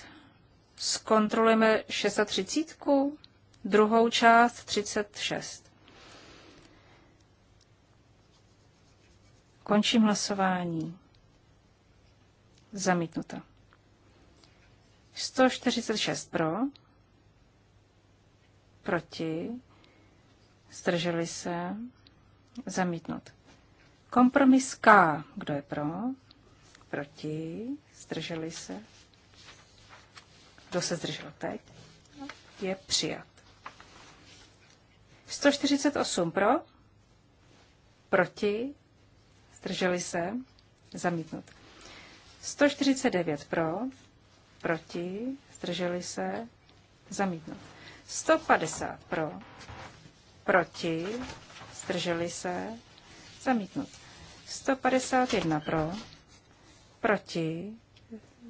Zkontrolujeme 630. Druhou část 36. Končím hlasování. Zamítnuto. 146 pro, proti, zdrželi se, zamítnut. Kompromis K, kdo je pro, proti, zdrželi se, kdo se zdržel teď, je přijat. 148 pro, proti, zdrželi se, zamítnut. 149 pro, proti, zdrželi se, zamítnut. 150 pro, proti, zdrželi se, zamítnut. 151 pro, proti,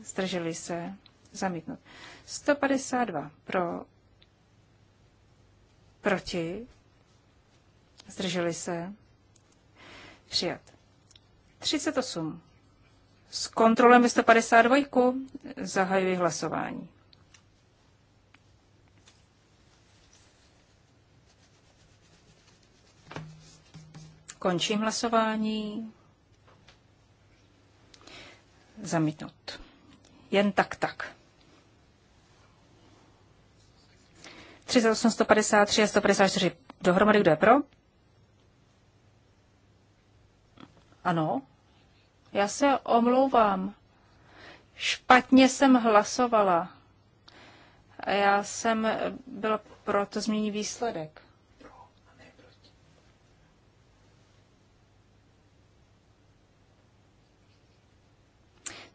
zdrželi se, zamítnut. 152 pro, proti, zdrželi se, přijat. 38. S kontrolem 152 zahajuji hlasování. Končím hlasování. Zamítnout. Jen tak, tak. 38, 153 a 154 dohromady, kdo je pro? Ano, já se omlouvám. Špatně jsem hlasovala. Já jsem byla pro to změní výsledek.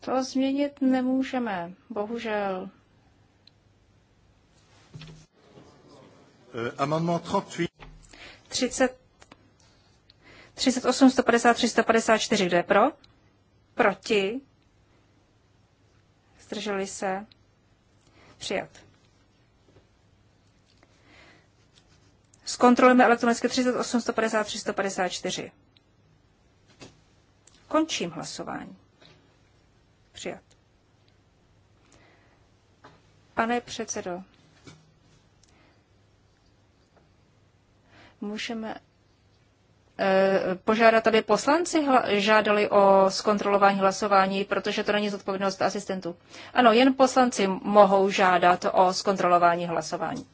To změnit nemůžeme, bohužel. Amendment 38. 38. 38, 153, 154. Kdo je pro? Proti? Zdrželi se? Přijat. Zkontrolujeme elektronicky 38, 153, 154. Končím hlasování. Přijat. Pane předsedo, můžeme Eh, požádat, aby poslanci žádali o zkontrolování hlasování, protože to není zodpovědnost asistentů. Ano, jen poslanci mohou žádat o zkontrolování hlasování.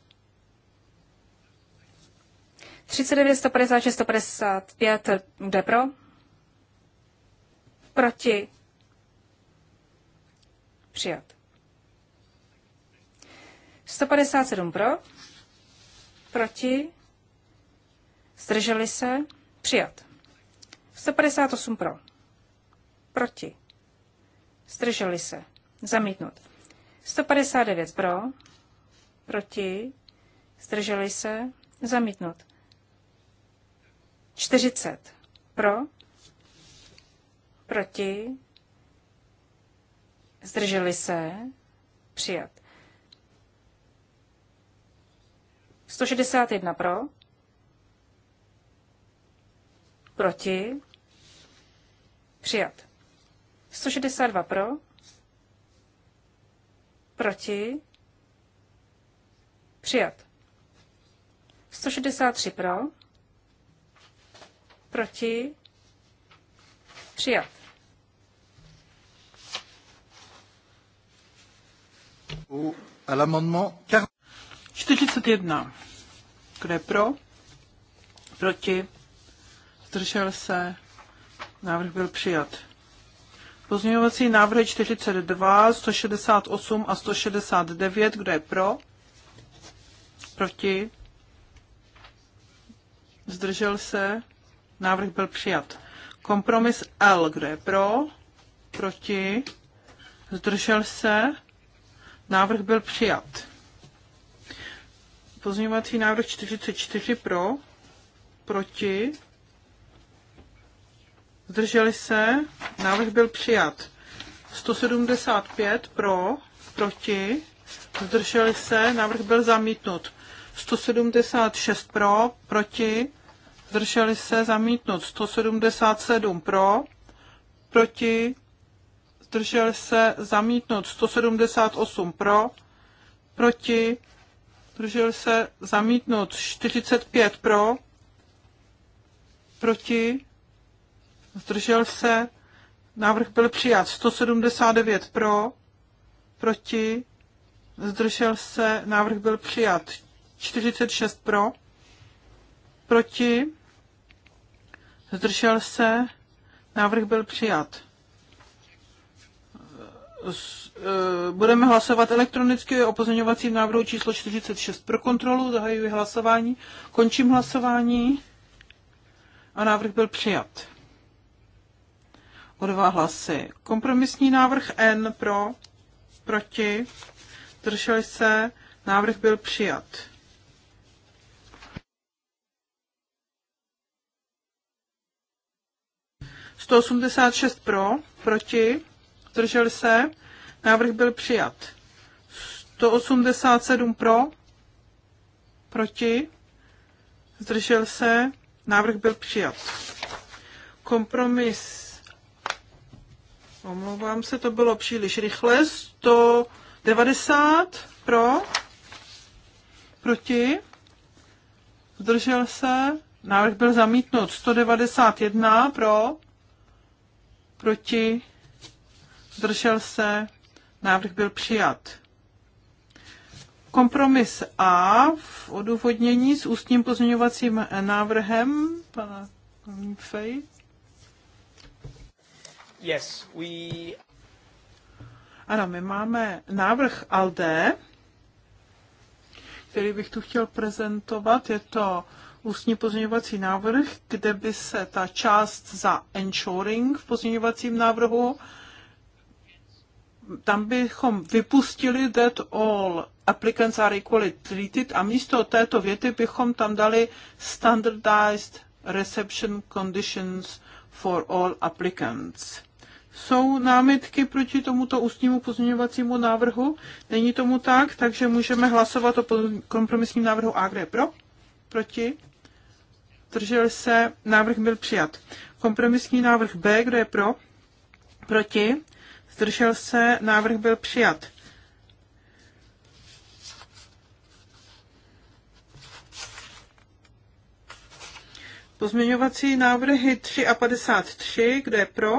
39, 156, 155, jde pro? Proti? Přijat. 157 pro? Proti? Zdrželi se? Přijat. 158 pro. Proti. Zdrželi se. Zamítnut. 159 pro. Proti. Zdrželi se. Zamítnut. 40 pro. Proti. Zdrželi se. Přijat. 161 pro Proti? Přijat. 162 pro? Proti? Přijat. 163 pro? Proti? Přijat. U à l'amendement 41. Kdo je pro? Proti? zdržel se, návrh byl přijat. Pozměňovací návrhy 42, 168 a 169, kdo je pro? Proti? Zdržel se? Návrh byl přijat. Kompromis L, kdo je pro? Proti? Zdržel se? Návrh byl přijat. Pozměňovací návrh 44 pro, proti, zdrželi se, návrh byl přijat. 175 pro, proti, zdrželi se, návrh byl zamítnut. 176 pro, proti, zdrželi se, zamítnut. 177 pro, proti, zdrželi se, zamítnut. 178 pro, proti, zdrželi se, zamítnut. 45 pro, proti, zdržel se, návrh byl přijat 179 pro, proti, zdržel se, návrh byl přijat 46 pro, proti, zdržel se, návrh byl přijat. E, budeme hlasovat elektronicky o pozměňovacím návrhu číslo 46 pro kontrolu. Zahajuji hlasování, končím hlasování a návrh byl přijat o dva hlasy. Kompromisní návrh N pro, proti, zdrželi se, návrh byl přijat. Sto osmdesát šest pro, proti, zdrželi se, návrh byl přijat. 187 pro, proti, zdržel se, návrh byl přijat. Kompromis Omlouvám se, to bylo příliš rychle. 190 pro, proti, zdržel se, návrh byl zamítnut. 191 pro, proti, zdržel se, návrh byl přijat. Kompromis A v odůvodnění s ústním pozměňovacím návrhem pana Fej. Yes, we... Ano, my máme návrh ALDE, který bych tu chtěl prezentovat. Je to ústní pozměňovací návrh, kde by se ta část za ensuring v pozměňovacím návrhu, tam bychom vypustili that all applicants are equally treated a místo této věty bychom tam dali standardized reception conditions for all applicants. Jsou námitky proti tomuto ústnímu pozměňovacímu návrhu? Není tomu tak, takže můžeme hlasovat o kompromisním návrhu A, kde pro? Proti? Držel se, návrh byl přijat. Kompromisní návrh B, kdo je pro? Proti? Zdržel se, návrh byl přijat. Pozměňovací návrhy 3 a 53, kdo je pro?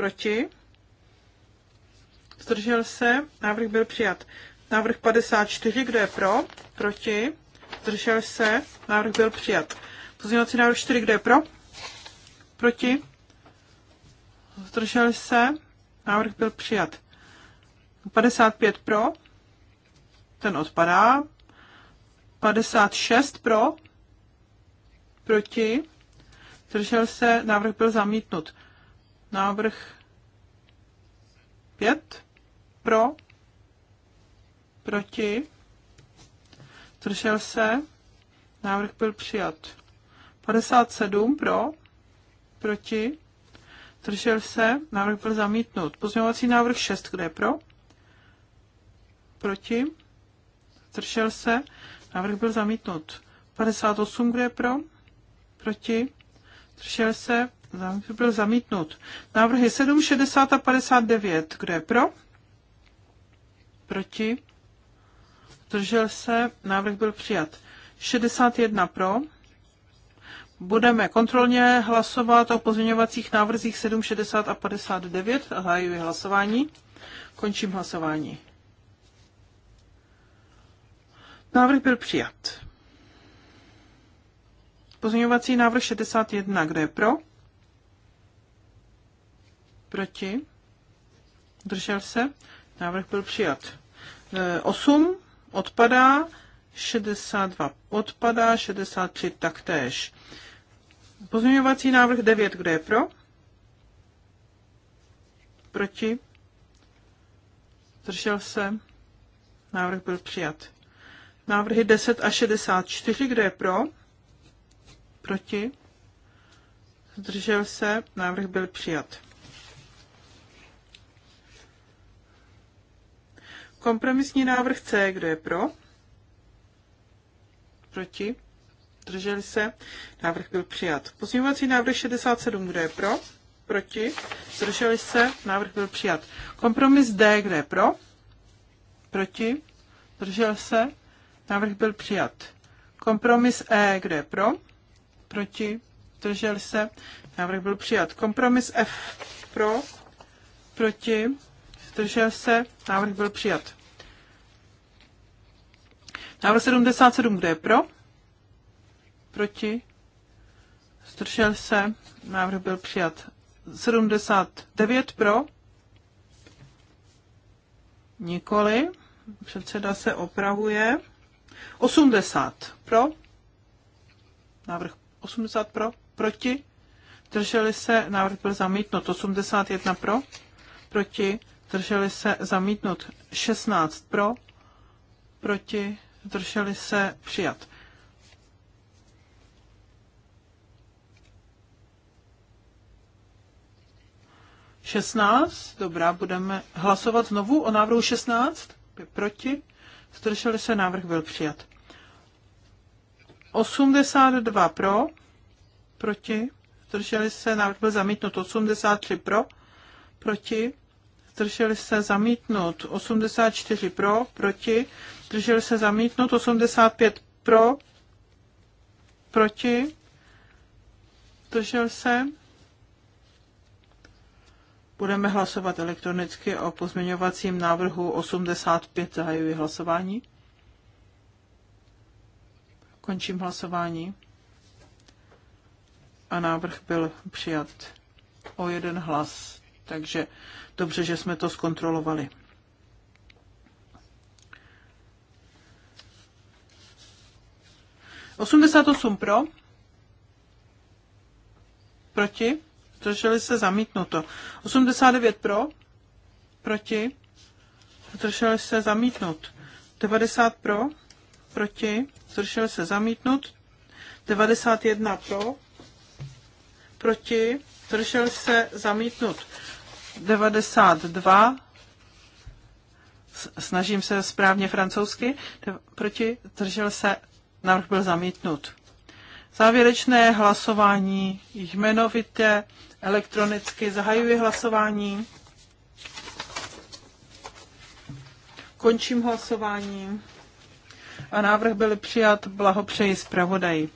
proti, zdržel se, návrh byl přijat. Návrh 54, kdo je pro, proti, zdržel se, návrh byl přijat. Pozměňovací návrh 4, kdo je pro, proti, zdržel se, návrh byl přijat. 55 pro, ten odpadá. 56 pro, proti, zdržel se, návrh byl zamítnut. Návrh 5 pro, proti, zdržel se, návrh byl přijat. 57 pro, proti, zdržel se, návrh byl zamítnut. Pozměňovací návrh 6, kde je pro, proti, zdržel se, návrh byl zamítnut. 58, kde je pro, proti, zdržel se, byl zamítnut. Návrhy 7, 60 a 59. Kdo je pro? Proti? Držel se. Návrh byl přijat. 61 pro. Budeme kontrolně hlasovat o pozměňovacích návrzích 7, 60 a 59. Zahajuji hlasování. Končím hlasování. Návrh byl přijat. Pozměňovací návrh 61. Kdo je pro? Proti? Držel se? Návrh byl přijat. 8 e, odpadá, 62 odpadá, 63 taktéž. Pozměňovací návrh 9, kde je pro? Proti? Držel se? Návrh byl přijat. Návrhy 10 a 64, kde je pro? Proti? Zdržel se? Návrh byl přijat. Kompromisní návrh C, kdo je pro? Proti? Drželi se? Návrh byl přijat. Pozměňovací návrh 67, kdo je pro? Proti? Zdrželi se? Návrh byl přijat. Kompromis D, kdo je pro? Proti? Držel se? Návrh byl přijat. Kompromis E, kdo je pro? Proti? Držel se? Návrh byl přijat. Kompromis F, pro? Proti? zdržel se, návrh byl přijat. Návrh 77, kdo je pro? Proti? Zdržel se, návrh byl přijat. 79 pro? Nikoli. Předseda se opravuje. 80 pro? Návrh 80 pro? Proti? Drželi se, návrh byl zamítnut. 81 pro? Proti? zdrželi se zamítnut 16 pro, proti, zdrželi se přijat. Šestnáct, dobrá, budeme hlasovat znovu o návrhu 16, proti, zdrželi se, návrh byl přijat. 82 pro, proti, zdrželi se, návrh byl zamítnut 83 pro, proti, zdrželi se zamítnout 84 pro, proti, zdrželi se zamítnout 85 pro, proti, zdržel se. Budeme hlasovat elektronicky o pozměňovacím návrhu 85. Zahajuji hlasování. Končím hlasování. A návrh byl přijat o jeden hlas. Takže Dobře, že jsme to zkontrolovali. Osmdesát osm pro, proti, zdrželi se zamítnuto. 89 pro, proti, zdrželi se zamítnut. 90 pro, proti, zdrželi se zamítnut. 91 pro, proti, zdrželi se zamítnut. 92, snažím se správně francouzsky, proti držel se, návrh byl zamítnut. Závěrečné hlasování jmenovitě elektronicky zahajuji hlasování. Končím hlasování. A návrh byl přijat. Blahopřeji zpravodaji.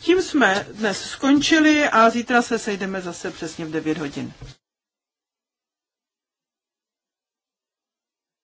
Tím jsme dnes skončili a zítra se sejdeme zase přesně v 9 hodin.